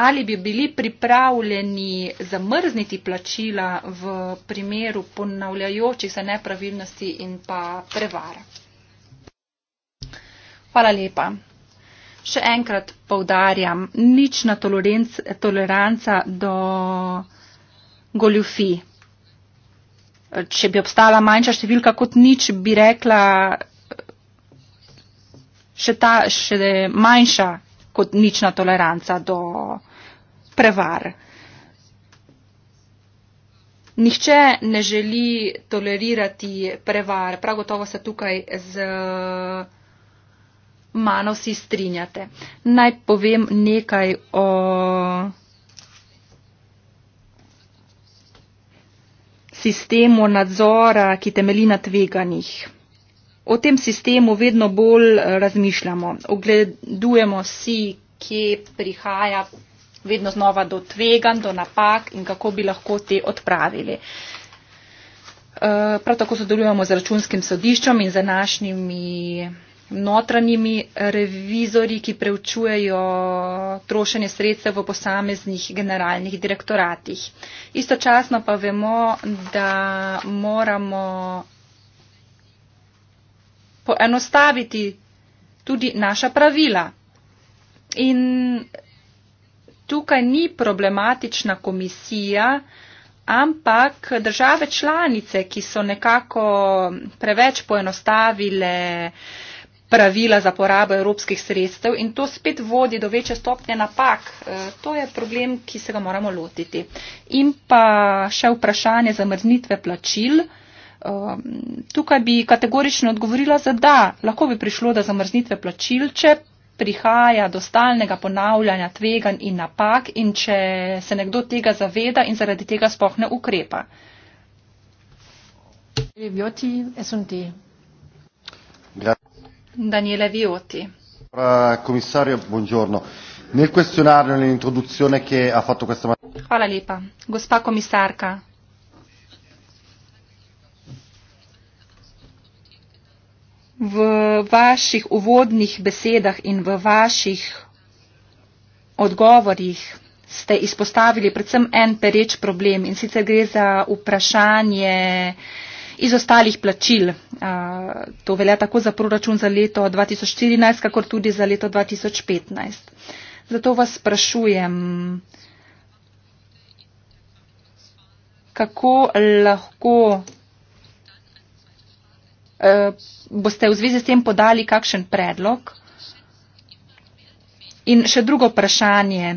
C: ali bi bili pripravljeni zamrzniti plačila v primeru ponavljajočih se nepravilnosti in pa prevara. Hvala lepa. Še enkrat povdarjam, nična toleranca do goljufi. Če bi obstala manjša številka kot nič, bi rekla še, ta, še manjša kot nična toleranca do goljufi prevar. Nihče ne želi tolerirati prevar, prav gotovo se tukaj z mano vsi strinjate. Naj povem nekaj o sistemu nadzora, ki temeli na tveganjih. O tem sistemu vedno bolj eh, razmišljamo, ogledujemo si, kje prihaja vedno znova do tveganj, do napak in kako bi lahko te odpravili. Eh, prav tako sodelujemo z računskim sodiščem in z našnjimi notranjimi revizori, ki preučujejo trošenje sredstev v posameznih generalnih direktoratih. Istočasno pa vemo, da moramo poenostaviti tudi naša pravila. In tukaj ni problematična komisija, ampak države članice, ki so nekako preveč poenostavile pravila za porabo evropskih sredstev in to spet vodi do večje stopnje napak. E, to je problem, ki se ga moramo lotiti. In pa še vprašanje zamrznitve plačil. E, tukaj bi kategorično odgovorila za da. Lahko bi prišlo do zamrznitve plačil, če prihaja do stalnega ponavljanja tveganj in napak in če se nekdo tega zaveda in zaradi tega sploh ne ukrepa. Daniele Vioti.
A: Komisarjo, buongiorno. Nel questionario, nell'introduzione che ha fatto questa mattina.
C: Hvala lepa. Gospa komisarka, v vaših uvodnih besedah in v vaših odgovorih ste izpostavili predvsem en pereč problem in sicer gre za vprašanje iz ostalih plačil. To velja tako za proračun za leto 2014, kakor tudi za leto 2015. Zato vas sprašujem, kako lahko Eh, boste v zvezi s tem podali kakšen predlog? In še drugo vprašanje.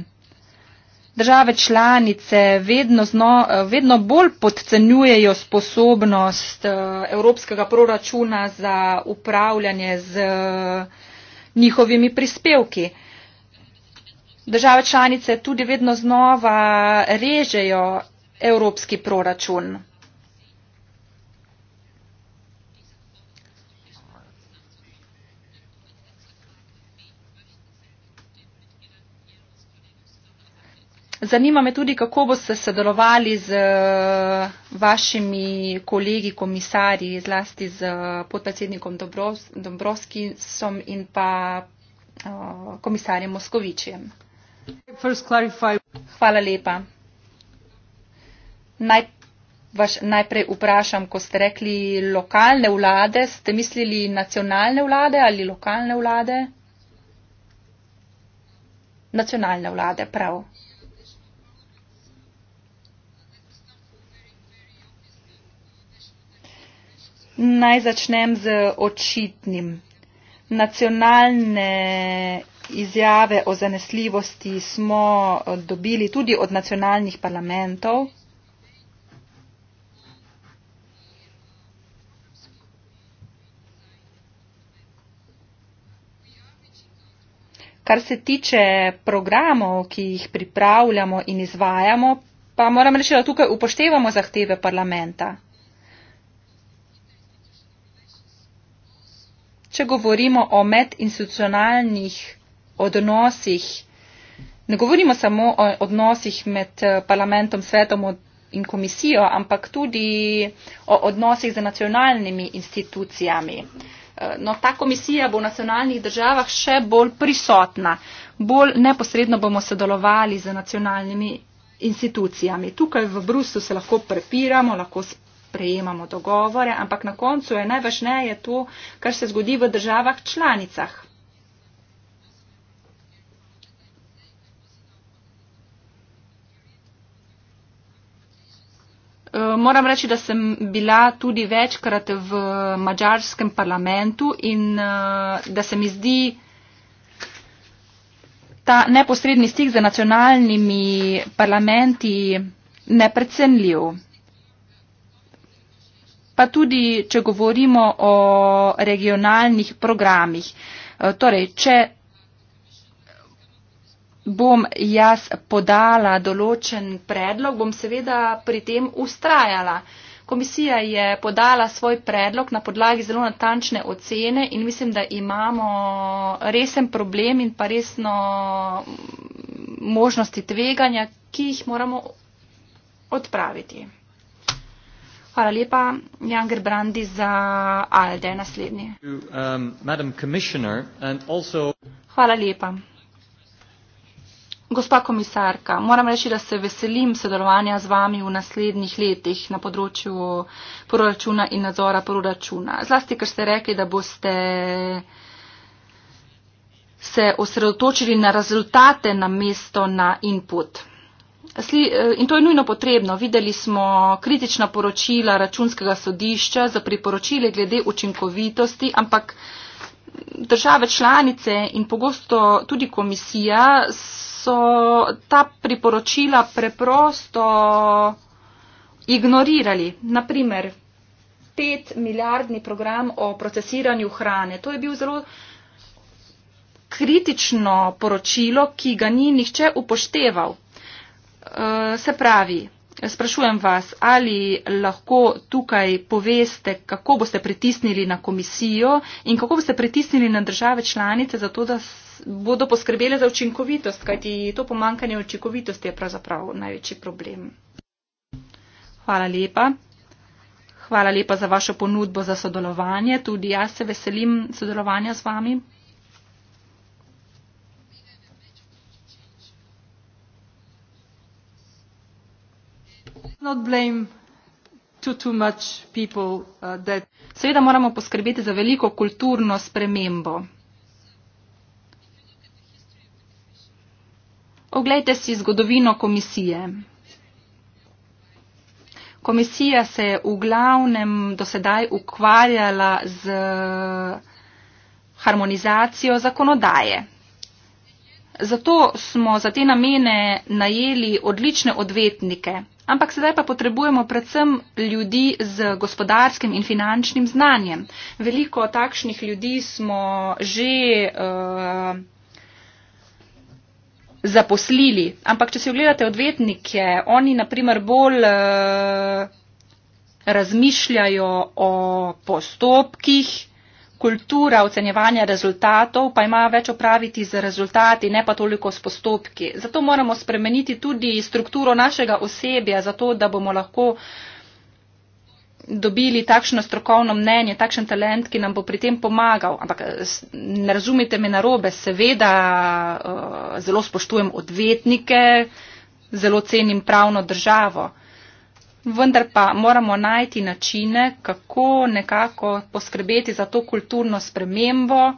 C: Države članice vedno, zno, eh, vedno bolj podcenjujejo sposobnost eh, evropskega proračuna za upravljanje z njihovimi prispevki. Države članice tudi vedno znova režejo evropski proračun. Zanima me tudi, kako boste sodelovali z eh, vašimi kolegi komisarji, zlasti z eh, podpredsednikom Dombrovskim in pa eh, komisarjem Moskovičem. Hvala lepa. Naj vaš najprej vprašam, ko ste rekli lokalne vlade, ste mislili nacionalne vlade ali lokalne vlade? Nacionalne vlade, prav. Naj začnem z očitnim. Nacionalne izjave o zanesljivosti smo dobili tudi od nacionalnih parlamentov. Kar se tiče programov, ki jih pripravljamo in izvajamo, pa moram reči, da tukaj upoštevamo zahteve parlamenta. če govorimo o medinstitucionalnih odnosih, ne govorimo samo o odnosih med eh, parlamentom, svetom in komisijo, ampak tudi o odnosih z nacionalnimi institucijami. Eh, no, ta komisija bo v nacionalnih državah še bolj prisotna, bolj neposredno bomo sodelovali z nacionalnimi institucijami. Tukaj v Bruslu se lahko prepiramo, lahko sprejemamo dogovore, ampak na koncu je najvažneje to, kar se zgodi v državah članicah. E, moram reči, da sem bila tudi večkrat v mačarskem parlamentu in e, da se mi zdi ta neposredni stik z nacionalnimi parlamenti neprecenljiv pa tudi, če govorimo o regionalnih programih. E, torej, če bom jaz podala določen predlog, bom seveda pri tem ustrajala. Komisija je podala svoj predlog na podlagi zelo natančne ocene in mislim, da imamo resen problem in pa resno mm, možnosti tveganja, ki jih moramo odpraviti. Hvala lepa, Jan Gerbrandi za ALDE, naslednji. Um, Hvala lepa. Gospa komisarka, moram reči, da se veselim sodelovanja z vami v naslednjih letih na področju proračuna in nadzora proračuna. Zlasti, ker ste rekli, da boste se osredotočili na rezultate na mesto na input. Eh, in to je nujno potrebno. Videli smo kritična poročila računskega sodišča za priporočile glede učinkovitosti, ampak države članice in pogosto tudi komisija so ta priporočila preprosto ignorirali. Naprimer, pet milijardni program o procesiranju hrane. To je bil zelo kritično poročilo, ki ga ni nihče upošteval. Eh, se pravi, sprašujem vas, ali lahko tukaj poveste, kako boste pritisnili na komisijo in kako boste pritisnili na države članice, zato da bodo poskrbele za učinkovitost, kajti to pomankanje učinkovitosti je pravzaprav največji problem. Hvala lepa. Hvala lepa za vašo ponudbo za sodelovanje. Tudi jaz se veselim sodelovanja z vami. Uh, Seveda moramo poskrbeti za veliko kulturno spremembo. Oglejte si zgodovino komisije. Komisija se je v glavnem dosedaj ukvarjala z harmonizacijo zakonodaje. Zato smo za te namene najeli odlične odvetnike. Ampak sedaj pa potrebujemo predvsem ljudi z gospodarskim in finančnim znanjem. Veliko takšnih ljudi smo že uh, zaposlili. Ampak če si ogledate odvetnike, oni naprimer bolj. Uh, razmišljajo o postopkih, kultura ocenjevanja rezultatov pa ima več opraviti z rezultati, ne pa toliko s postopki. Zato moramo spremeniti tudi strukturo našega osebja, zato da bomo lahko dobili takšno strokovno mnenje, takšen talent, ki nam bo pri tem pomagal. Ampak ne razumite me narobe, seveda eh, zelo spoštujem odvetnike, zelo cenim pravno državo. Vendar pa moramo najti načine, kako nekako poskrbeti za to kulturno spremembo,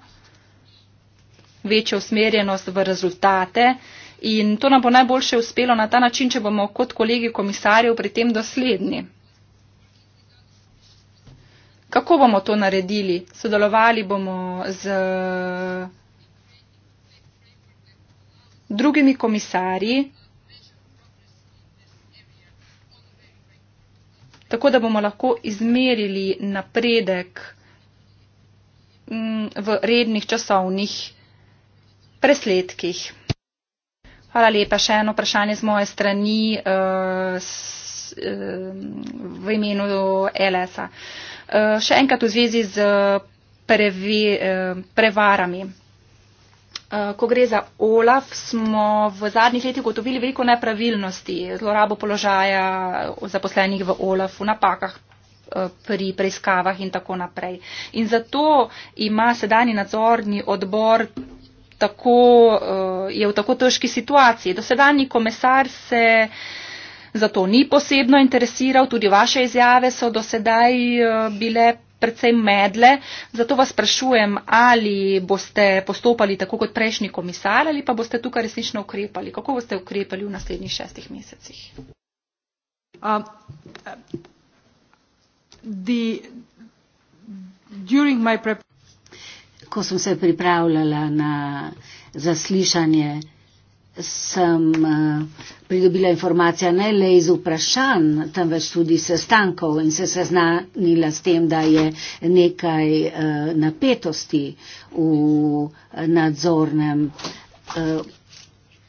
C: večjo usmerjenost v rezultate. In to nam bo najboljše uspelo na ta način, če bomo kot kolegi komisarjev pri tem dosledni. Kako bomo to naredili? Sodelovali bomo z drugimi komisarji, tako da bomo lahko izmerili napredek mm, v rednih časovnih presledkih. Hvala lepa. Še eno vprašanje z moje strani eh, eh, v imenu LS-a. Eh, še enkrat v zvezi z preve, prevarami. Eh, ko gre za OLAF, smo v zadnjih letih gotovili veliko nepravilnosti, zlorabo položaja eh, zaposlenih v OLAF, v napakah eh, pri preiskavah in tako naprej. In zato ima sedajni nadzorni odbor tako, je v tako težki situaciji. Dosedajni komisar se zato ni posebno interesiral, tudi vaše izjave so dosedaj bile precej medle. Zato vas sprašujem, ali boste postopali tako kot prejšnji komisar ali pa boste tukaj resnično ukrepali. Kako boste ukrepali v naslednjih šestih mesecih? Uh, uh
A: the, during my preparation. Ko sem se pripravljala na zaslišanje, sem uh, pridobila informacija ne le iz vprašanj, temveč tudi sestankov in se seznanila s tem, da je nekaj uh, napetosti v nadzornem uh,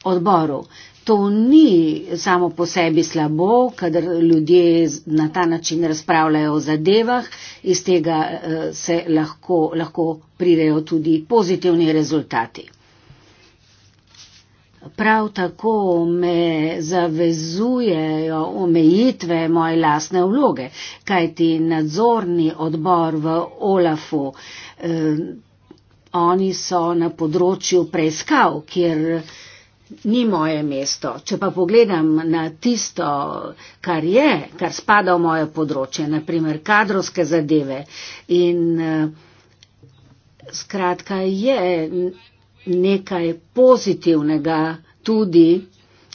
A: odboru. To ni samo po sebi slabo, kadar ljudje na ta način razpravljajo o zadevah, iz tega uh, se lahko, lahko pridejo tudi pozitivni rezultati prav tako me zavezujejo omejitve moje lastne vloge, kajti nadzorni odbor v OLAF-u, eh, oni so na področju preiskav, kjer ni moje mesto. Če pa pogledam na tisto, kar je, kar spada v moje področje, naprimer kadrovske zadeve in eh, skratka je nekaj pozitivnega tudi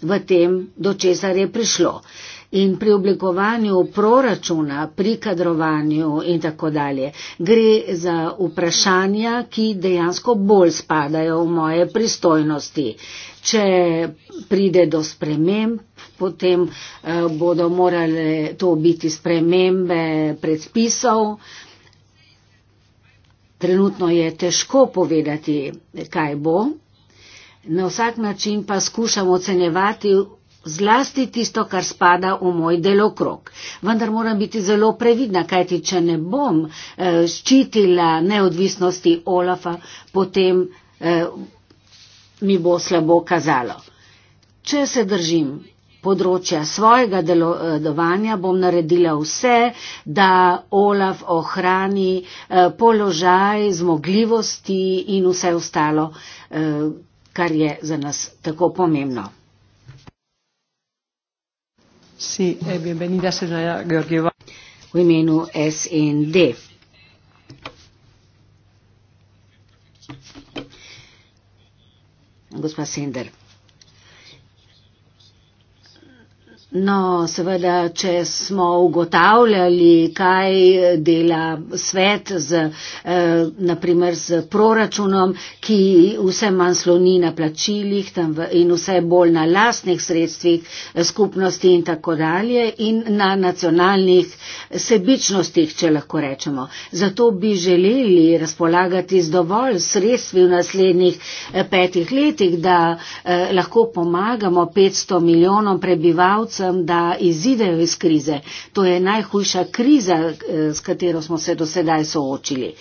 A: v tem, do česar je prišlo. In pri oblikovanju proračuna, pri kadrovanju in tako dalje, gre za vprašanja, ki dejansko bolj spadajo v moje pristojnosti. Če pride do sprememb, potem eh, bodo morale to biti spremembe predpisov. Eh, Trenutno je težko povedati, kaj bo. Na vsak način pa skušam ocenjevati zlasti tisto, kar spada v moj delokrog. Vendar moram biti zelo previdna, kajti če ne bom eh, ščitila neodvisnosti Olafa, potem eh, mi bo slabo kazalo. Če se držim področja svojega eh, delovanja bom naredila vse, da Olaf ohrani eh, položaj, zmogljivosti in vse ostalo, eh, kar je za nas tako pomembno. Sí, eh, bienvenida, señora Georgieva. Bienvenido, SND. Gospa Sender. No, seveda, če smo ugotavljali, kaj dela svet z, eh, naprimer, z proračunom, ki vse manj sloni na plačilih in vse bolj na lastnih sredstvih eh, skupnosti in tako dalje in na nacionalnih sebičnostih, če lahko rečemo. Zato bi želeli razpolagati z dovolj sredstvi v naslednjih eh, petih letih, da lahko pomagamo 500 milijonom prebivalcev, predvsem, da izidejo iz krize. To je najhujša kriza, eh, s katero smo se do sedaj soočili.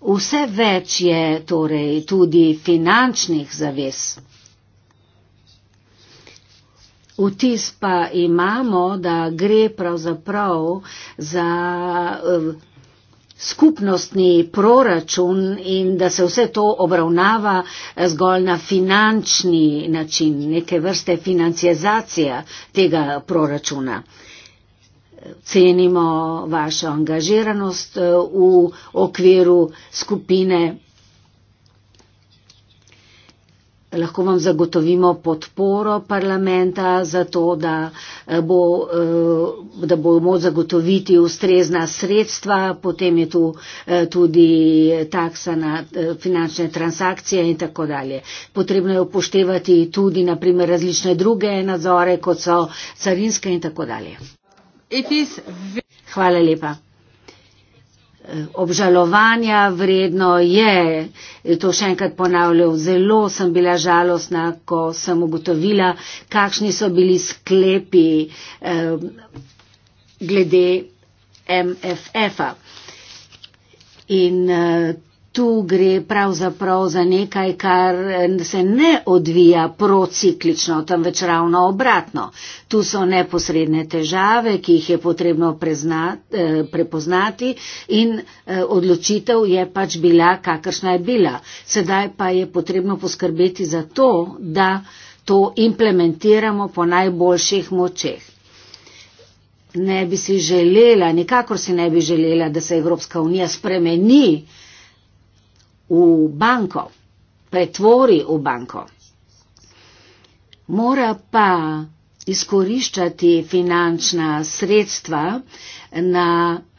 A: Vse več je torej tudi finančnih zaves. Vtis pa imamo, da gre pravzaprav za. Uh, skupnostni proračun in da se vse to obravnava eh, zgolj na finančni način, neke vrste financijazacija tega proračuna. Cenimo vašo angažiranost eh, v okviru skupine lahko vam zagotovimo podporo parlamenta za to, da, eh, bo, eh, da bomo zagotoviti ustrezna sredstva, potem je tu eh, tudi taksa na finančne transakcije in tako dalje. Potrebno je upoštevati tudi naprimer različne druge nadzore, kot so carinske in tako dalje. Hvala lepa obžalovanja vredno je, to še enkrat ponavljam, zelo sem bila žalostna, ko sem ugotovila, kakšni so bili sklepi eh, glede MFF-a. In eh, tu gre pravzaprav za nekaj, kar eh, se ne odvija prociklično, temveč ravno obratno. Tu so neposredne težave, ki jih je potrebno preznat, eh, prepoznati in eh, odločitev je pač bila, kakršna je bila. Sedaj pa je potrebno poskrbeti za to, da to implementiramo po najboljših močeh. Ne bi si želela, nikakor si ne bi želela, da se Evropska unija spremeni, v banko, pretvori v banko. Mora pa izkoriščati finančna sredstva na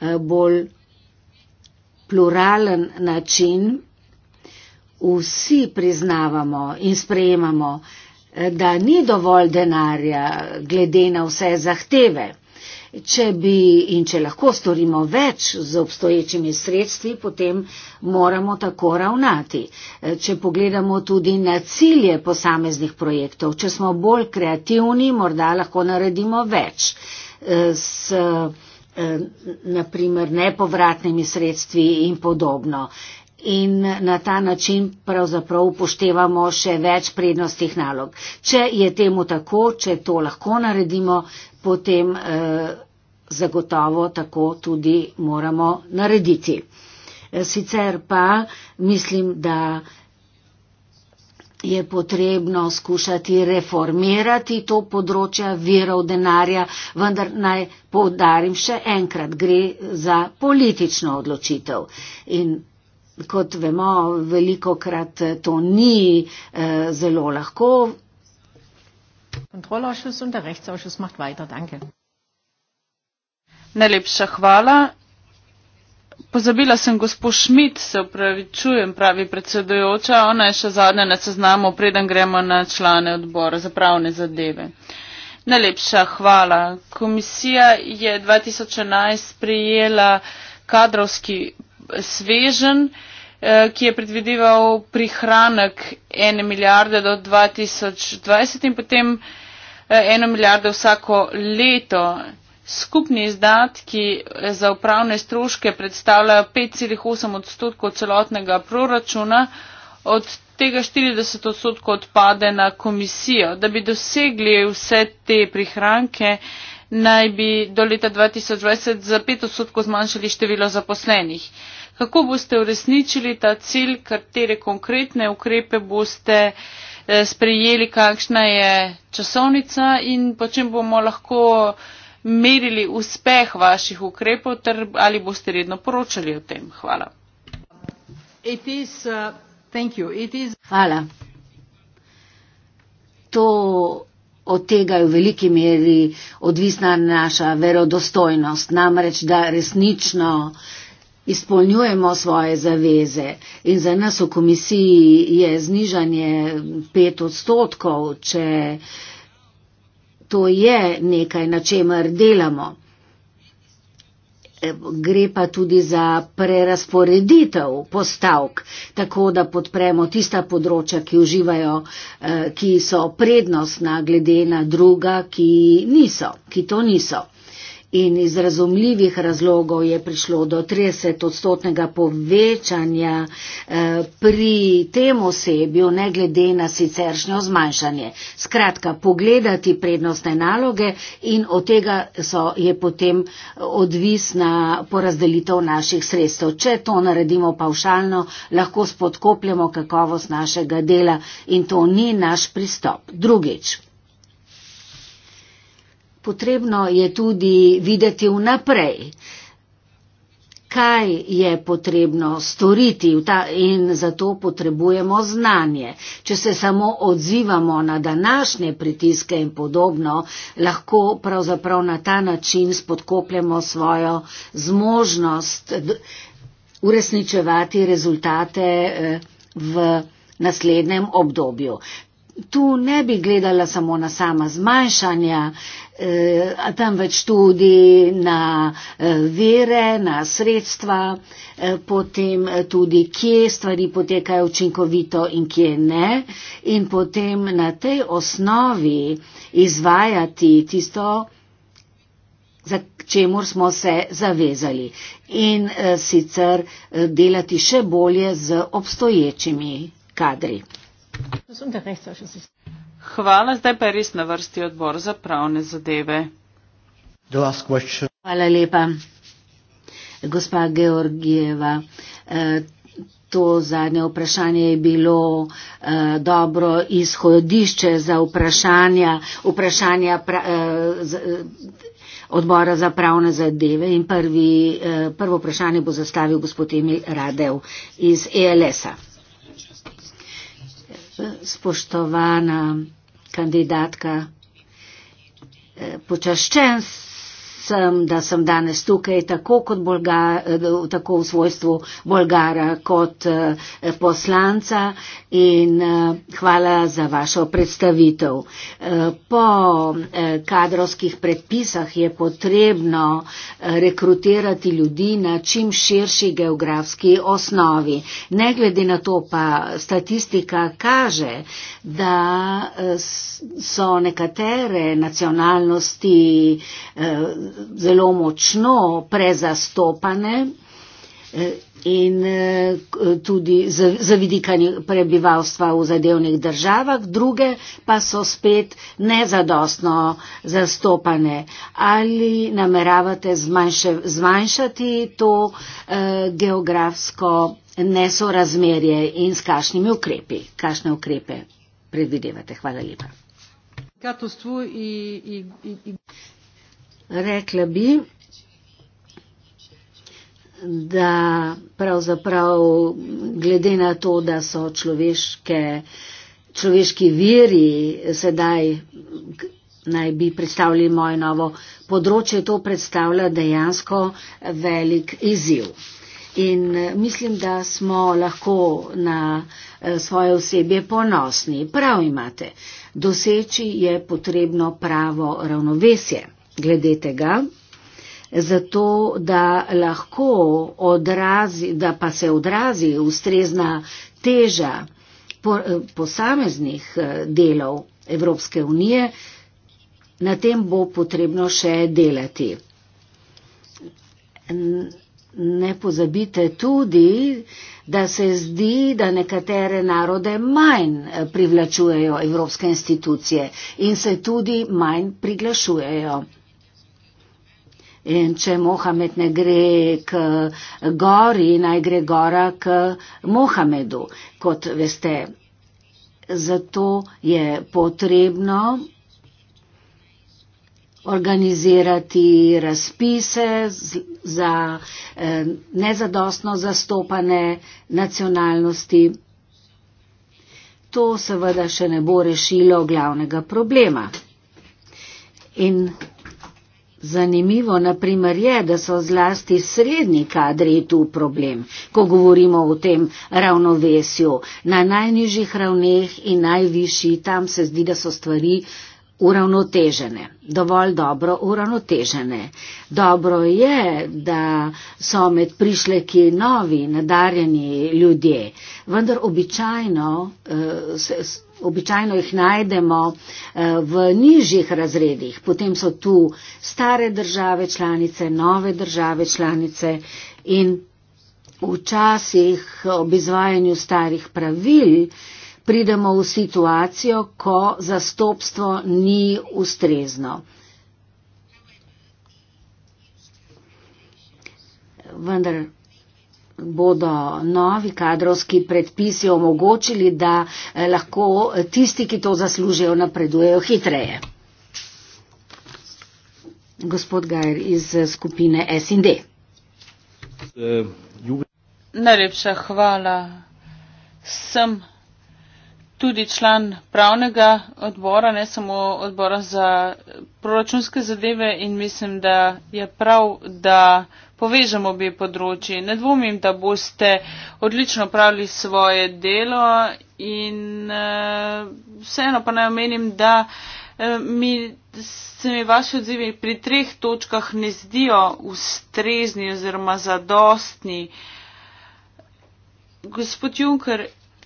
A: eh, bolj pluralen način. Vsi priznavamo in sprejemamo, eh, da ni dovolj denarja glede na vse zahteve. Če bi in če lahko storimo več z obstoječimi sredstvi, potem moramo tako ravnati. E, če pogledamo tudi na cilje posameznih projektov, če smo bolj kreativni, morda lahko naredimo več. E, s e, naprimer nepovratnimi sredstvi in podobno. In na ta način pravzaprav upoštevamo še več prednostih nalog. Če je temu tako, če to lahko naredimo, potem. Eh, zagotovo tako tudi moramo narediti. E, sicer pa mislim, da je potrebno skušati reformirati to področje virov denarja, vendar naj povdarim še enkrat, gre za politično odločitev. In kot vemo, veliko krat e, to ni eh, zelo lahko. Kontrolausschuss und der Rechtsausschuss macht weiter. Danke.
B: Najlepša hvala. Pozabila sem gospod Šmit, se upravičujem, pravi predsedojoča, ona je še zadnja na seznamu, preden gremo na člane odbora za pravne zadeve. Najlepša hvala. Komisija je 2011 sprijela kadrovski svežen, eh, ki je predvideval prihranek 1 milijarde do 2020 in potem 1 eh, milijarde vsako leto. Skupni izdatki eh, za upravne stroške predstavljajo 5,8 odstotkov celotnega proračuna, od tega 40 odstotkov odpade na komisijo. Da bi dosegli vse te prihranke, naj bi do leta 2020 za 5 odstotkov zmanjšali število zaposlenih. Kako boste uresničili ta cilj, katere konkretne ukrepe boste eh, sprejeli, kakšna je časovnica in po čem bomo lahko merili uspeh vaših ukrepov ter ali boste redno poročali o tem. Hvala.
C: Is, uh, is...
A: Hvala. To od tega je v veliki meri odvisna naša verodostojnost, namreč da resnično izpolnjujemo svoje zaveze in za nas v komisiji je znižanje pet odstotkov, če to je nekaj, na čemer delamo. E, gre pa tudi za prerasporeditev postavk, tako da podpremo tista področja, ki uživajo, e, ki so prednostna glede na druga, ki niso, ki to niso in iz razumljivih razlogov je prišlo do 30 odstotnega povečanja eh, pri tem osebju, ne glede na siceršnjo zmanjšanje. Skratka, pogledati prednostne naloge in od tega so, je potem eh, odvisna porazdelitev naših sredstev. Če to naredimo pavšalno, lahko spodkopljamo kakovost našega dela in to ni naš pristop. Drugič potrebno je tudi videti vnaprej, kaj je potrebno storiti in zato potrebujemo znanje. Če se samo odzivamo na današnje pritiske in podobno, lahko pravzaprav na ta način spodkopljamo svojo zmožnost uresničevati rezultate eh, v naslednjem obdobju tu ne bi gledala samo na sama zmanjšanja, eh, temveč tudi na eh, vere, na sredstva, eh, potem eh, tudi, kje stvari potekajo učinkovito in kje ne, in potem na tej osnovi izvajati tisto, za čemur smo se zavezali in eh, sicer eh, delati še bolje z obstoječimi kadri.
B: Hvala, zdaj pa je res na vrsti odbor za pravne zadeve.
A: Hvala lepa. Gospa Georgijeva, eh, to zadnje vprašanje je bilo eh, dobro izhodišče za vprašanja, vprašanja eh, odbora za pravne zadeve in prvi, prvo vprašanje bo zastavil gospod Emil Radev iz ELS-a spoštovana kandidatka, eh, počaščen sem, da sem danes tukaj tako, Bolga, eh, tako v svojstvu Bolgara kot eh, poslanca in eh, hvala za vašo predstavitev. Po kadrovskih predpisah je potrebno rekrutirati ljudi na čim širši geografski osnovi. Ne glede na to pa statistika kaže, da so nekatere nacionalnosti zelo močno prezastopane eh, in eh, eh, tudi zavidika prebivalstva v zadevnih državah, druge pa so spet nezadostno zastopane. Ali nameravate zmanjše, zmanjšati to eh, geografsko nesorazmerje in s kašnimi ukrepi? Kašne ukrepe predvidevate? Hvala lepa. Rekla bi, da pravzaprav glede na to, da so človeške, človeški veri sedaj naj bi predstavljali moje novo področje, to predstavlja dejansko velik izziv. In eh, mislim, da smo lahko na eh, svoje osebje ponosni. Prav imate. Doseči je potrebno pravo ravnovesje glede tega, zato da lahko odrazi, da pa se odrazi ustrezna teža posameznih eh, delov Evropske unije, na tem bo potrebno še delati. Ne pozabite tudi, da se zdi, da nekatere narode manj eh, privlačujejo evropske institucije in se tudi manj priglašujejo. In če Mohamed ne gre k gori, naj gre gora k Mohamedu, kot veste. Zato je potrebno organizirati razpise za eh, nezadostno zastopane nacionalnosti. To seveda še ne bo rešilo glavnega problema. In Zanimivo naprimer je, da so zlasti srednji kadri tu problem, ko govorimo o tem ravnovesju. Na najnižjih ravneh in najvišji tam se zdi, da so stvari uravnotežene, dovolj dobro uravnotežene. Dobro je, da so med prišleki novi, nadarjeni ljudje, vendar običajno. Eh, se, Običajno jih najdemo eh, v nižjih razredih. Potem so tu stare države članice, nove države članice in včasih ob izvajanju starih pravil pridemo v situacijo, ko zastopstvo ni ustrezno. Vendar bodo novi kadrovski predpisi omogočili, da eh, lahko eh, tisti, ki to zaslužijo, napredujejo hitreje. Gospod Gajer iz eh, skupine SND.
B: Najlepša hvala. Sem tudi član pravnega odbora, ne samo odbora za proračunske zadeve in mislim, da je prav, da povežemo obe področji. Ne dvomim, da boste odlično pravili svoje delo in uh, vseeno pa naj omenim, da eh, Mi, se mi vaši odzivi pri treh točkah ne zdijo ustrezni oziroma zadostni. Gospod Juncker,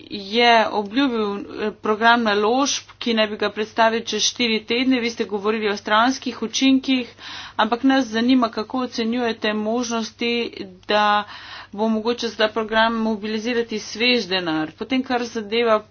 B: je obljubil eh, program naložb, ki naj bi ga predstavil čez štiri tedne. Vi ste govorili o stranskih učinkih, ampak nas zanima, kako ocenjujete možnosti, da bo mogoče za program mobilizirati svež denar. Potem, kar zadeva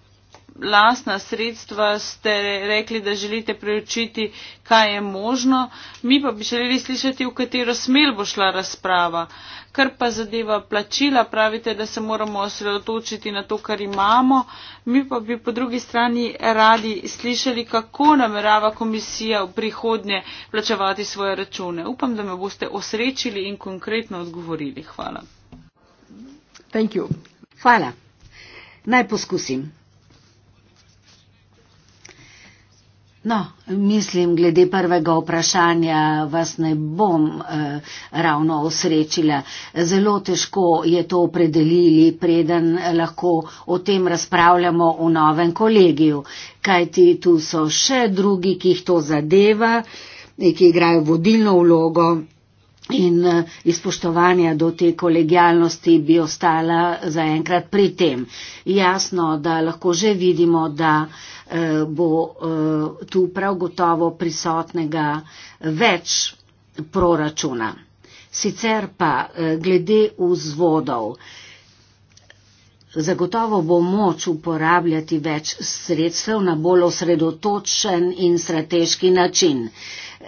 B: lastna sredstva, ste rekli, da želite preučiti, kaj je možno. Mi pa bi želeli slišati, v katero smer bo šla razprava. Kar pa zadeva plačila, pravite, da se moramo osredotočiti na to, kar imamo. Mi pa bi po drugi strani radi slišali, kako namerava komisija v prihodnje plačevati svoje račune. Upam, da me boste osrečili in konkretno odgovorili. Hvala.
A: Thank you. Hvala. Naj poskusim. No, mislim, glede prvega vprašanja vas ne bom eh, ravno osrečila. Zelo težko je to opredelili, preden lahko o tem razpravljamo v novem kolegiju, kajti tu so še drugi, ki jih to zadeva, ki igrajo vodilno vlogo in eh, izpoštovanja do te kolegijalnosti bi ostala zaenkrat pri tem. Jasno, da lahko že vidimo, da eh, bo eh, tu prav gotovo prisotnega več proračuna. Sicer pa glede vzvodov, zagotovo bo moč uporabljati več sredstev na bolj osredotočen in strateški način.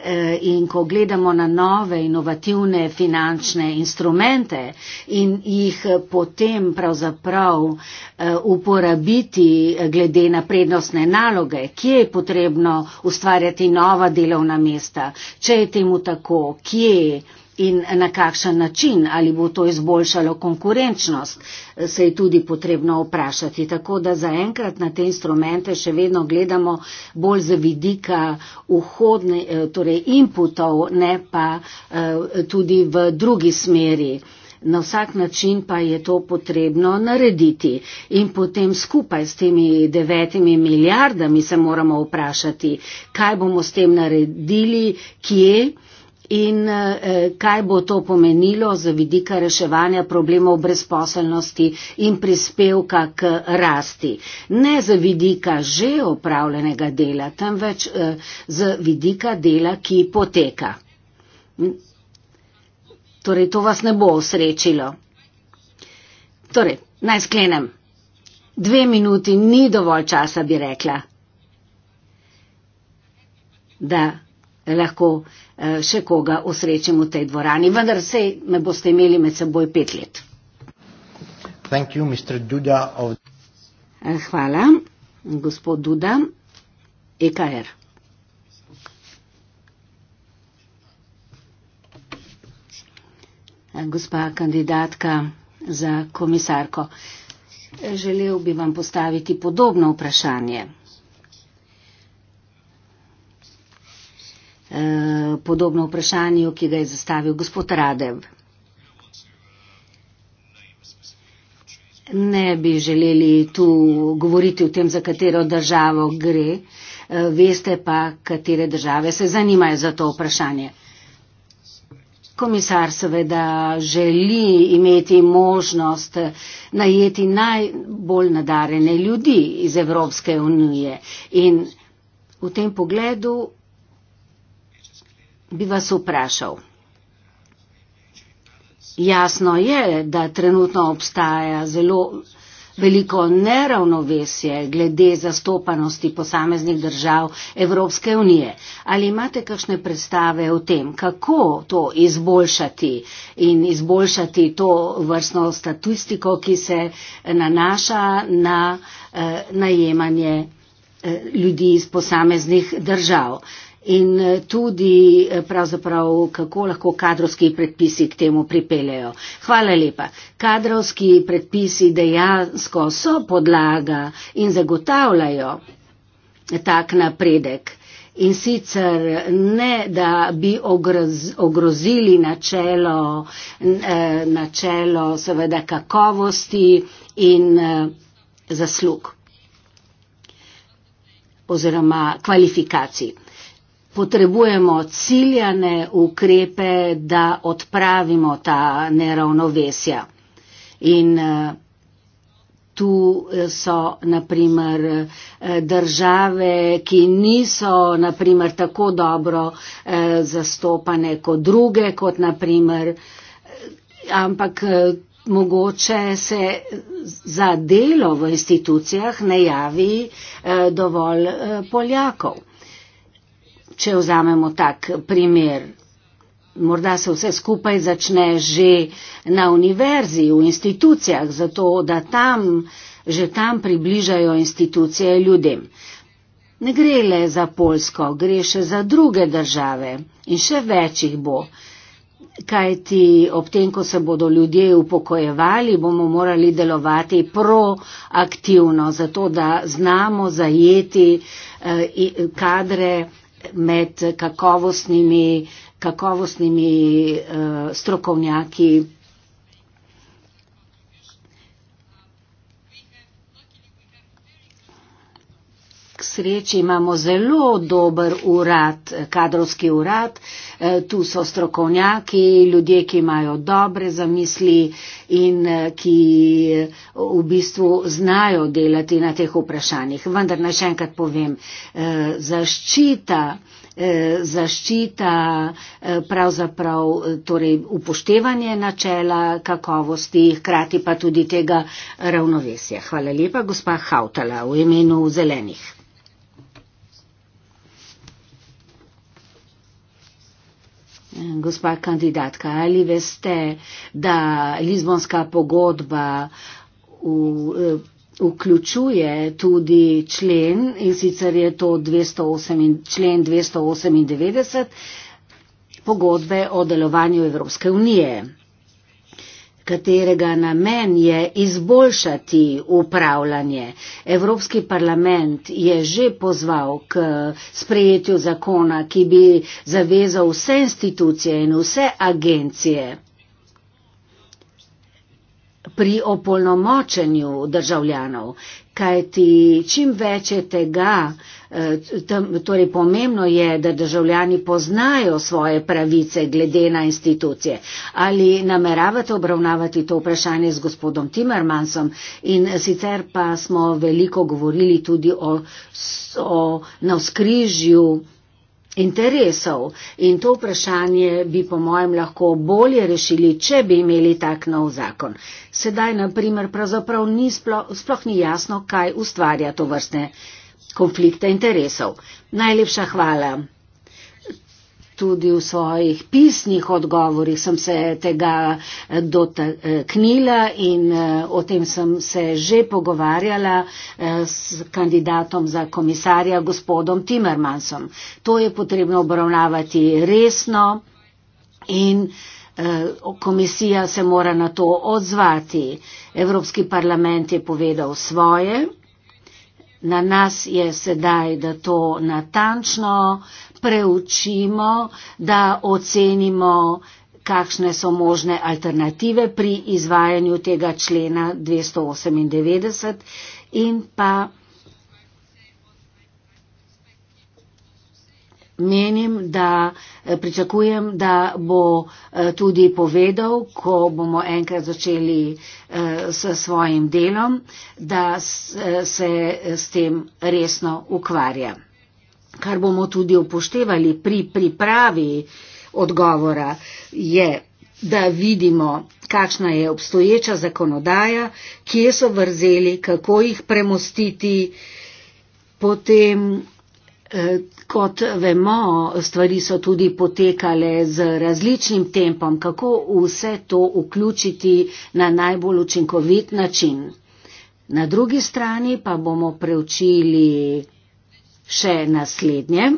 A: Eh, in ko gledamo na nove inovativne finančne instrumente in jih eh, potem pravzaprav eh, uporabiti glede na prednostne naloge, kje je potrebno ustvarjati nova delovna mesta, če je temu tako, kje je in na kakšen način, ali bo to izboljšalo konkurenčnost, eh, se je tudi potrebno vprašati. Tako da zaenkrat na te instrumente še vedno gledamo bolj z vidika vhodne, eh, torej inputov, ne pa eh, tudi v drugi smeri. Na vsak način pa je to potrebno narediti in potem skupaj s temi devetimi milijardami se moramo vprašati, kaj bomo s tem naredili, kje. In eh, kaj bo to pomenilo za vidika reševanja problemov brezposelnosti in prispevka k rasti? Ne za vidika že opravljenega dela, temveč eh, za vidika dela, ki poteka. Torej, to vas ne bo osrečilo. Torej, naj sklenem. Dve minuti ni dovolj časa, bi rekla, da lahko Eh, še koga usrečem v tej dvorani, vendar se me boste imeli med seboj pet let. You,
B: Duda, of...
A: Eh, hvala, gospod Duda, EKR. Eh, gospa kandidatka za komisarko, želel bi vam postaviti podobno vprašanje. Eh, podobno vprašanju, ki ga je zastavil gospod Radev. Ne bi želeli tu govoriti o tem, za katero državo gre, eh, veste pa, katere države se zanimajo za to vprašanje. Komisar seveda želi imeti možnost eh, najeti najbolj nadarene ljudi iz Evropske unije in v tem pogledu bi vas vprašal. Jasno je, da trenutno obstaja zelo veliko neravnovesje glede zastopanosti posameznih držav Evropske unije. Ali imate kakšne predstave o tem, kako to izboljšati in izboljšati to vrstno statistiko, ki se nanaša na eh, najemanje eh, ljudi iz posameznih držav? in eh, tudi eh, pravzaprav, kako lahko kadrovski predpisi k temu pripeljajo. Hvala lepa. Kadrovski predpisi dejansko so podlaga in zagotavljajo tak napredek. In sicer ne, da bi ogroz, ogrozili načelo, eh, načelo seveda kakovosti in zaslug oziroma kvalifikacij potrebujemo ciljane ukrepe, da odpravimo ta neravnovesja. In eh, tu eh, so naprimer eh, države, ki niso naprimer tako dobro zastopane kot druge, kot naprimer, ampak mogoče se za delo v institucijah ne javi dovolj Poljakov če vzamemo tak primer. Morda se vse skupaj začne že na univerzi, v institucijah, zato da tam, že tam približajo institucije ljudem. Ne gre le za Polsko, gre še za druge države in še več jih bo. Kaj ti ob tem, ko se bodo ljudje upokojevali, bomo morali delovati proaktivno, zato da znamo zajeti eh, kadre med kakovostnimi, kakovostnimi uh, strokovnjaki. sreči imamo zelo dober urad, kadrovski urad. E, tu so strokovnjaki, ljudje, ki imajo dobre zamisli in e, ki e, v bistvu znajo delati na teh vprašanjih. Vendar naj še enkrat povem, zaščita zaščita, pravzaprav torej upoštevanje načela kakovosti, hkrati pa tudi tega ravnovesja. Hvala lepa, gospa Hautala, v imenu zelenih. Gospa kandidatka, ali veste, da Lizbonska pogodba v, e, vključuje tudi člen in sicer je to 208, člen 298 pogodbe o delovanju Evropske unije? katerega namen je izboljšati upravljanje. Evropski parlament je že pozval k sprejetju zakona, ki bi zavezal vse institucije in vse agencije pri opolnomočenju državljanov, kajti čim več je tega, eh, torej pomembno je, da državljani poznajo svoje pravice glede na institucije. Ali nameravate obravnavati to vprašanje z gospodom Timmermansom in sicer pa smo veliko govorili tudi o, o navskrižju interesov. In to vprašanje bi po mojem lahko bolje rešili, če bi imeli tak nov zakon. Sedaj, na primer, pravzaprav ni sploh, sploh ni jasno, kaj ustvarja to vrstne konflikte interesov. Najlepša hvala tudi v svojih pisnih odgovorih sem se tega eh, dotaknila in eh, o tem sem se že pogovarjala eh, s kandidatom za komisarja gospodom Timmermansom. To je potrebno obravnavati resno in komisija se mora na to odzvati. Evropski parlament je povedal svoje. Na nas je sedaj, da to natančno preučimo, da ocenimo, kakšne so možne alternative pri izvajanju tega člena 298 in pa. menim, da eh, pričakujem, da bo eh, tudi povedal, ko bomo enkrat začeli eh, s svojim delom, da se s tem resno ukvarja. Kar bomo tudi upoštevali pri pripravi odgovora je, da vidimo, kakšna je obstoječa zakonodaja, kje so vrzeli, kako jih premostiti, potem Kot vemo, stvari so tudi potekale z različnim tempom, kako vse to vključiti na najbolj učinkovit način. Na drugi strani pa bomo preučili še naslednje.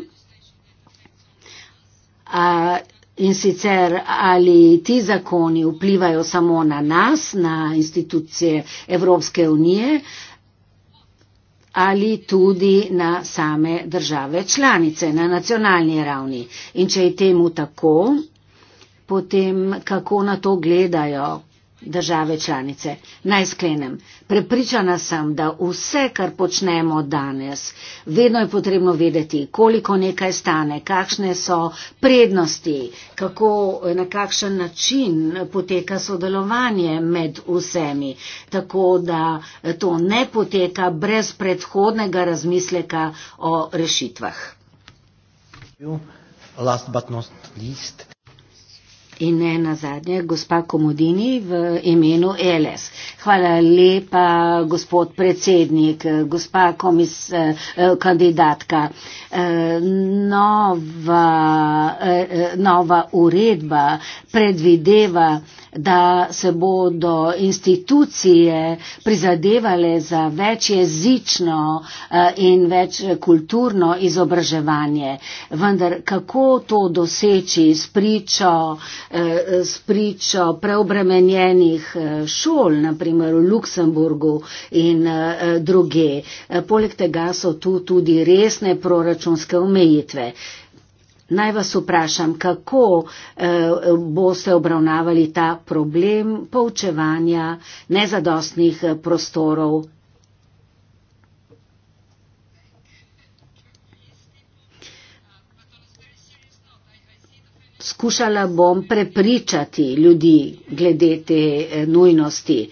A: A, in sicer ali ti zakoni vplivajo samo na nas, na institucije Evropske unije, ali tudi na same države članice, na nacionalni ravni. In če je temu tako, potem kako na to gledajo, države članice. Naj sklenem. Prepričana sem, da vse, kar počnemo danes, vedno je potrebno vedeti, koliko nekaj stane, kakšne so prednosti, kako, na kakšen način poteka sodelovanje med vsemi, tako da to ne poteka brez predhodnega razmisleka o rešitvah.
C: Last but not least.
A: In ne na zadnje, gospa Komodini v imenu e LS. Hvala lepa, gospod predsednik, gospa komis, eh, kandidatka. Eh, nova, eh, nova uredba predvideva da se bodo institucije prizadevale za večjezično eh, in večkulturno izobraževanje. Vendar kako to doseči s pričo, eh, s pričo preobremenjenih eh, šol, naprimer v Luksemburgu in druge. Poleg tega so tu tudi resne proračunske omejitve. Naj vas vprašam, kako eh, boste obravnavali ta problem poučevanja nezadostnih eh, prostorov. Skušala bom prepričati ljudi glede te eh, nujnosti.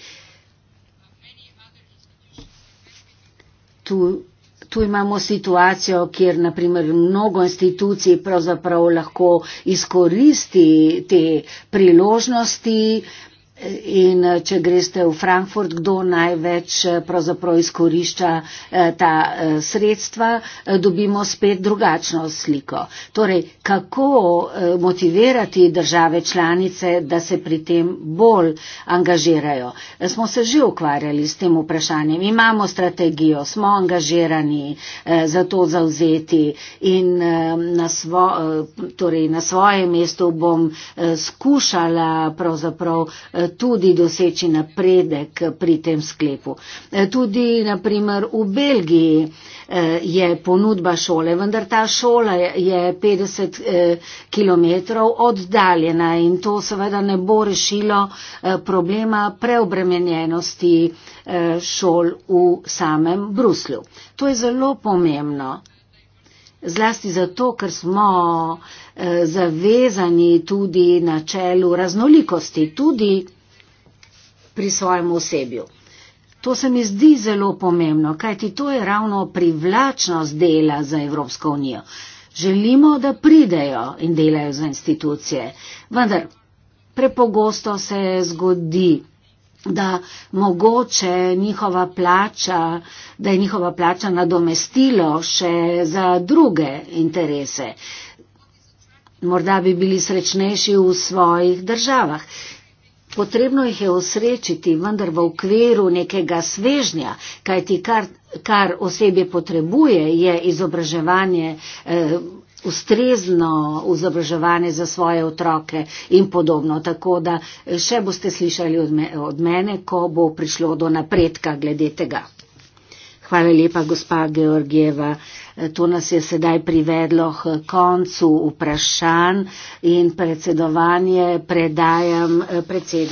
A: Tu tu imamo situacijo, kjer naprimer mnogo institucij pravzaprav lahko izkoristi te priložnosti, In eh, če greste v Frankfurt, kdo največ eh, pravzaprav izkorišča eh, ta sredstva, dobimo spet drugačno sliko. Torej, kako motivirati države članice, da se pri tem bolj angažirajo? Smo se že ukvarjali s tem vprašanjem. Imamo strategijo, smo angažirani za to zauzeti in na, svo, torej, na svoje mesto bom skušala pravzaprav tudi doseči napredek pri tem sklepu. E, tudi naprimer v Belgiji e, je ponudba šole, vendar ta šola je 50 e, km oddaljena in to seveda ne bo rešilo problema preobremenjenosti šol v samem Bruslju. To je zelo pomembno. Zlasti zato, ker smo zavezani tudi na čelu raznolikosti, tudi pri svojem osebju. To se mi zdi zelo pomembno, kajti to je ravno privlačnost dela za Evropsko unijo. Želimo, da pridejo in delajo za institucije, vendar prepogosto se zgodi, da mogoče njihova plača, da je njihova plača nadomestilo še za druge interese. Morda bi bili srečnejši v svojih državah. Potrebno jih je osrečiti, vendar v okviru nekega svežnja, kaj ti kar, kar osebje potrebuje, je izobraževanje, eh, ustrezno izobraževanje za svoje otroke in podobno. Tako da eh, še boste slišali od, me, od mene, ko bo prišlo do napredka glede tega. Hvala lepa, gospa Georgieva. Eh, Eh, to nas je sedaj privedlo k koncu vprašanj in predsedovanje predajam eh, predsedniku.